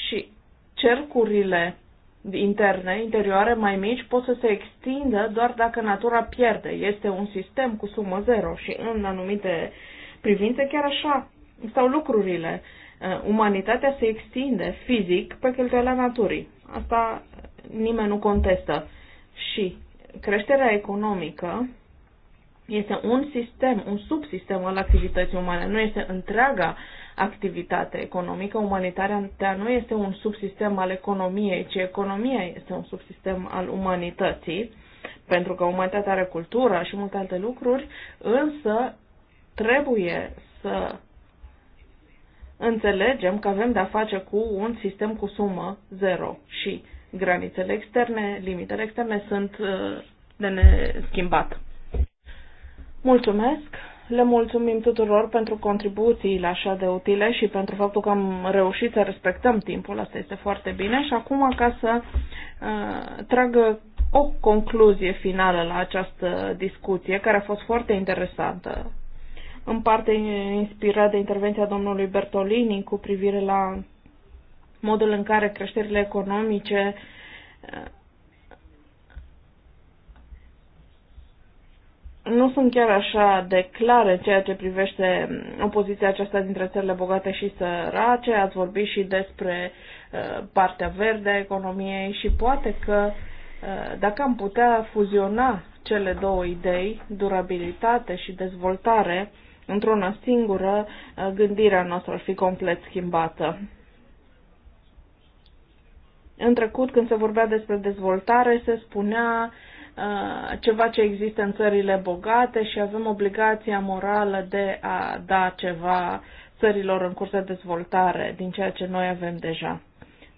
Și cercurile interne, interioare mai mici, pot să se extindă doar dacă natura pierde. Este un sistem cu sumă zero și în anumite privințe chiar așa stau lucrurile. Uh, umanitatea se extinde fizic pe cheltuiala naturii. Asta nimeni nu contestă. Și creșterea economică este un sistem, un subsistem al activității umane, nu este întreaga activitate economică. Umanitatea nu este un subsistem al economiei, ci economia este un subsistem al umanității, pentru că umanitatea are cultură și multe alte lucruri, însă trebuie să înțelegem că avem de-a face cu un sistem cu sumă zero și granițele externe, limitele externe sunt uh, de neschimbat. Mulțumesc! Le mulțumim tuturor pentru contribuțiile așa de utile și pentru faptul că am reușit să respectăm timpul. Asta este foarte bine. Și acum, ca să uh, tragă o concluzie finală la această discuție, care a fost foarte interesantă în parte inspirat de intervenția domnului Bertolini cu privire la modul în care creșterile economice uh, nu sunt chiar așa de clare în ceea ce privește opoziția aceasta dintre țările bogate și sărace. Ați vorbit și despre uh, partea verde a economiei și poate că uh, dacă am putea fuziona cele două idei, durabilitate și dezvoltare, într-una singură, uh, gândirea noastră ar fi complet schimbată. În trecut, când se vorbea despre dezvoltare, se spunea uh, ceva ce există în țările bogate și avem obligația morală de a da ceva țărilor în curs de dezvoltare din ceea ce noi avem deja.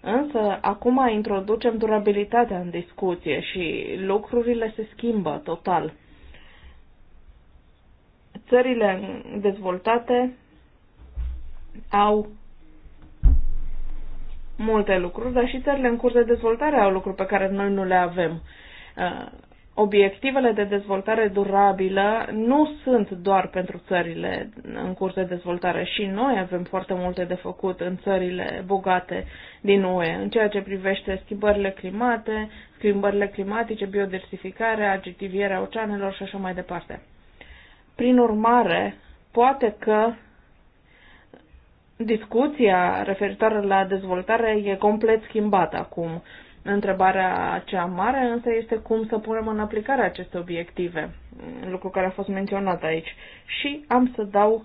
Însă, acum introducem durabilitatea în discuție și lucrurile se schimbă total. Țările dezvoltate au multe lucruri, dar și țările în curs de dezvoltare au lucruri pe care noi nu le avem. Uh, obiectivele de dezvoltare durabilă nu sunt doar pentru țările în curs de dezvoltare și noi avem foarte multe de făcut în țările bogate din UE, în ceea ce privește schimbările climate, schimbările climatice, biodiversificarea, agitivierea oceanelor și așa mai departe. Prin urmare, poate că discuția referitoare la dezvoltare e complet schimbată acum. Întrebarea cea mare însă este cum să punem în aplicare aceste obiective, lucru care a fost menționat aici. Și am să dau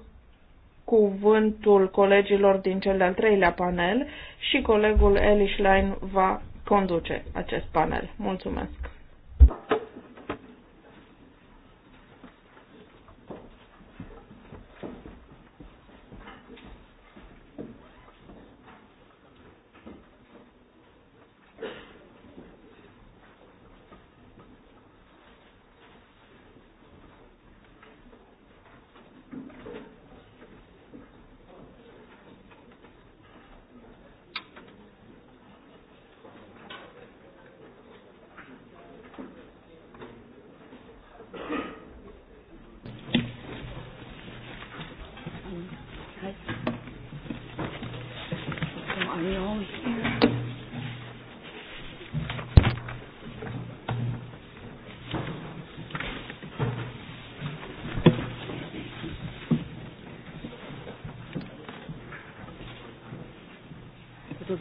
cuvântul colegilor din cel de-al treilea panel și colegul Eli Schlein va conduce acest panel. Mulțumesc!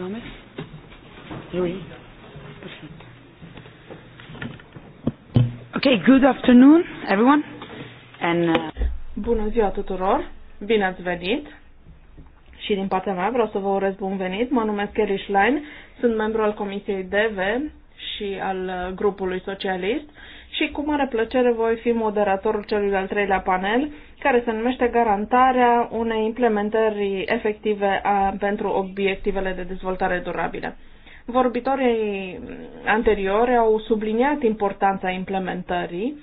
Gómez? Oui. Perfect. Okay, good afternoon, everyone. And, uh... Bună ziua tuturor! Bine ați venit! Și din partea mea vreau să vă urez bun venit. Mă numesc Kelly Schlein, sunt membru al Comisiei DV și al uh, grupului socialist și cu mare plăcere voi fi moderatorul celui al treilea panel, care se numește Garantarea unei implementări efective a, pentru obiectivele de dezvoltare durabilă. Vorbitorii anteriori au subliniat importanța implementării.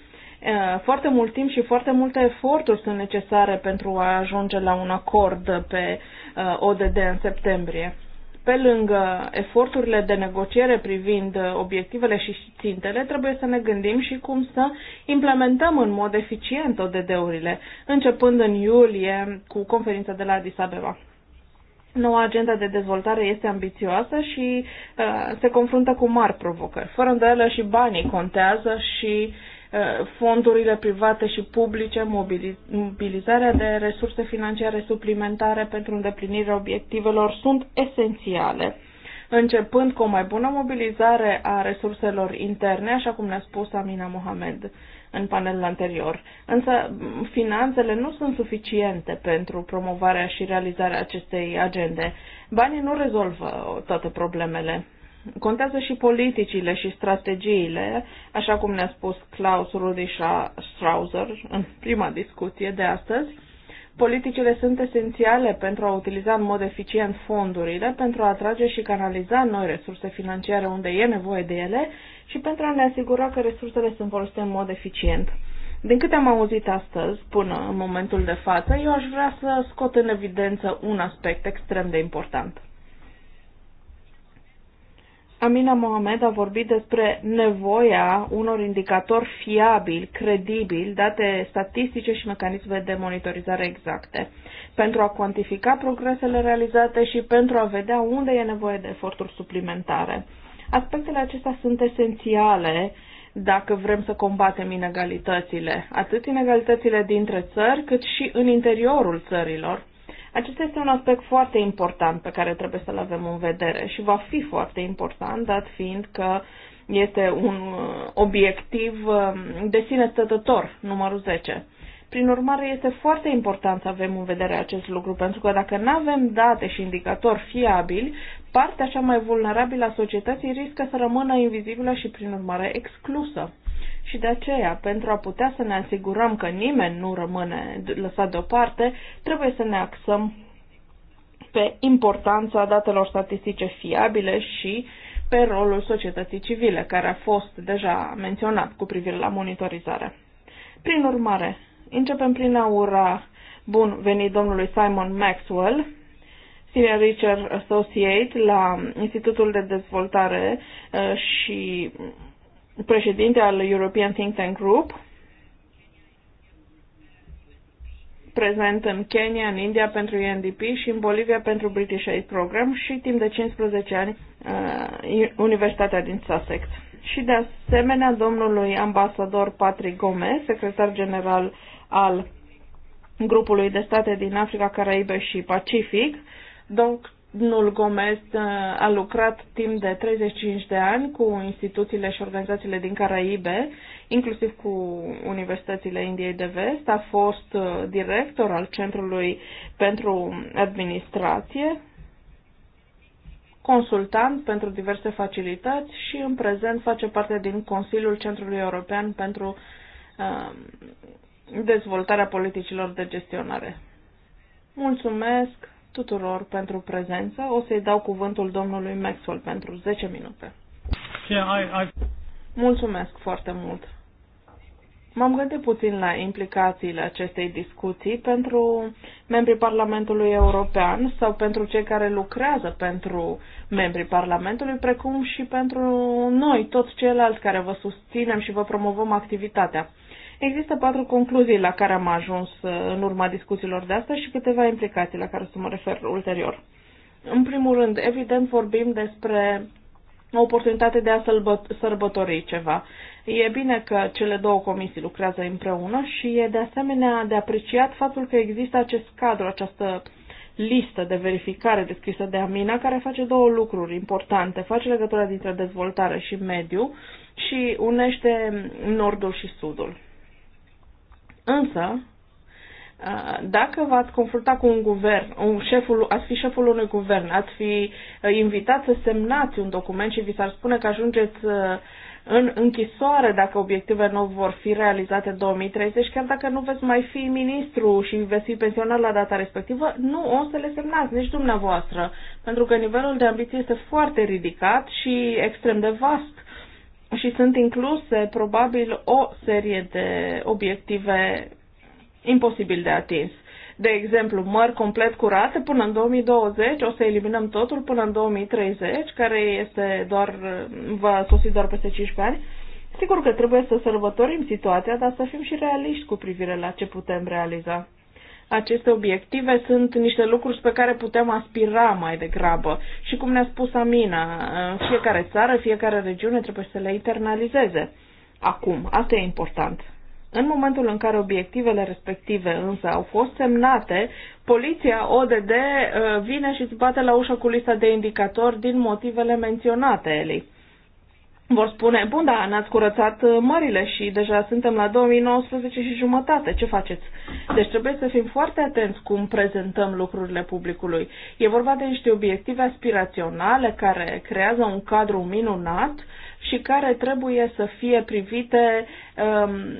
Foarte mult timp și foarte multe eforturi sunt necesare pentru a ajunge la un acord pe ODD în septembrie pe lângă eforturile de negociere privind uh, obiectivele și țintele, trebuie să ne gândim și cum să implementăm în mod eficient ODD-urile, începând în iulie cu conferința de la Addis Abeba. Noua agenda de dezvoltare este ambițioasă și uh, se confruntă cu mari provocări. Fără îndoială și banii contează și uh, Uh, fondurile private și publice, mobilizarea de resurse financiare suplimentare pentru îndeplinirea obiectivelor sunt esențiale începând cu o mai bună mobilizare a resurselor interne, așa cum ne-a spus Amina Mohamed în panelul anterior. Însă, finanțele nu sunt suficiente pentru promovarea și realizarea acestei agende. Banii nu rezolvă toate problemele. Contează și politicile și strategiile, așa cum ne-a spus Klaus Rudisha Strauser în prima discuție de astăzi. Politicile sunt esențiale pentru a utiliza în mod eficient fondurile, pentru a atrage și canaliza noi resurse financiare unde e nevoie de ele și pentru a ne asigura că resursele sunt folosite în mod eficient. Din câte am auzit astăzi, până în momentul de față, eu aș vrea să scot în evidență un aspect extrem de important. Amina Mohamed a vorbit despre nevoia unor indicatori fiabili, credibili, date statistice și mecanisme de monitorizare exacte, pentru a cuantifica progresele realizate și pentru a vedea unde e nevoie de eforturi suplimentare. Aspectele acestea sunt esențiale dacă vrem să combatem inegalitățile, atât inegalitățile dintre țări, cât și în interiorul țărilor. Acesta este un aspect foarte important pe care trebuie să-l avem în vedere și va fi foarte important, dat fiind că este un uh, obiectiv um, de sine stătător, numărul 10. Prin urmare, este foarte important să avem în vedere acest lucru, pentru că dacă nu avem date și indicatori fiabili, partea cea mai vulnerabilă a societății riscă să rămână invizibilă și, prin urmare, exclusă. Și de aceea, pentru a putea să ne asigurăm că nimeni nu rămâne lăsat deoparte, trebuie să ne axăm pe importanța datelor statistice fiabile și pe rolul societății civile, care a fost deja menționat cu privire la monitorizare. Prin urmare, începem prin aura bun venit domnului Simon Maxwell, Senior Research Associate la Institutul de Dezvoltare uh, și președinte al European Think Tank Group, prezent în Kenya, în India pentru UNDP și în Bolivia pentru British Aid Program și timp de 15 ani uh, Universitatea din Sussex. Și de asemenea domnului ambasador Patrick Gomez, secretar general al grupului de state din Africa, Caraibe și Pacific, doc- Domnul Gomez uh, a lucrat timp de 35 de ani cu instituțiile și organizațiile din Caraibe, inclusiv cu universitățile Indiei de Vest. A fost uh, director al Centrului pentru Administrație, consultant pentru diverse facilități și în prezent face parte din Consiliul Centrului European pentru uh, dezvoltarea politicilor de gestionare. Mulțumesc! tuturor pentru prezență. O să-i dau cuvântul domnului Maxwell pentru 10 minute. Yeah, I, I... Mulțumesc foarte mult. M-am gândit puțin la implicațiile acestei discuții pentru membrii Parlamentului European sau pentru cei care lucrează pentru membrii Parlamentului, precum și pentru noi, toți ceilalți care vă susținem și vă promovăm activitatea. Există patru concluzii la care am ajuns uh, în urma discuțiilor de astăzi și câteva implicații la care o să mă refer ulterior. În primul rând, evident vorbim despre o oportunitate de a sărbători ceva. E bine că cele două comisii lucrează împreună și e de asemenea de apreciat faptul că există acest cadru, această listă de verificare descrisă de Amina, care face două lucruri importante. Face legătura dintre dezvoltare și mediu și unește nordul și sudul. Însă, dacă v-ați confrunta cu un guvern, un șeful, ați fi șeful unui guvern, ați fi invitat să semnați un document și vi s-ar spune că ajungeți în închisoare dacă obiectivele nu vor fi realizate în 2030, chiar dacă nu veți mai fi ministru și veți fi pensionat la data respectivă, nu o să le semnați, nici dumneavoastră, pentru că nivelul de ambiție este foarte ridicat și extrem de vast și sunt incluse probabil o serie de obiective imposibil de atins. De exemplu, mări complet curate până în 2020, o să eliminăm totul până în 2030, care este doar, va sosi doar peste 15 ani. Sigur că trebuie să sărbătorim situația, dar să fim și realiști cu privire la ce putem realiza aceste obiective sunt niște lucruri pe care putem aspira mai degrabă. Și cum ne-a spus Amina, fiecare țară, fiecare regiune trebuie să le internalizeze. Acum, asta e important. În momentul în care obiectivele respective însă au fost semnate, poliția ODD uh, vine și îți bate la ușă cu lista de indicatori din motivele menționate, Eli vor spune, bun, da, ne-ați curățat uh, mările și deja suntem la 2019 și jumătate, ce faceți? Deci trebuie să fim foarte atenți cum prezentăm lucrurile publicului. E vorba de niște obiective aspiraționale care creează un cadru minunat și care trebuie să fie privite um,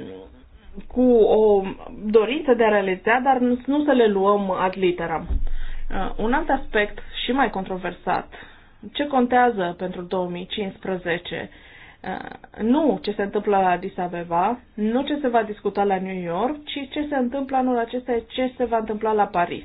cu o dorință de a realiza, dar nu să le luăm ad literam. Uh, un alt aspect și mai controversat ce contează pentru 2015? Uh, nu ce se întâmplă la Addis Abeba, nu ce se va discuta la New York, ci ce se întâmplă anul acesta, ce se va întâmpla la Paris.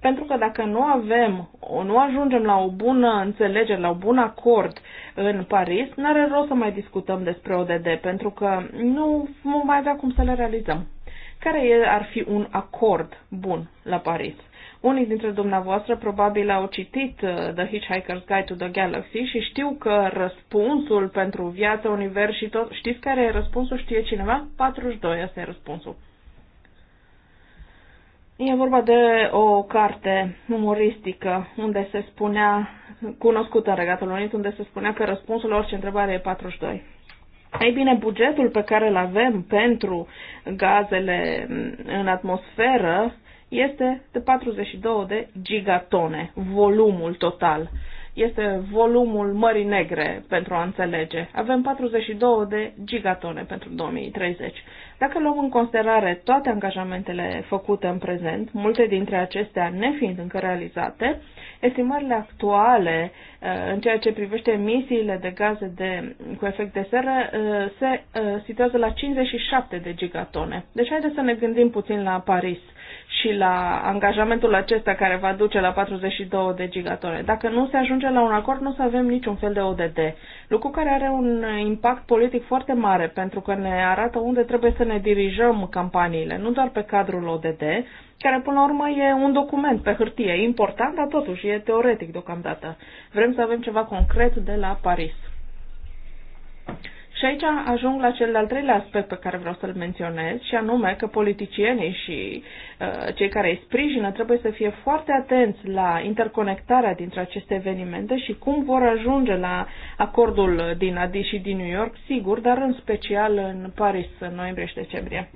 Pentru că dacă nu avem, nu ajungem la o bună înțelegere, la un bun acord în Paris, nu are rost să mai discutăm despre ODD, pentru că nu vom mai avea cum să le realizăm. Care ar fi un acord bun la Paris? Unii dintre dumneavoastră probabil au citit uh, The Hitchhiker's Guide to the Galaxy și știu că răspunsul pentru viață, univers și tot... Știți care e răspunsul? Știe cineva? 42, asta e răspunsul. E vorba de o carte umoristică unde se spunea, cunoscută în Regatul Unit, unde se spunea că răspunsul la orice întrebare e 42. Ei bine, bugetul pe care îl avem pentru gazele mm, în atmosferă este de 42 de gigatone, volumul total. Este volumul Mării Negre, pentru a înțelege. Avem 42 de gigatone pentru 2030. Dacă luăm în considerare toate angajamentele făcute în prezent, multe dintre acestea nefiind încă realizate, estimările actuale uh, în ceea ce privește emisiile de gaze de, cu efect de seră uh, se uh, situează la 57 de gigatone. Deci haideți să ne gândim puțin la Paris și la angajamentul acesta care va duce la 42 de gigatone. Dacă nu se ajunge la un acord, nu o să avem niciun fel de ODD, lucru care are un impact politic foarte mare, pentru că ne arată unde trebuie să ne dirijăm campaniile, nu doar pe cadrul ODD, care până la urmă e un document pe hârtie, important, dar totuși e teoretic deocamdată. Vrem să avem ceva concret de la Paris. Și aici ajung la cel de-al treilea aspect pe care vreau să-l menționez, și anume că politicienii și uh, cei care îi sprijină trebuie să fie foarte atenți la interconectarea dintre aceste evenimente și cum vor ajunge la acordul din Adi și din New York, sigur, dar în special în Paris în noiembrie și decembrie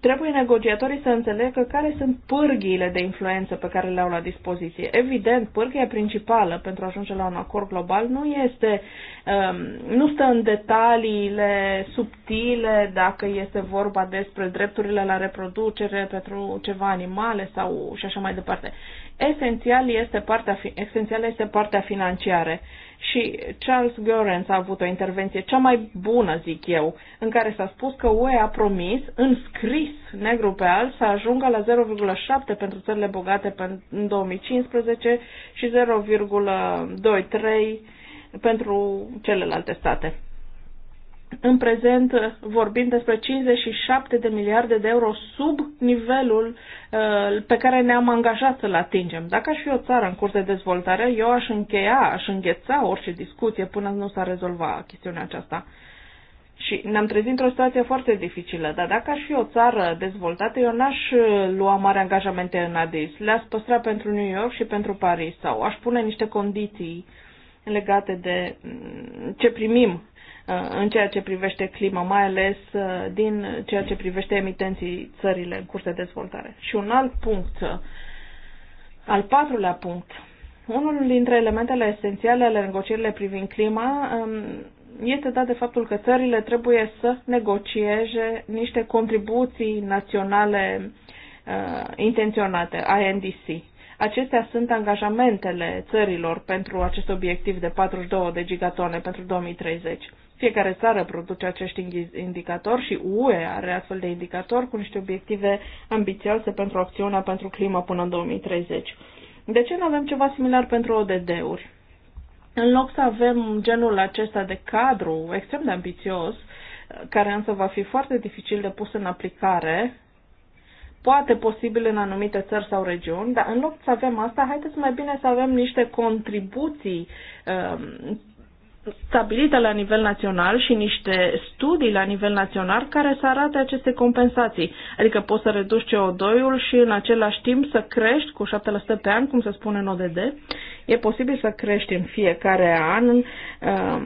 trebuie negociatorii să înțeleagă care sunt pârghiile de influență pe care le au la dispoziție. Evident, pârghia principală pentru a ajunge la un acord global nu este, um, nu stă în detaliile subtile dacă este vorba despre drepturile la reproducere pentru ceva animale sau și așa mai departe. Esențial este partea, esențial este partea financiară și Charles Görens a avut o intervenție cea mai bună, zic eu, în care s-a spus că UE a promis, în scris negru pe alt să ajungă la 0,7 pentru țările bogate în 2015 și 0,23 pentru celelalte state. În prezent uh, vorbim despre 57 de miliarde de euro sub nivelul uh, pe care ne-am angajat să-l atingem. Dacă aș fi o țară în curs de dezvoltare, eu aș încheia, aș îngheța orice discuție până nu s-a rezolvat chestiunea aceasta. Și ne-am trezit într-o situație foarte dificilă, dar dacă aș fi o țară dezvoltată, eu n-aș uh, lua mare angajamente în ADIS. Le-aș păstra pentru New York și pentru Paris sau aș pune niște condiții legate de mm, ce primim Uh, în ceea ce privește clima, mai ales uh, din ceea ce privește emitenții țările în curs de dezvoltare. Și un alt punct, uh, al patrulea punct, unul dintre elementele esențiale ale negocierilor privind clima um, este dat de faptul că țările trebuie să negocieze niște contribuții naționale intenționate, INDC. Acestea sunt angajamentele țărilor pentru acest obiectiv de 42 de gigatone pentru 2030. Fiecare țară produce acești indicatori și UE are astfel de indicatori cu niște obiective ambițioase pentru acțiunea pentru climă până în 2030. De ce nu avem ceva similar pentru ODD-uri? În loc să avem genul acesta de cadru extrem de ambițios, care însă va fi foarte dificil de pus în aplicare poate posibil în anumite țări sau regiuni, dar în loc să avem asta, haideți mai bine să avem niște contribuții um, stabilite la nivel național și niște studii la nivel național care să arate aceste compensații. Adică poți să reduci CO2-ul și în același timp să crești cu 7% pe an, cum se spune în ODD. E posibil să crești în fiecare an um,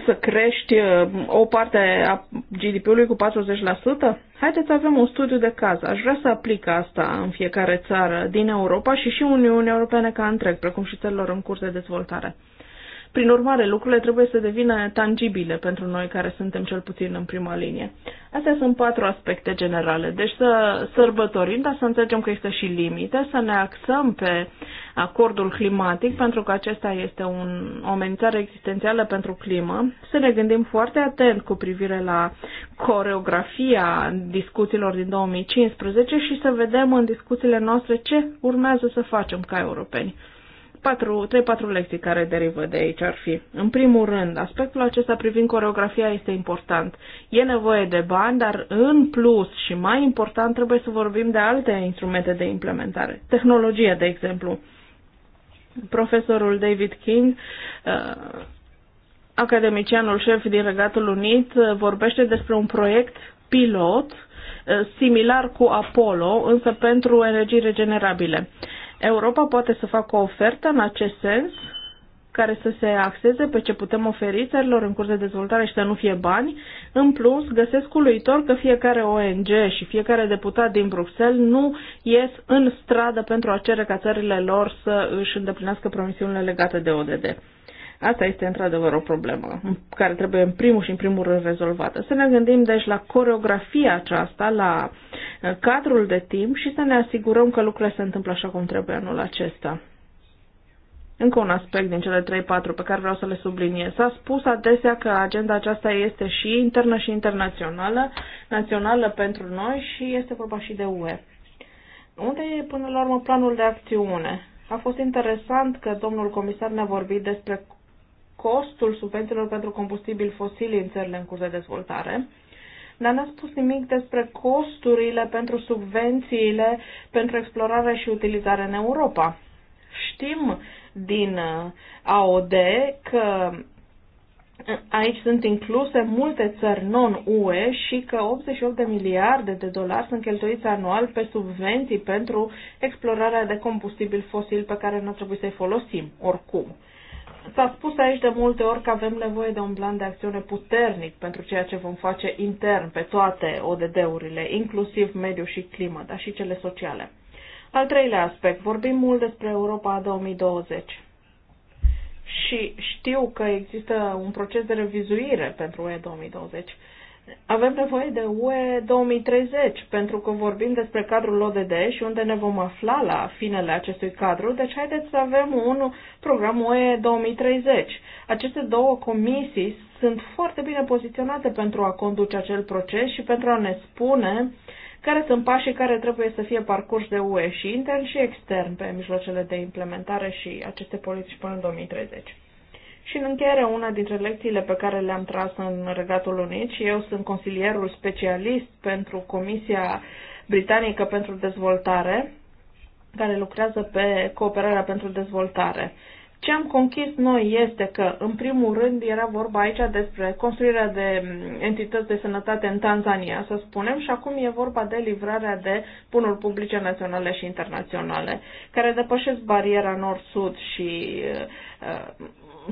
să crești uh, o parte a GDP-ului cu 40%? Haideți să avem un studiu de caz. Aș vrea să aplic asta în fiecare țară din Europa și și Uniunea Europeană ca întreg, precum și țărilor în curs de dezvoltare. Prin urmare, lucrurile trebuie să devină tangibile pentru noi care suntem cel puțin în prima linie. Astea sunt patru aspecte generale. Deci să sărbătorim, dar să înțelegem că există și limite, să ne axăm pe acordul climatic, pentru că acesta este un, o amenințare existențială pentru climă, să ne gândim foarte atent cu privire la coreografia discuțiilor din 2015 și să vedem în discuțiile noastre ce urmează să facem ca europeni patru, 3-4 lecții care derivă de aici ar fi. În primul rând, aspectul acesta privind coreografia este important. E nevoie de bani, dar în plus și mai important trebuie să vorbim de alte instrumente de implementare. Tehnologie, de exemplu. Profesorul David King uh, academicianul șef din Regatul Unit uh, vorbește despre un proiect pilot uh, similar cu Apollo, însă pentru energii regenerabile. Europa poate să facă o ofertă în acest sens care să se axeze pe ce putem oferi țărilor în curs de dezvoltare și să nu fie bani. În plus, găsesc uluitor că fiecare ONG și fiecare deputat din Bruxelles nu ies în stradă pentru a cere ca țările lor să își îndeplinească promisiunile legate de ODD. Asta este într-adevăr o problemă care trebuie în primul și în primul rând rezolvată. Să ne gândim deci la coreografia aceasta, la uh, cadrul de timp și să ne asigurăm că lucrurile se întâmplă așa cum trebuie anul acesta. Încă un aspect din cele 3-4 pe care vreau să le subliniez. S-a spus adesea că agenda aceasta este și internă și internațională, națională pentru noi și este vorba și de UE. Unde e până la urmă planul de acțiune? A fost interesant că domnul comisar ne-a vorbit despre costul subvențiilor pentru combustibil fosili în țările în curs de dezvoltare, dar n-a spus nimic despre costurile pentru subvențiile pentru explorare și utilizare în Europa. Știm din uh, AOD că uh, Aici sunt incluse multe țări non-UE și că 88 de miliarde de dolari sunt cheltuiți anual pe subvenții pentru explorarea de combustibil fosil pe care nu trebuie să-i folosim oricum. S-a spus aici de multe ori că avem nevoie de un plan de acțiune puternic pentru ceea ce vom face intern pe toate ODD-urile, inclusiv mediu și climă, dar și cele sociale. Al treilea aspect, vorbim mult despre Europa 2020. Și știu că există un proces de revizuire pentru UE 2020 avem nevoie de UE 2030, pentru că vorbim despre cadrul ODD și unde ne vom afla la finele acestui cadru, deci haideți să avem un program UE 2030. Aceste două comisii sunt foarte bine poziționate pentru a conduce acel proces și pentru a ne spune care sunt pașii care trebuie să fie parcurși de UE și intern și extern pe mijloacele de implementare și aceste politici până în 2030. Și în încheiere, una dintre lecțiile pe care le-am tras în Regatul Unit și eu sunt consilierul specialist pentru Comisia Britanică pentru Dezvoltare, care lucrează pe cooperarea pentru dezvoltare. Ce am conchis noi este că, în primul rând, era vorba aici despre construirea de entități de sănătate în Tanzania, să spunem, și acum e vorba de livrarea de bunuri publice naționale și internaționale, care depășesc bariera nord-sud și uh,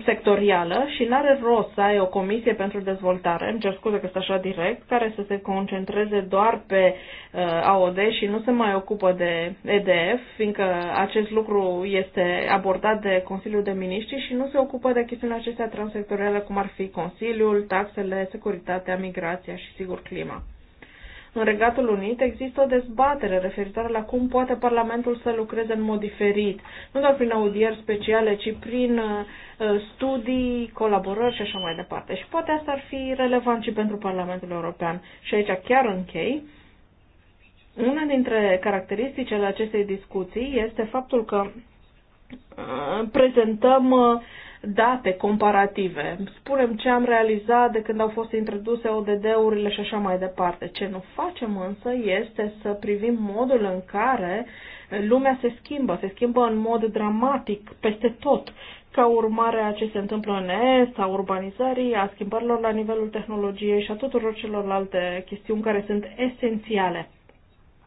sectorială și n-are rost să ai o comisie pentru dezvoltare, îmi cer scuze că este așa direct, care să se concentreze doar pe uh, AOD și nu se mai ocupă de EDF, fiindcă acest lucru este abordat de Consiliul de Miniștri și nu se ocupă de chestiunile acestea transsectoriale, cum ar fi Consiliul, taxele, securitatea, migrația și, sigur, clima. În Regatul Unit există o dezbatere referitoare la cum poate Parlamentul să lucreze în mod diferit, nu doar prin audieri speciale, ci prin uh, studii, colaborări și așa mai departe. Și poate asta ar fi relevant și pentru Parlamentul European. Și aici chiar închei. Una dintre caracteristicile acestei discuții este faptul că uh, prezentăm uh, date comparative. Spunem ce am realizat de când au fost introduse ODD-urile și așa mai departe. Ce nu facem însă este să privim modul în care lumea se schimbă, se schimbă în mod dramatic peste tot ca urmare a ce se întâmplă în Est, a urbanizării, a schimbărilor la nivelul tehnologiei și a tuturor celorlalte chestiuni care sunt esențiale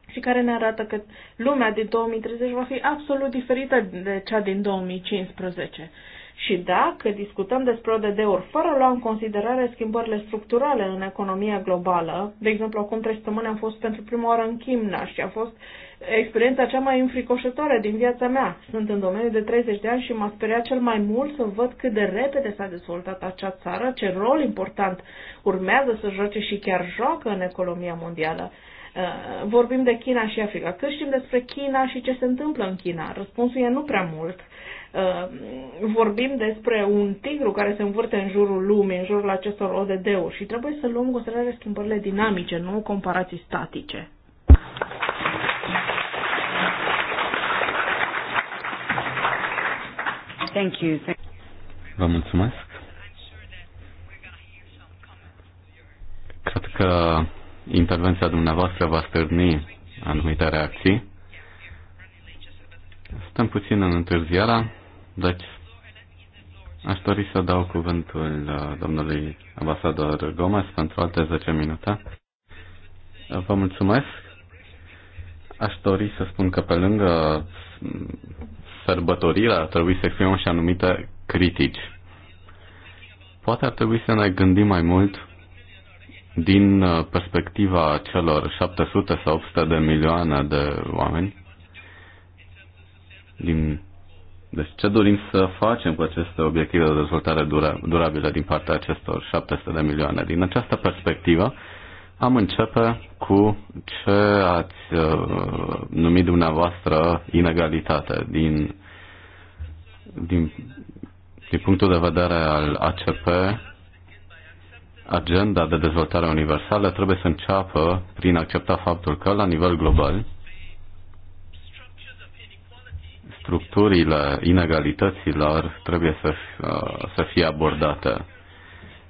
și care ne arată că lumea din 2030 va fi absolut diferită de cea din 2015. Și dacă discutăm despre ODD-uri fără a lua în considerare schimbările structurale în economia globală, de exemplu, acum trei săptămâni am fost pentru prima oară în China și a fost experiența cea mai înfricoșătoare din viața mea. Sunt în domeniul de 30 de ani și m-a speriat cel mai mult să văd cât de repede s-a dezvoltat acea țară, ce rol important urmează să joace și chiar joacă în economia mondială uh, vorbim de China și Africa. Cât știm despre China și ce se întâmplă în China? Răspunsul e nu prea mult. Ehm, vorbim despre un tigru care se învârte în jurul lumii, în jurul acestor ODD-uri și trebuie să luăm considerare schimbările dinamice, nu comparații statice. Thank you. Vă mulțumesc. Cred că intervenția dumneavoastră va stârni anumite reacții. Stăm puțin în întârziarea. Deci, aș dori să dau cuvântul uh, domnului ambasador Gomez pentru alte 10 minute. Uh, vă mulțumesc. Aș dori să spun că pe lângă mm, sărbătorirea ar trebui să exprimăm și anumite critici. Poate ar trebui să ne gândim mai mult din uh, perspectiva celor 700 sau 800 de milioane de oameni din deci ce dorim să facem cu aceste obiective de dezvoltare dura, durabilă din partea acestor 700 de milioane? Din această perspectivă, am începe cu ce ați uh, numit dumneavoastră inegalitate. Din, din, din punctul de vedere al ACP, agenda de dezvoltare universală trebuie să înceapă prin accepta faptul că, la nivel global, structurile inegalităților trebuie să, uh, să fie abordate.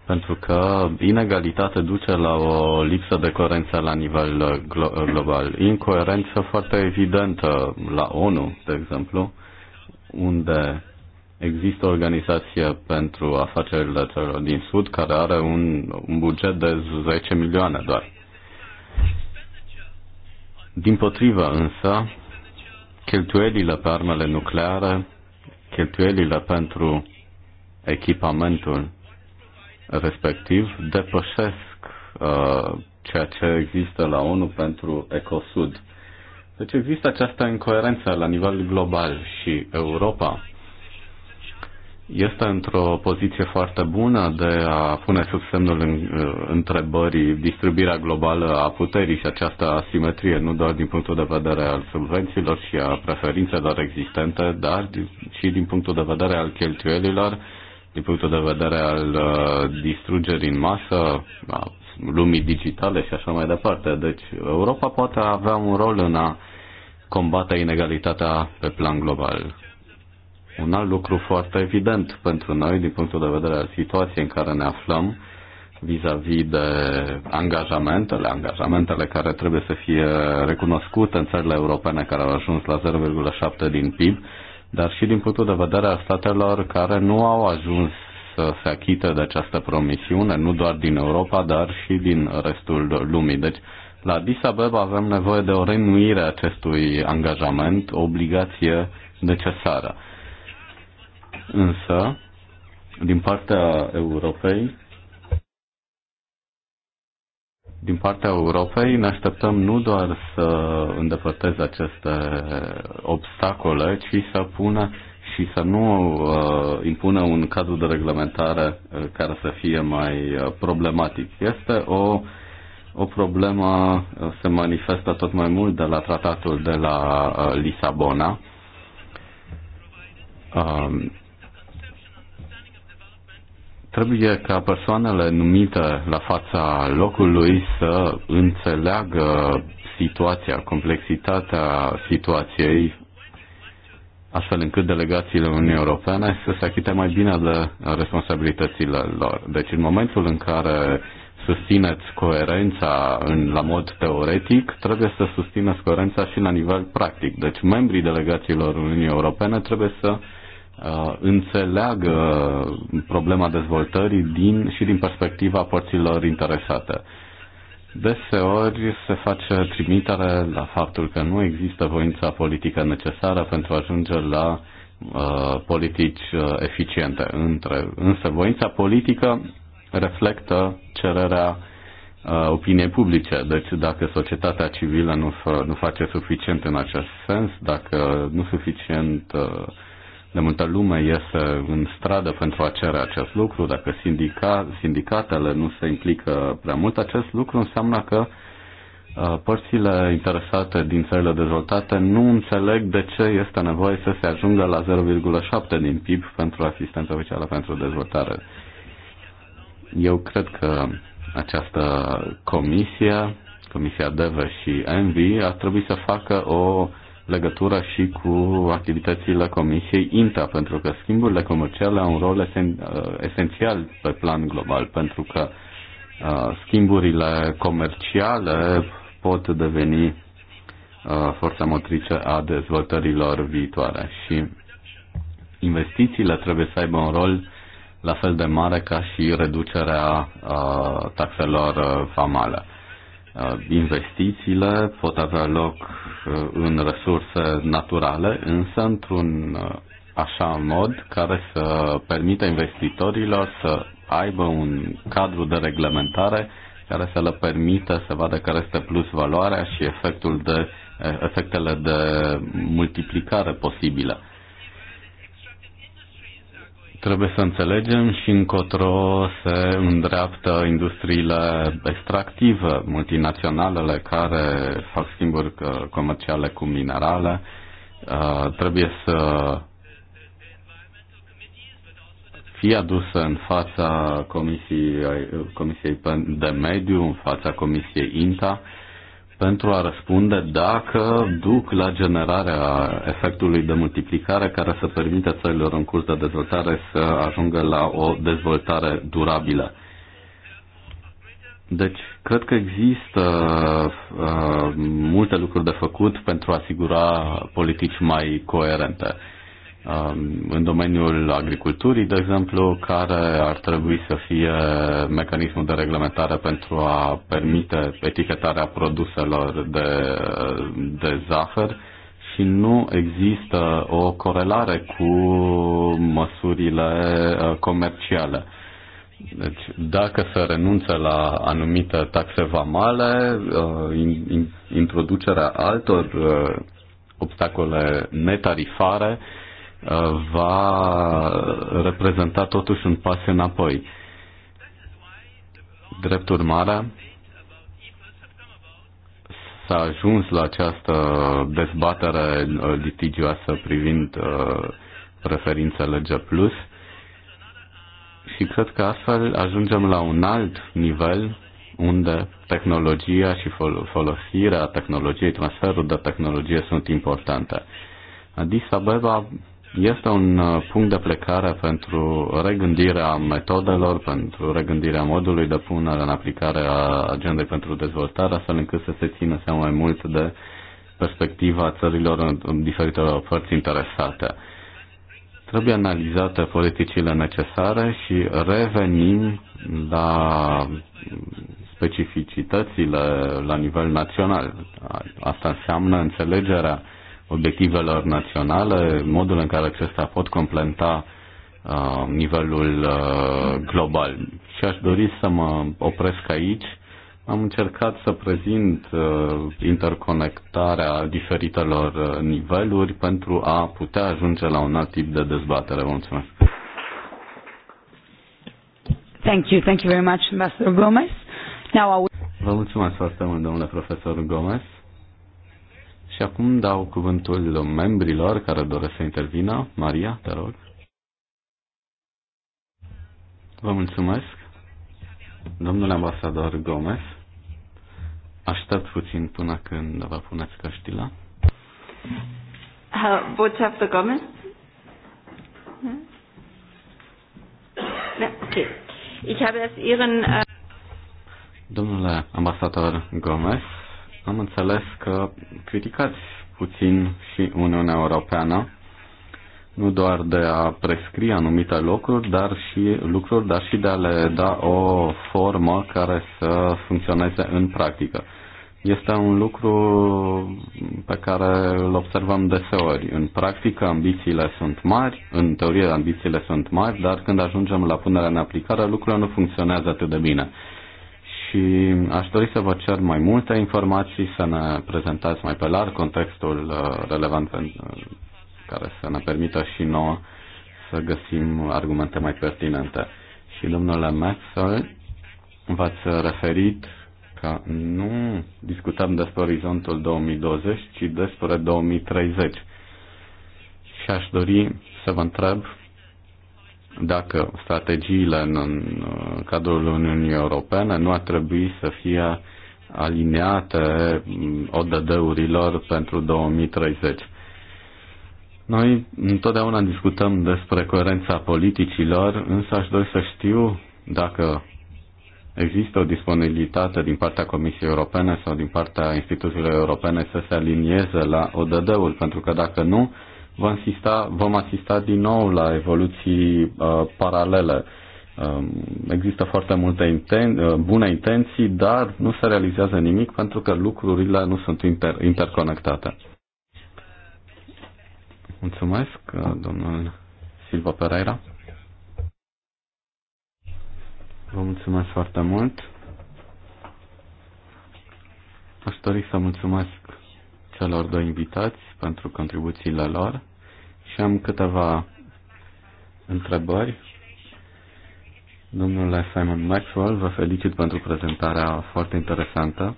Pentru că inegalitatea duce la o lipsă de coerență la nivel glo- global. Incoerență foarte evidentă la ONU, de exemplu, unde există o organizație pentru afacerile celor din Sud care are un, un buget de 10 milioane doar. Din potrivă însă, cheltuielile pe armele nucleare, cheltuielile pentru echipamentul respectiv depășesc uh, ceea ce există la ONU pentru Ecosud. Deci există această incoerență la nivel global și Europa este într-o poziție foarte bună de a pune sub semnul în, uh, întrebării distribuirea globală a puterii și această asimetrie, nu doar din punctul de vedere al subvențiilor și a preferințelor existente, dar și din punctul de vedere al cheltuielilor, din punctul de vedere al uh, distrugerii în masă, a lumii digitale și așa mai departe. Deci Europa poate avea un rol în a combate inegalitatea pe plan global. Un alt lucru foarte evident pentru noi, din punctul de vedere al situației în care ne aflăm, vis-a-vis -vis de angajamentele, angajamentele care trebuie să fie recunoscute în țările europene care au ajuns la 0,7 din PIB, dar și din punctul de vedere al statelor care nu au ajuns să se achite de această promisiune, nu doar din Europa, dar și din restul lumii. Deci, la Addis Abeba avem nevoie de o renuire a acestui angajament, o obligație necesară. Însă, din partea Europei, din partea Europei ne așteptăm nu doar să îndepărteze aceste obstacole, ci să pună și să nu uh, impună un cadru de reglementare uh, care să fie mai uh, problematic. Este o, o problemă, uh, se manifestă tot mai mult de la tratatul de la uh, Lisabona. Uh, Trebuie ca persoanele numite la fața locului să înțeleagă situația, complexitatea situației, astfel încât delegațiile Uniunii Europene să se achite mai bine de responsabilitățile lor. Deci în momentul în care susțineți coerența în, la mod teoretic, trebuie să susțineți coerența și la nivel practic. Deci membrii delegațiilor Uniunii Europene trebuie să uh, uh, înțeleagă problema dezvoltării din, și din perspectiva părților interesate. Deseori se face trimitere la faptul că nu există voința politică necesară pentru a ajunge la uh, politici uh, eficiente. Între, însă voința politică reflectă cererea uh, opiniei publice. Deci dacă societatea civilă nu, fă, nu face suficient în acest sens, dacă nu suficient uh, de multă lume iese în stradă pentru a cere acest lucru, dacă sindica, sindicatele nu se implică prea mult, acest lucru înseamnă că uh, părțile interesate din țările dezvoltate nu înțeleg de ce este nevoie să se ajungă la 0,7 din PIB pentru asistență oficială pentru dezvoltare. Eu cred că această comisie, Comisia DEVE și ENVI, ar trebui să facă o uh, legătura și cu activitățile Comisiei INTA, pentru că schimburile comerciale au un rol esen, uh, esențial pe plan global, pentru că uh, schimburile comerciale pot deveni uh, forța motrice a dezvoltărilor viitoare și investițiile trebuie să aibă un rol la fel de mare ca și reducerea taxelor famale. Investițiile pot avea loc Uh, în resurse naturale, însă într-un uh, așa mod care să permită investitorilor să aibă un cadru de reglementare care să le permită să vadă care este plus valoarea și efectul de, uh, efectele de multiplicare posibilă. Trebuie să înțelegem și încotro se îndreaptă industriile extractive, multinaționalele care fac schimburi comerciale cu minerale. Uh, trebuie să fie adusă în fața Comisiei, Comisiei de Mediu, în fața Comisiei INTA pentru a răspunde dacă duc la generarea efectului de multiplicare care să permite țărilor în curs de dezvoltare să ajungă la o dezvoltare durabilă. Deci, cred că există uh, multe lucruri de făcut pentru a asigura politici mai coerente. Um, în domeniul agriculturii, de exemplu, care ar trebui să fie mecanismul de reglementare pentru a permite etichetarea produselor de, de zahăr și nu există o corelare cu măsurile uh, comerciale. Deci, dacă se renunță la anumite taxe vamale, uh, introducerea altor uh, obstacole netarifare va reprezenta totuși un pas înapoi. Drept urmare, s-a ajuns la această dezbatere litigioasă privind uh, preferințele G+, și cred că astfel ajungem la un alt nivel unde tehnologia și folosirea tehnologiei, transferul de tehnologie sunt importante. Addis Abeba este un uh, punct de plecare pentru regândirea metodelor, pentru regândirea modului de punere în aplicare a agendei pentru dezvoltare, astfel încât să se țină seama mai mult de perspectiva țărilor în diferitelor părți interesate. Trebuie analizate politicile necesare și revenim la specificitățile la nivel național. Asta înseamnă înțelegerea obiectivelor naționale, modul în care acestea pot completa uh, nivelul uh, global. Și aș dori să mă opresc aici. Am încercat să prezint uh, interconectarea diferitelor uh, niveluri pentru a putea ajunge la un alt tip de dezbatere. Vă mulțumesc. Thank you. Thank you very much, Ambassador Gomez. Now I will... Vă mulțumesc foarte mult, domnule profesor Gomez. Și acum dau cuvântul membrilor care doresc să intervină. Maria, te rog. Vă mulțumesc. Domnule ambasador Gomez, aștept puțin până când vă puneți căștila. Uh, Botschafter Gomez? Hmm? Da, okay. Ich habe das Ihren... Uh, Domnule ambasador Gomez, am înțeles că criticați puțin și Uniunea Europeană, nu doar de a prescrie anumite lucruri, dar și lucruri, dar și de a le da o formă care să funcționeze în practică. Este un lucru pe care îl observăm deseori. În practică ambițiile sunt mari, în teorie ambițiile sunt mari, dar când ajungem la punerea în aplicare lucrurile nu funcționează atât de bine și aș dori să vă cer mai multe informații, să ne prezentați mai pe larg contextul uh, relevant uh, care să ne permită și nouă să găsim argumente mai pertinente. Și domnule Maxwell, v-ați referit că nu discutăm despre orizontul 2020, ci despre 2030. Și aș dori să vă întreb dacă strategiile în cadrul Uniunii Europene nu ar trebui să fie alineate mm, ODD-urilor pentru 2030. Noi întotdeauna discutăm despre coerența politicilor, însă aș dori să știu dacă există o disponibilitate din partea Comisiei Europene sau din partea instituțiilor europene să se alinieze la ODD-ul, pentru că dacă nu, vom asista, vom asista din nou la evoluții uh, paralele. Um, există foarte multe inten- uh, bune intenții, dar nu se realizează nimic pentru că lucrurile nu sunt inter- interconectate. Mulțumesc, uh, domnul Silva Pereira. Vă mulțumesc foarte mult. Aș dori să mulțumesc celor doi invitați pentru contribuțiile lor și am câteva întrebări. Domnule Simon Maxwell, vă felicit pentru prezentarea foarte interesantă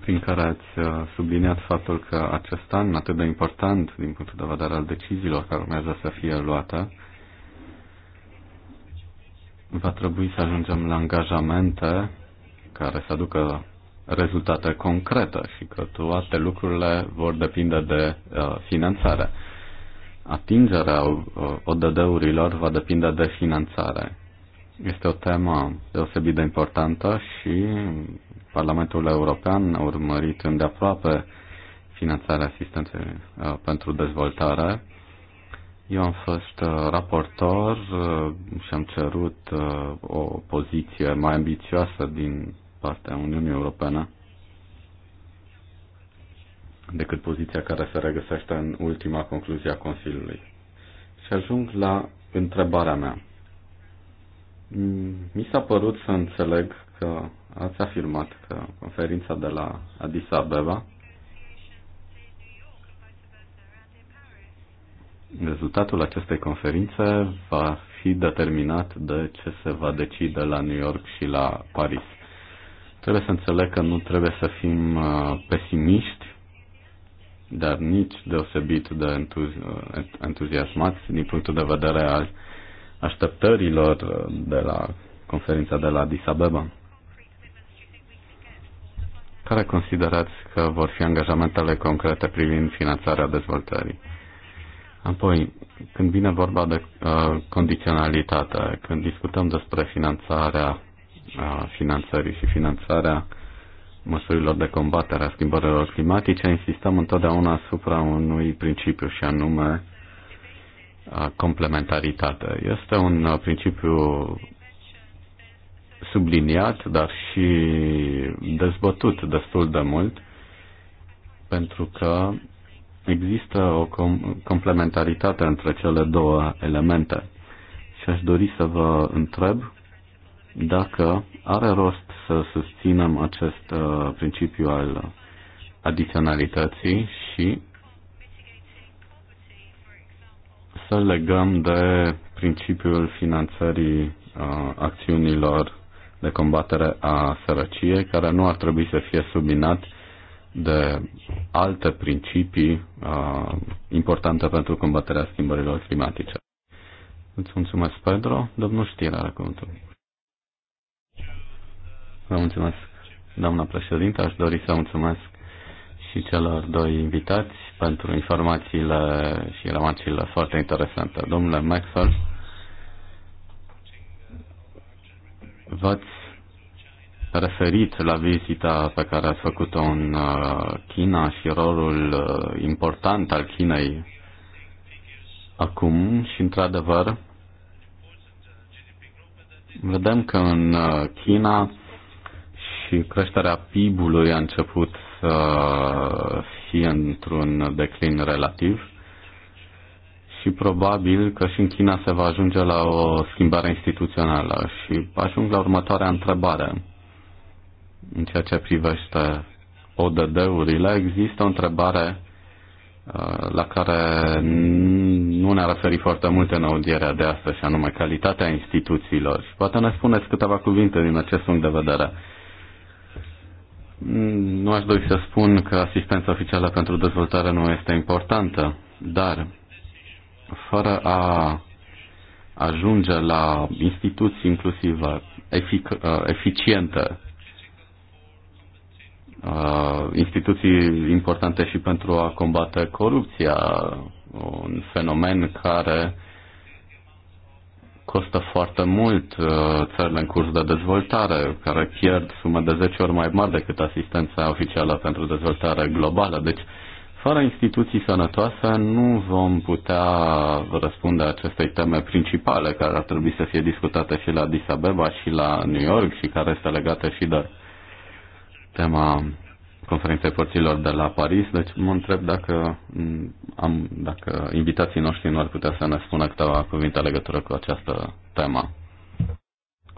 prin care ați uh, subliniat faptul că acest an atât de important din punctul de vedere al deciziilor care urmează să fie luată, va trebui să ajungem la angajamente care să aducă rezultate concrete și că toate lucrurile vor depinde de uh, finanțare. Atingerea uh, ODD-urilor va depinde de finanțare. Este o temă deosebit de importantă și Parlamentul European a urmărit îndeaproape finanțarea asistenței uh, pentru dezvoltare. Eu am fost uh, raportor uh, și am cerut uh, o poziție mai ambițioasă din parte a Uniunii Europene decât poziția care se regăsește în ultima concluzie a Consiliului. Și ajung la întrebarea mea. Mi s-a părut să înțeleg că ați afirmat că conferința de la Addis Abeba Rezultatul acestei conferințe va fi determinat de ce se va decide la New York și la Paris. Trebuie să înțeleg că nu trebuie să fim uh, pesimiști, dar nici deosebit de entuzi- uh, entuziasmați din punctul de vedere al așteptărilor uh, de la conferința de la Addis Abeba. Care considerați că vor fi angajamentele concrete privind finanțarea dezvoltării? Apoi, când vine vorba de uh, condiționalitate, când discutăm despre finanțarea a finanțării și finanțarea măsurilor de combatere a schimbărilor climatice, insistăm întotdeauna asupra unui principiu și anume complementaritate. Este un principiu subliniat, dar și dezbătut destul de mult, pentru că există o com- complementaritate între cele două elemente. Și aș dori să vă întreb dacă are rost să susținem acest uh, principiu al adiționalității și să legăm de principiul finanțării uh, acțiunilor de combatere a sărăciei, care nu ar trebui să fie subminat de alte principii uh, importante pentru combaterea schimbărilor climatice. Îți mulțumesc, Pedro. Domnul Știre are cuvântul. Vă mulțumesc, doamna președinte. Aș dori să mulțumesc și celor doi invitați pentru informațiile și remarcile foarte interesante. Domnule Maxwell, v-ați referit la vizita pe care ați făcut-o în uh, China și rolul uh, important al Chinei acum și, într-adevăr, vedem că în uh, China și creșterea PIB-ului a început să fie într-un declin relativ și probabil că și în China se va ajunge la o schimbare instituțională. Și ajung la următoarea întrebare. În ceea ce privește ODD-urile, există o întrebare uh, la care nu ne-a referit foarte mult în audierea de astăzi, și anume calitatea instituțiilor. Și poate ne spuneți câteva cuvinte din acest punct de vedere. Nu aș dori să spun că asistența oficială pentru dezvoltare nu este importantă, dar fără a ajunge la instituții inclusiv uh, efic- uh, eficiente, uh, instituții importante și pentru a combate corupția, un fenomen care costă foarte mult uh, țările în curs de dezvoltare, care pierd sume de 10 ori mai mari decât asistența oficială pentru dezvoltare globală. Deci, fără instituții sănătoase nu vom putea răspunde acestei teme principale care ar trebui să fie discutate și la Disabeba și la New York și care este legată și de tema conferinței părților de la Paris, deci mă întreb dacă, am, dacă invitații noștri nu ar putea să ne spună câteva cuvinte legătură cu această temă.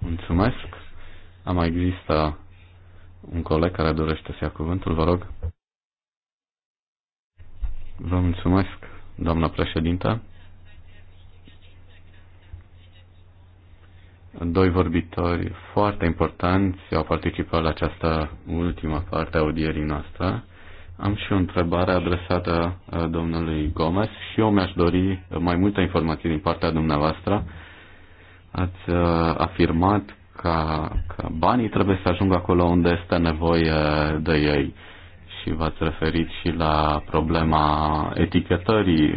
Mulțumesc. A mai există un coleg care dorește să ia cuvântul, vă rog. Vă mulțumesc, doamna președintă. Doi vorbitori foarte importanți au participat la această ultimă parte a audierii noastre. Am și o întrebare adresată uh, domnului Gomez și eu mi-aș dori mai multe informații din partea dumneavoastră. Ați uh, afirmat că că banii trebuie să ajungă acolo unde este nevoie de ei și v-ați referit și la problema etichetării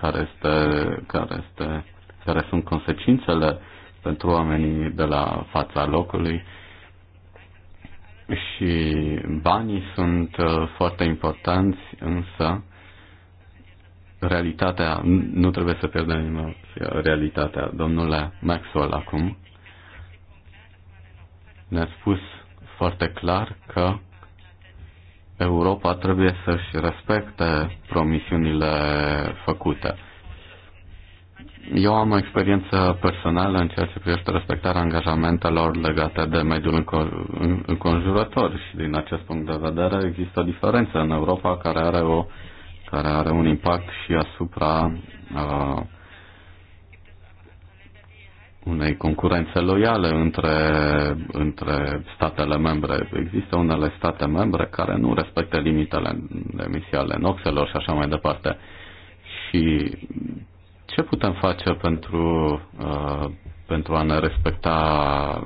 care, este, care, este, care sunt consecințele pentru oamenii de la fața locului și banii sunt uh, foarte importanți, însă realitatea, nu trebuie să pierdem realitatea. Domnule Maxwell acum ne-a spus foarte clar că Europa trebuie să-și respecte promisiunile făcute. Eu am o experiență personală în ceea ce privește respectarea angajamentelor legate de mediul înconjurător și din acest punct de vedere există o diferență în Europa care are, o, care are un impact și asupra uh, unei concurențe loiale între, între statele membre. Există unele state membre care nu respectă limitele emisiale noxelor și așa mai departe. Și ce putem face pentru, uh, pentru a ne respecta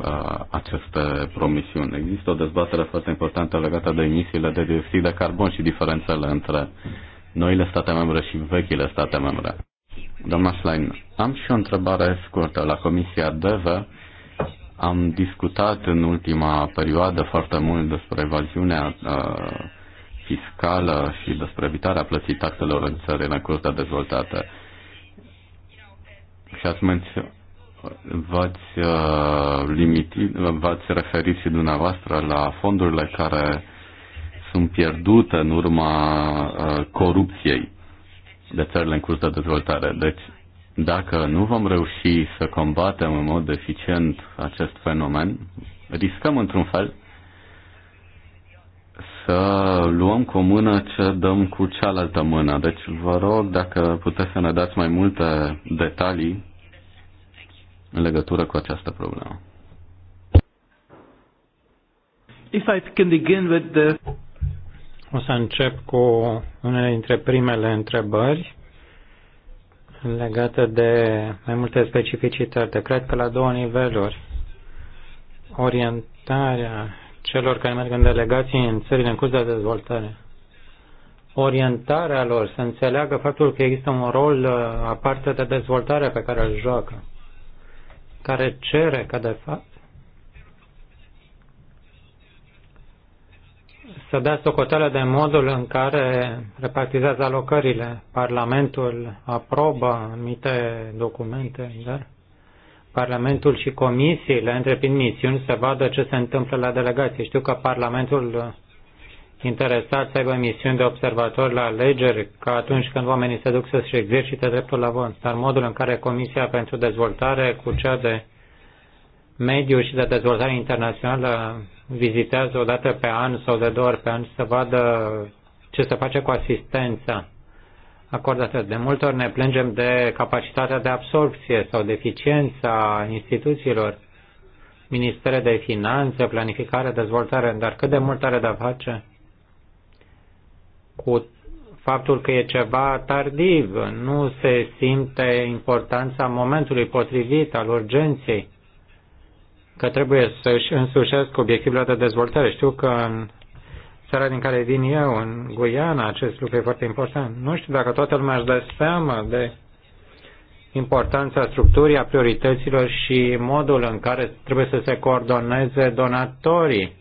uh, aceste promisiuni? Există o dezbatere foarte importantă legată de emisiile de dioxid de carbon și diferențele între noile state membre și vechile state membre. Doamna Schlein, am și o întrebare scurtă. La Comisia DEVE am discutat în ultima perioadă foarte mult despre evaziunea uh, fiscală și despre evitarea plății taxelor în țările în curs de dezvoltate și ați menționat v-ați uh, limitit, v-ați referit și dumneavoastră la fondurile care sunt pierdute în urma uh, corupției de țările în curs de dezvoltare. Deci, dacă nu vom reuși să combatem în mod eficient acest fenomen, riscăm într-un fel să luăm cu o mână ce dăm cu cealaltă mână. Deci vă rog dacă puteți să ne dați mai multe detalii în legătură cu această problemă. If I can begin with the... O să încep cu unele dintre primele întrebări legate de mai multe specificități. Cred că la două niveluri. Orientarea celor care merg în delegații în țările în curs de dezvoltare. Orientarea lor să înțeleagă faptul că există un rol uh, aparte de dezvoltare pe care îl joacă, care cere ca de fapt să dea socoteală de modul în care repartizează alocările. Parlamentul aprobă anumite documente, dar Parlamentul și comisiile întreprind misiuni să vadă ce se întâmplă la delegație. Știu că Parlamentul interesat să aibă misiuni de observator la alegeri, ca atunci când oamenii se duc să-și exercite dreptul la vot. Dar modul în care Comisia pentru Dezvoltare cu cea de mediu și de dezvoltare internațională vizitează o dată pe an sau de două ori pe an să vadă ce se face cu asistența acord atât. De multe ori ne plângem de capacitatea de absorpție sau deficiența instituțiilor, ministere de finanțe, planificare, dezvoltare, dar cât de mult are de-a face cu faptul că e ceva tardiv, nu se simte importanța momentului potrivit al urgenței, că trebuie să-și însușesc obiectivele de dezvoltare. Știu că în țara din care vin eu, în Guiana, acest lucru e foarte important. Nu știu dacă toată lumea își dă seama de importanța structurii, a priorităților și modul în care trebuie să se coordoneze donatorii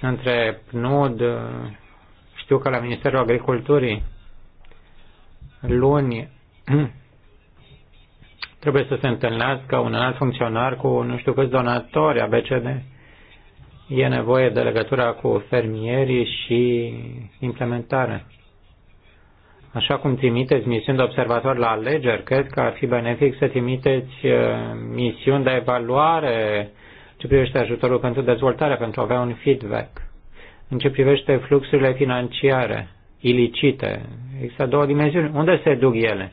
între PNUD, știu că la Ministerul Agriculturii, luni, trebuie să se întâlnească un alt funcționar cu nu știu câți donatori ABCD e nevoie de legătura cu fermierii și implementare. Așa cum trimiteți misiuni de observator la alegeri, cred că ar fi benefic să trimiteți uh, misiuni de evaluare ce privește ajutorul pentru dezvoltare, pentru a avea un feedback. În ce privește fluxurile financiare ilicite, există două dimensiuni. Unde se duc ele?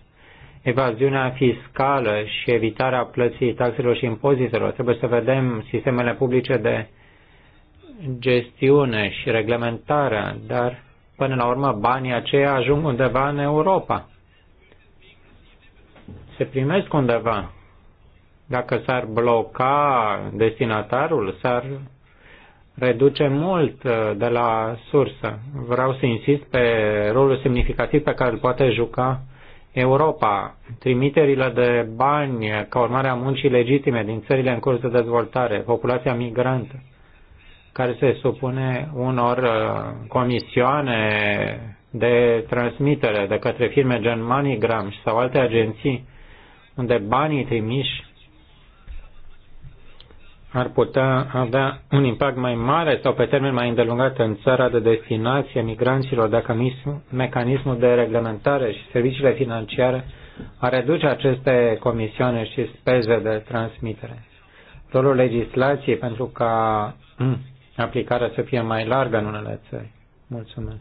evaziunea fiscală și evitarea plății taxelor și impozitelor. Trebuie să vedem sistemele publice de gestiune și reglementare, dar până la urmă banii aceia ajung undeva în Europa. Se primesc undeva. Dacă s-ar bloca destinatarul, s-ar reduce mult uh, de la sursă. Vreau să insist pe rolul semnificativ pe care îl poate juca Europa. Trimiterile de bani ca urmare a muncii legitime din țările în curs de dezvoltare, populația migrantă care se supune unor uh, comisioane de transmitere de către firme gen MoneyGram sau alte agenții unde banii trimiși ar putea avea un impact mai mare sau pe termen mai îndelungat în țara de destinație migranților dacă mecanismul de reglementare și serviciile financiare ar reduce aceste comisioane și speze de transmitere. Rolul legislației pentru ca aplicarea să fie mai largă în unele țări. Mulțumesc.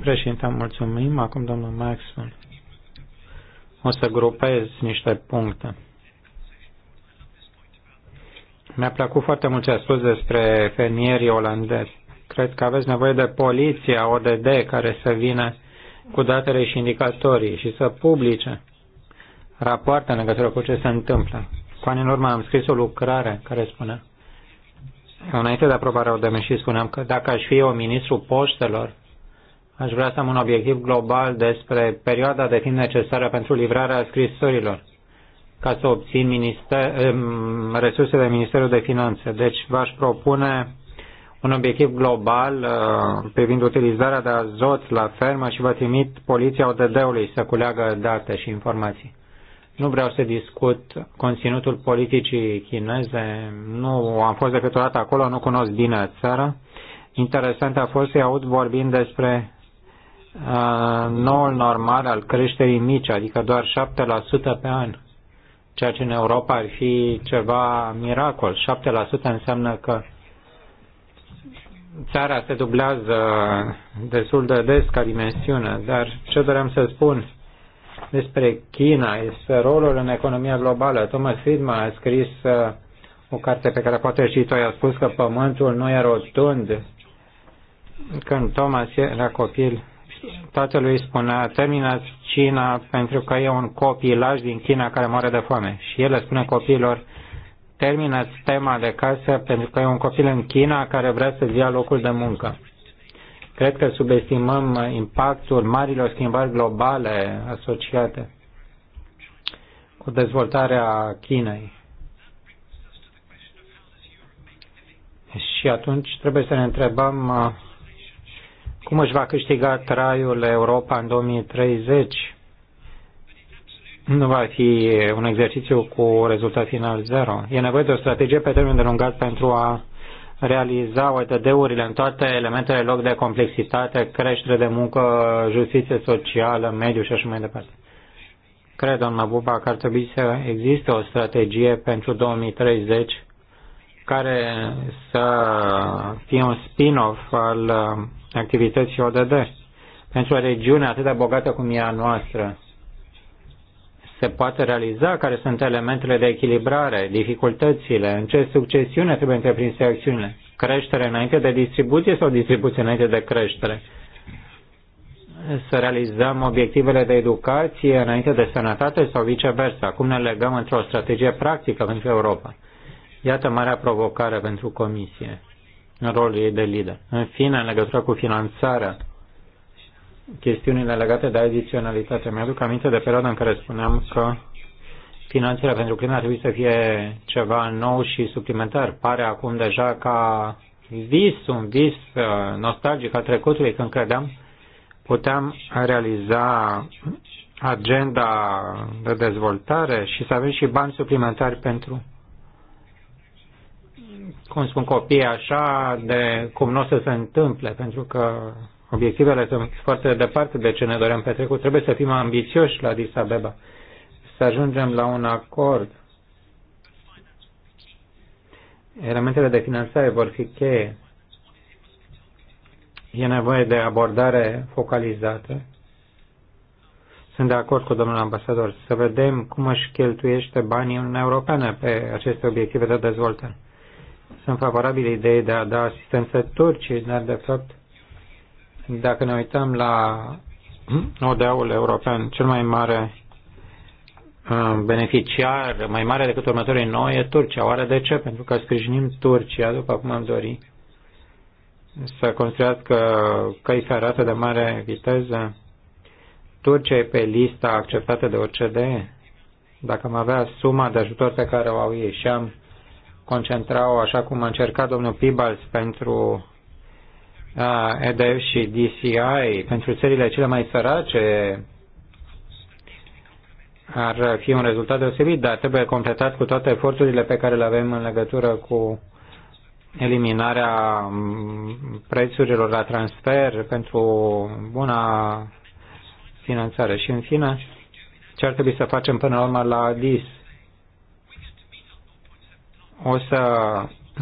Președinte, mulțumim. Acum domnul Maxwell. O să grupez niște puncte. Mi-a plăcut foarte mult ce a spus despre fermierii olandezi. Cred că aveți nevoie de poliția ODD care să vină cu datele și indicatorii și să publice rapoarte în legătură cu ce se întâmplă. Cu ani în urmă am scris o lucrare care spune, înainte de aprobarea și spuneam că dacă aș fi eu ministru poștelor, aș vrea să am un obiectiv global despre perioada de timp necesară pentru livrarea scrisorilor ca să obțin minister, resurse de Ministerul de Finanțe. Deci v-aș propune un obiectiv global uh, privind utilizarea de azot la fermă și vă trimit poliția ODD-ului să culeagă date și informații. Nu vreau să discut conținutul politicii chineze, nu am fost decât o dată acolo, nu cunosc bine țara. Interesant a fost să-i aud vorbind despre uh, noul normal al creșterii mici, adică doar 7% pe an, ceea ce în Europa ar fi ceva miracol. 7% înseamnă că țara se dublează destul de des ca dimensiune, dar ce doream să spun, despre China, este rolul în economia globală. Thomas Friedman a scris uh, o carte pe care poate și tu a spus că pământul nu e rotund. Când Thomas era copil, tatălui îi spunea, terminați China pentru că e un copilaj din China care moare de foame. Și el spune copiilor: terminați tema de casă pentru că e un copil în China care vrea să-ți ia locul de muncă. Cred că subestimăm impactul marilor schimbări globale asociate cu dezvoltarea Chinei. Și atunci trebuie să ne întrebăm uh, cum își va câștiga traiul Europa în 2030. Nu va fi un exercițiu cu rezultat final zero. E nevoie de o strategie pe termen de lungat pentru a realizau atd urile în toate elementele loc de complexitate, creștere de muncă, justiție socială, mediu și așa mai departe. Cred, doamna Buba, că ar trebui să existe o strategie pentru 2030 care să fie un spin-off al activității ODD pentru o regiune atât de bogată cum e a noastră se poate realiza, care sunt elementele de echilibrare, dificultățile, în ce succesiune trebuie întreprinse acțiunile, creștere înainte de distribuție sau distribuție înainte de creștere, să realizăm obiectivele de educație înainte de sănătate sau viceversa, cum ne legăm într-o strategie practică pentru Europa. Iată marea provocare pentru Comisie în rolul ei de lider. În fine, în legătură cu finanțarea, chestiunile legate de adiționalitate. Mi-aduc aminte de perioada în care spuneam că finanțele pentru clima ar trebui să fie ceva nou și suplimentar. Pare acum deja ca vis, un vis uh, nostalgic al trecutului, când credeam puteam realiza agenda de dezvoltare și să avem și bani suplimentari pentru cum spun copiii așa, de cum nu o să se întâmple, pentru că obiectivele sunt foarte departe de ce ne doream pe trecut. Trebuie să fim ambițioși la Addis Abeba, să ajungem la un acord. Elementele de finanțare vor fi cheie. E nevoie de abordare focalizată. Sunt de acord cu domnul ambasador. Să vedem cum își cheltuiește banii în europene pe aceste obiective de dezvoltare. Sunt favorabil ideea de a da asistență Turciei, dar de fapt dacă ne uităm la ODA-ul european, cel mai mare uh, beneficiar, mai mare decât următorii noi, e Turcia. Oare de ce? Pentru că sprijinim Turcia, după cum am dorit, să construiască căi ferate de mare viteză. Turcia e pe lista acceptată de OCDE. Dacă am avea suma de ajutor pe care o au ei și am concentrat-o așa cum a încercat domnul Pibals pentru EDF și DCI pentru țările cele mai sărace ar fi un rezultat deosebit, dar trebuie completat cu toate eforturile pe care le avem în legătură cu eliminarea prețurilor la transfer pentru buna finanțare. Și în fine, ce ar trebui să facem până la urmă la DIS? O să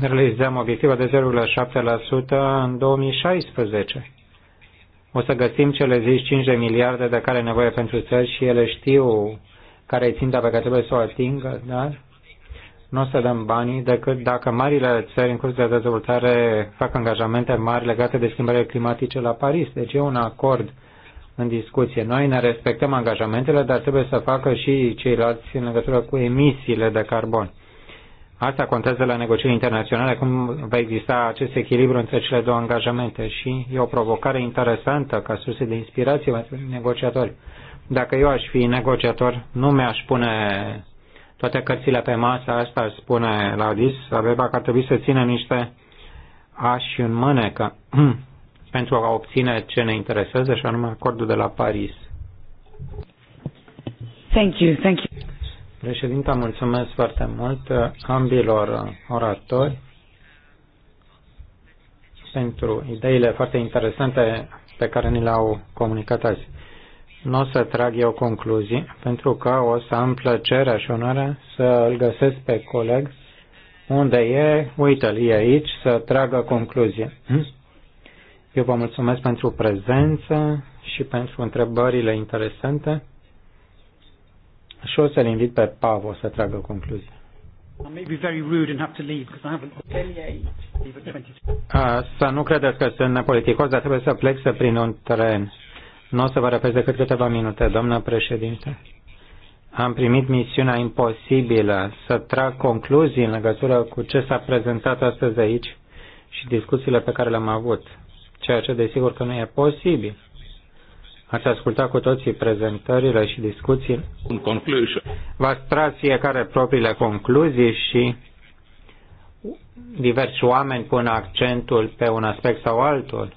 realizăm obiectivul de 0,7% în 2016. O să găsim cele 5 de miliarde de care e nevoie pentru țări și ele știu care e ținta pe care trebuie să o atingă, dar nu o să dăm banii decât dacă marile țări în curs de dezvoltare fac angajamente mari legate de schimbările climatice la Paris. Deci e un acord în discuție. Noi ne respectăm angajamentele, dar trebuie să facă și ceilalți în legătură cu emisiile de carbon. Asta contează la negocieri internaționale, cum va exista acest echilibru între cele două angajamente și e o provocare interesantă ca surse de inspirație pentru negociatori. Dacă eu aș fi negociator, nu mi-aș pune toate cărțile pe masă, asta aș spune la Adis, Abeba că ar trebui să țină niște ași în mânecă pentru a obține ce ne interesează, și anume acordul de la Paris. Thank you, thank you. Președinta, mulțumesc foarte mult uh, ambilor uh, oratori pentru ideile foarte interesante pe care ni le-au comunicat azi. Nu o să trag eu concluzii, pentru că o să am plăcerea și onoarea să îl găsesc pe coleg unde e, uite-l, e aici, să tragă concluzie. Hmm? Eu vă mulțumesc pentru prezență și pentru întrebările interesante. Și o să-l invit pe Pavo să tragă concluzii. Să nu credeți că sunt nepoliticos, dar trebuie să plec să prind un tren. Nu o să vă răpesc decât câteva minute, doamnă președinte. Am primit misiunea imposibilă să trag concluzii în legătură cu ce s-a prezentat astăzi aici și discuțiile pe care le-am avut, ceea ce desigur că nu e posibil Ați ascultat cu toții prezentările și discuțiile. În conclusion. V-ați tras fiecare propriile concluzii și diversi oameni pun accentul pe un aspect sau altul.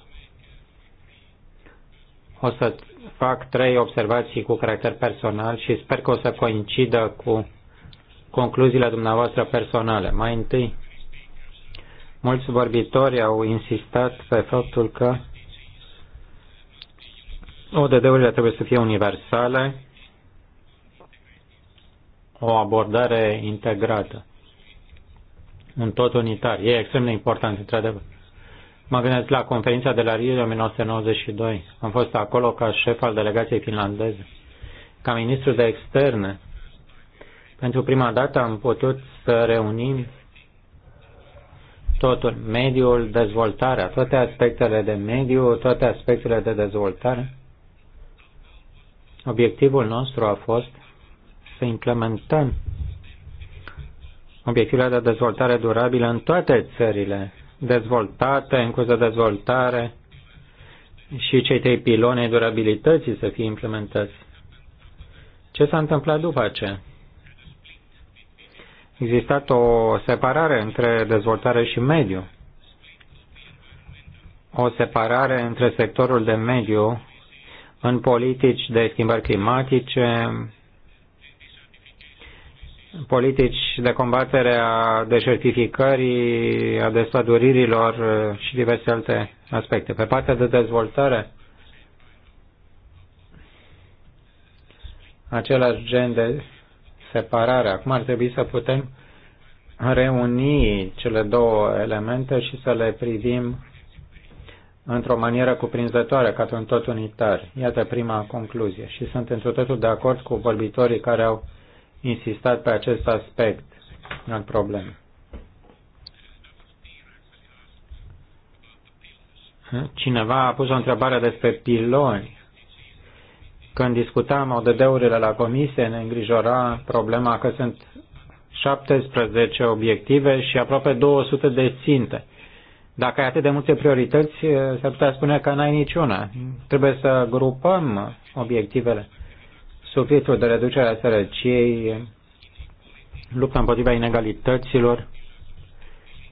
O să fac trei observații cu caracter personal și sper că o să coincidă cu concluziile dumneavoastră personale. Mai întâi, mulți vorbitori au insistat pe faptul că ODD-urile trebuie să fie universale, o abordare integrată, un tot unitar. E extrem de important, într-adevăr. Mă gândesc la conferința de la Rio 1992. Am fost acolo ca șef al delegației finlandeze, ca ministru de externe. Pentru prima dată am putut să reunim totul, mediul, dezvoltarea, toate aspectele de mediu, toate aspectele de dezvoltare Obiectivul nostru a fost să implementăm obiectivele de dezvoltare durabilă în toate țările dezvoltate, în curs de dezvoltare și cei trei piloni ai durabilității să fie implementați. Ce s-a întâmplat după aceea? existat o separare între dezvoltare și mediu, o separare între sectorul de mediu în politici de schimbări climatice, politici de combatere a deșertificării, a despăduririlor și diverse alte aspecte. Pe partea de dezvoltare, același gen de separare. Acum ar trebui să putem reuni cele două elemente și să le privim într-o manieră cuprinzătoare, ca un tot unitar. Iată prima concluzie. Și sunt într totul de acord cu vorbitorii care au insistat pe acest aspect al problemei. Cineva a pus o întrebare despre piloni. Când discutam ODD-urile la comisie, ne îngrijora problema că sunt 17 obiective și aproape 200 de ținte. Dacă ai atât de multe priorități, eh, s-ar putea spune că n-ai niciuna. Trebuie să grupăm obiectivele. Subiectul de reducere a sărăciei, lupta împotriva inegalităților,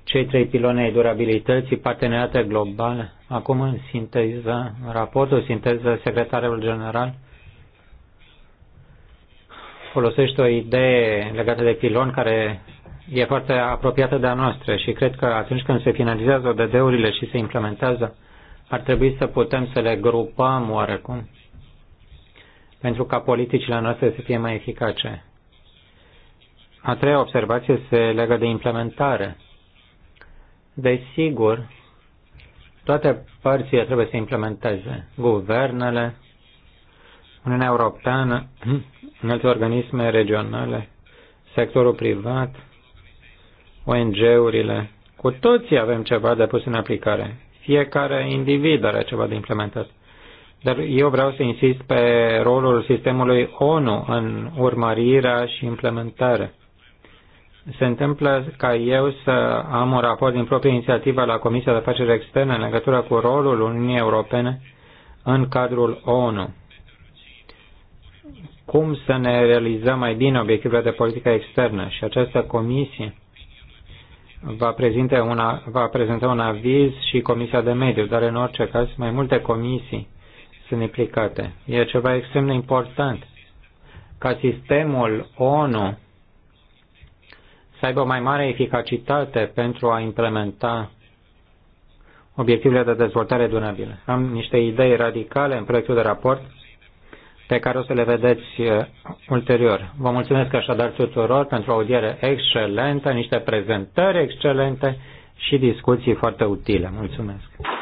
cei trei piloni ai durabilității, parteneriate globale. Acum, în sinteză, raportul sinteză, secretarul general folosește o idee legată de pilon care e foarte apropiată de a noastră și cred că atunci când se finalizează ODD-urile și se implementează, ar trebui să putem să le grupăm oarecum pentru ca politicile noastre să fie mai eficace. A treia observație se legă de implementare. Desigur, toate părțile trebuie să implementeze. Guvernele, Uniunea Europeană, alte organisme regionale, sectorul privat, ONG-urile, cu toții avem ceva de pus în aplicare. Fiecare individ are ceva de implementat. Dar eu vreau să insist pe rolul sistemului ONU în urmărirea și implementare Se întâmplă ca eu să am un raport din proprie inițiativă la Comisia de Afaceri Externe în legătură cu rolul Uniunii Europene în cadrul ONU. Cum să ne realizăm mai bine obiectivele de politică externă și această comisie va, prezinte una, va prezenta un aviz și Comisia de Mediu, dar în orice caz mai multe comisii sunt implicate. E ceva extrem de important ca sistemul ONU să aibă o mai mare eficacitate pentru a implementa obiectivele de dezvoltare durabilă. Am niște idei radicale în proiectul de raport pe care o să le vedeți uh, ulterior. Vă mulțumesc așadar tuturor pentru o audiere excelentă, niște prezentări excelente și discuții foarte utile. Mulțumesc!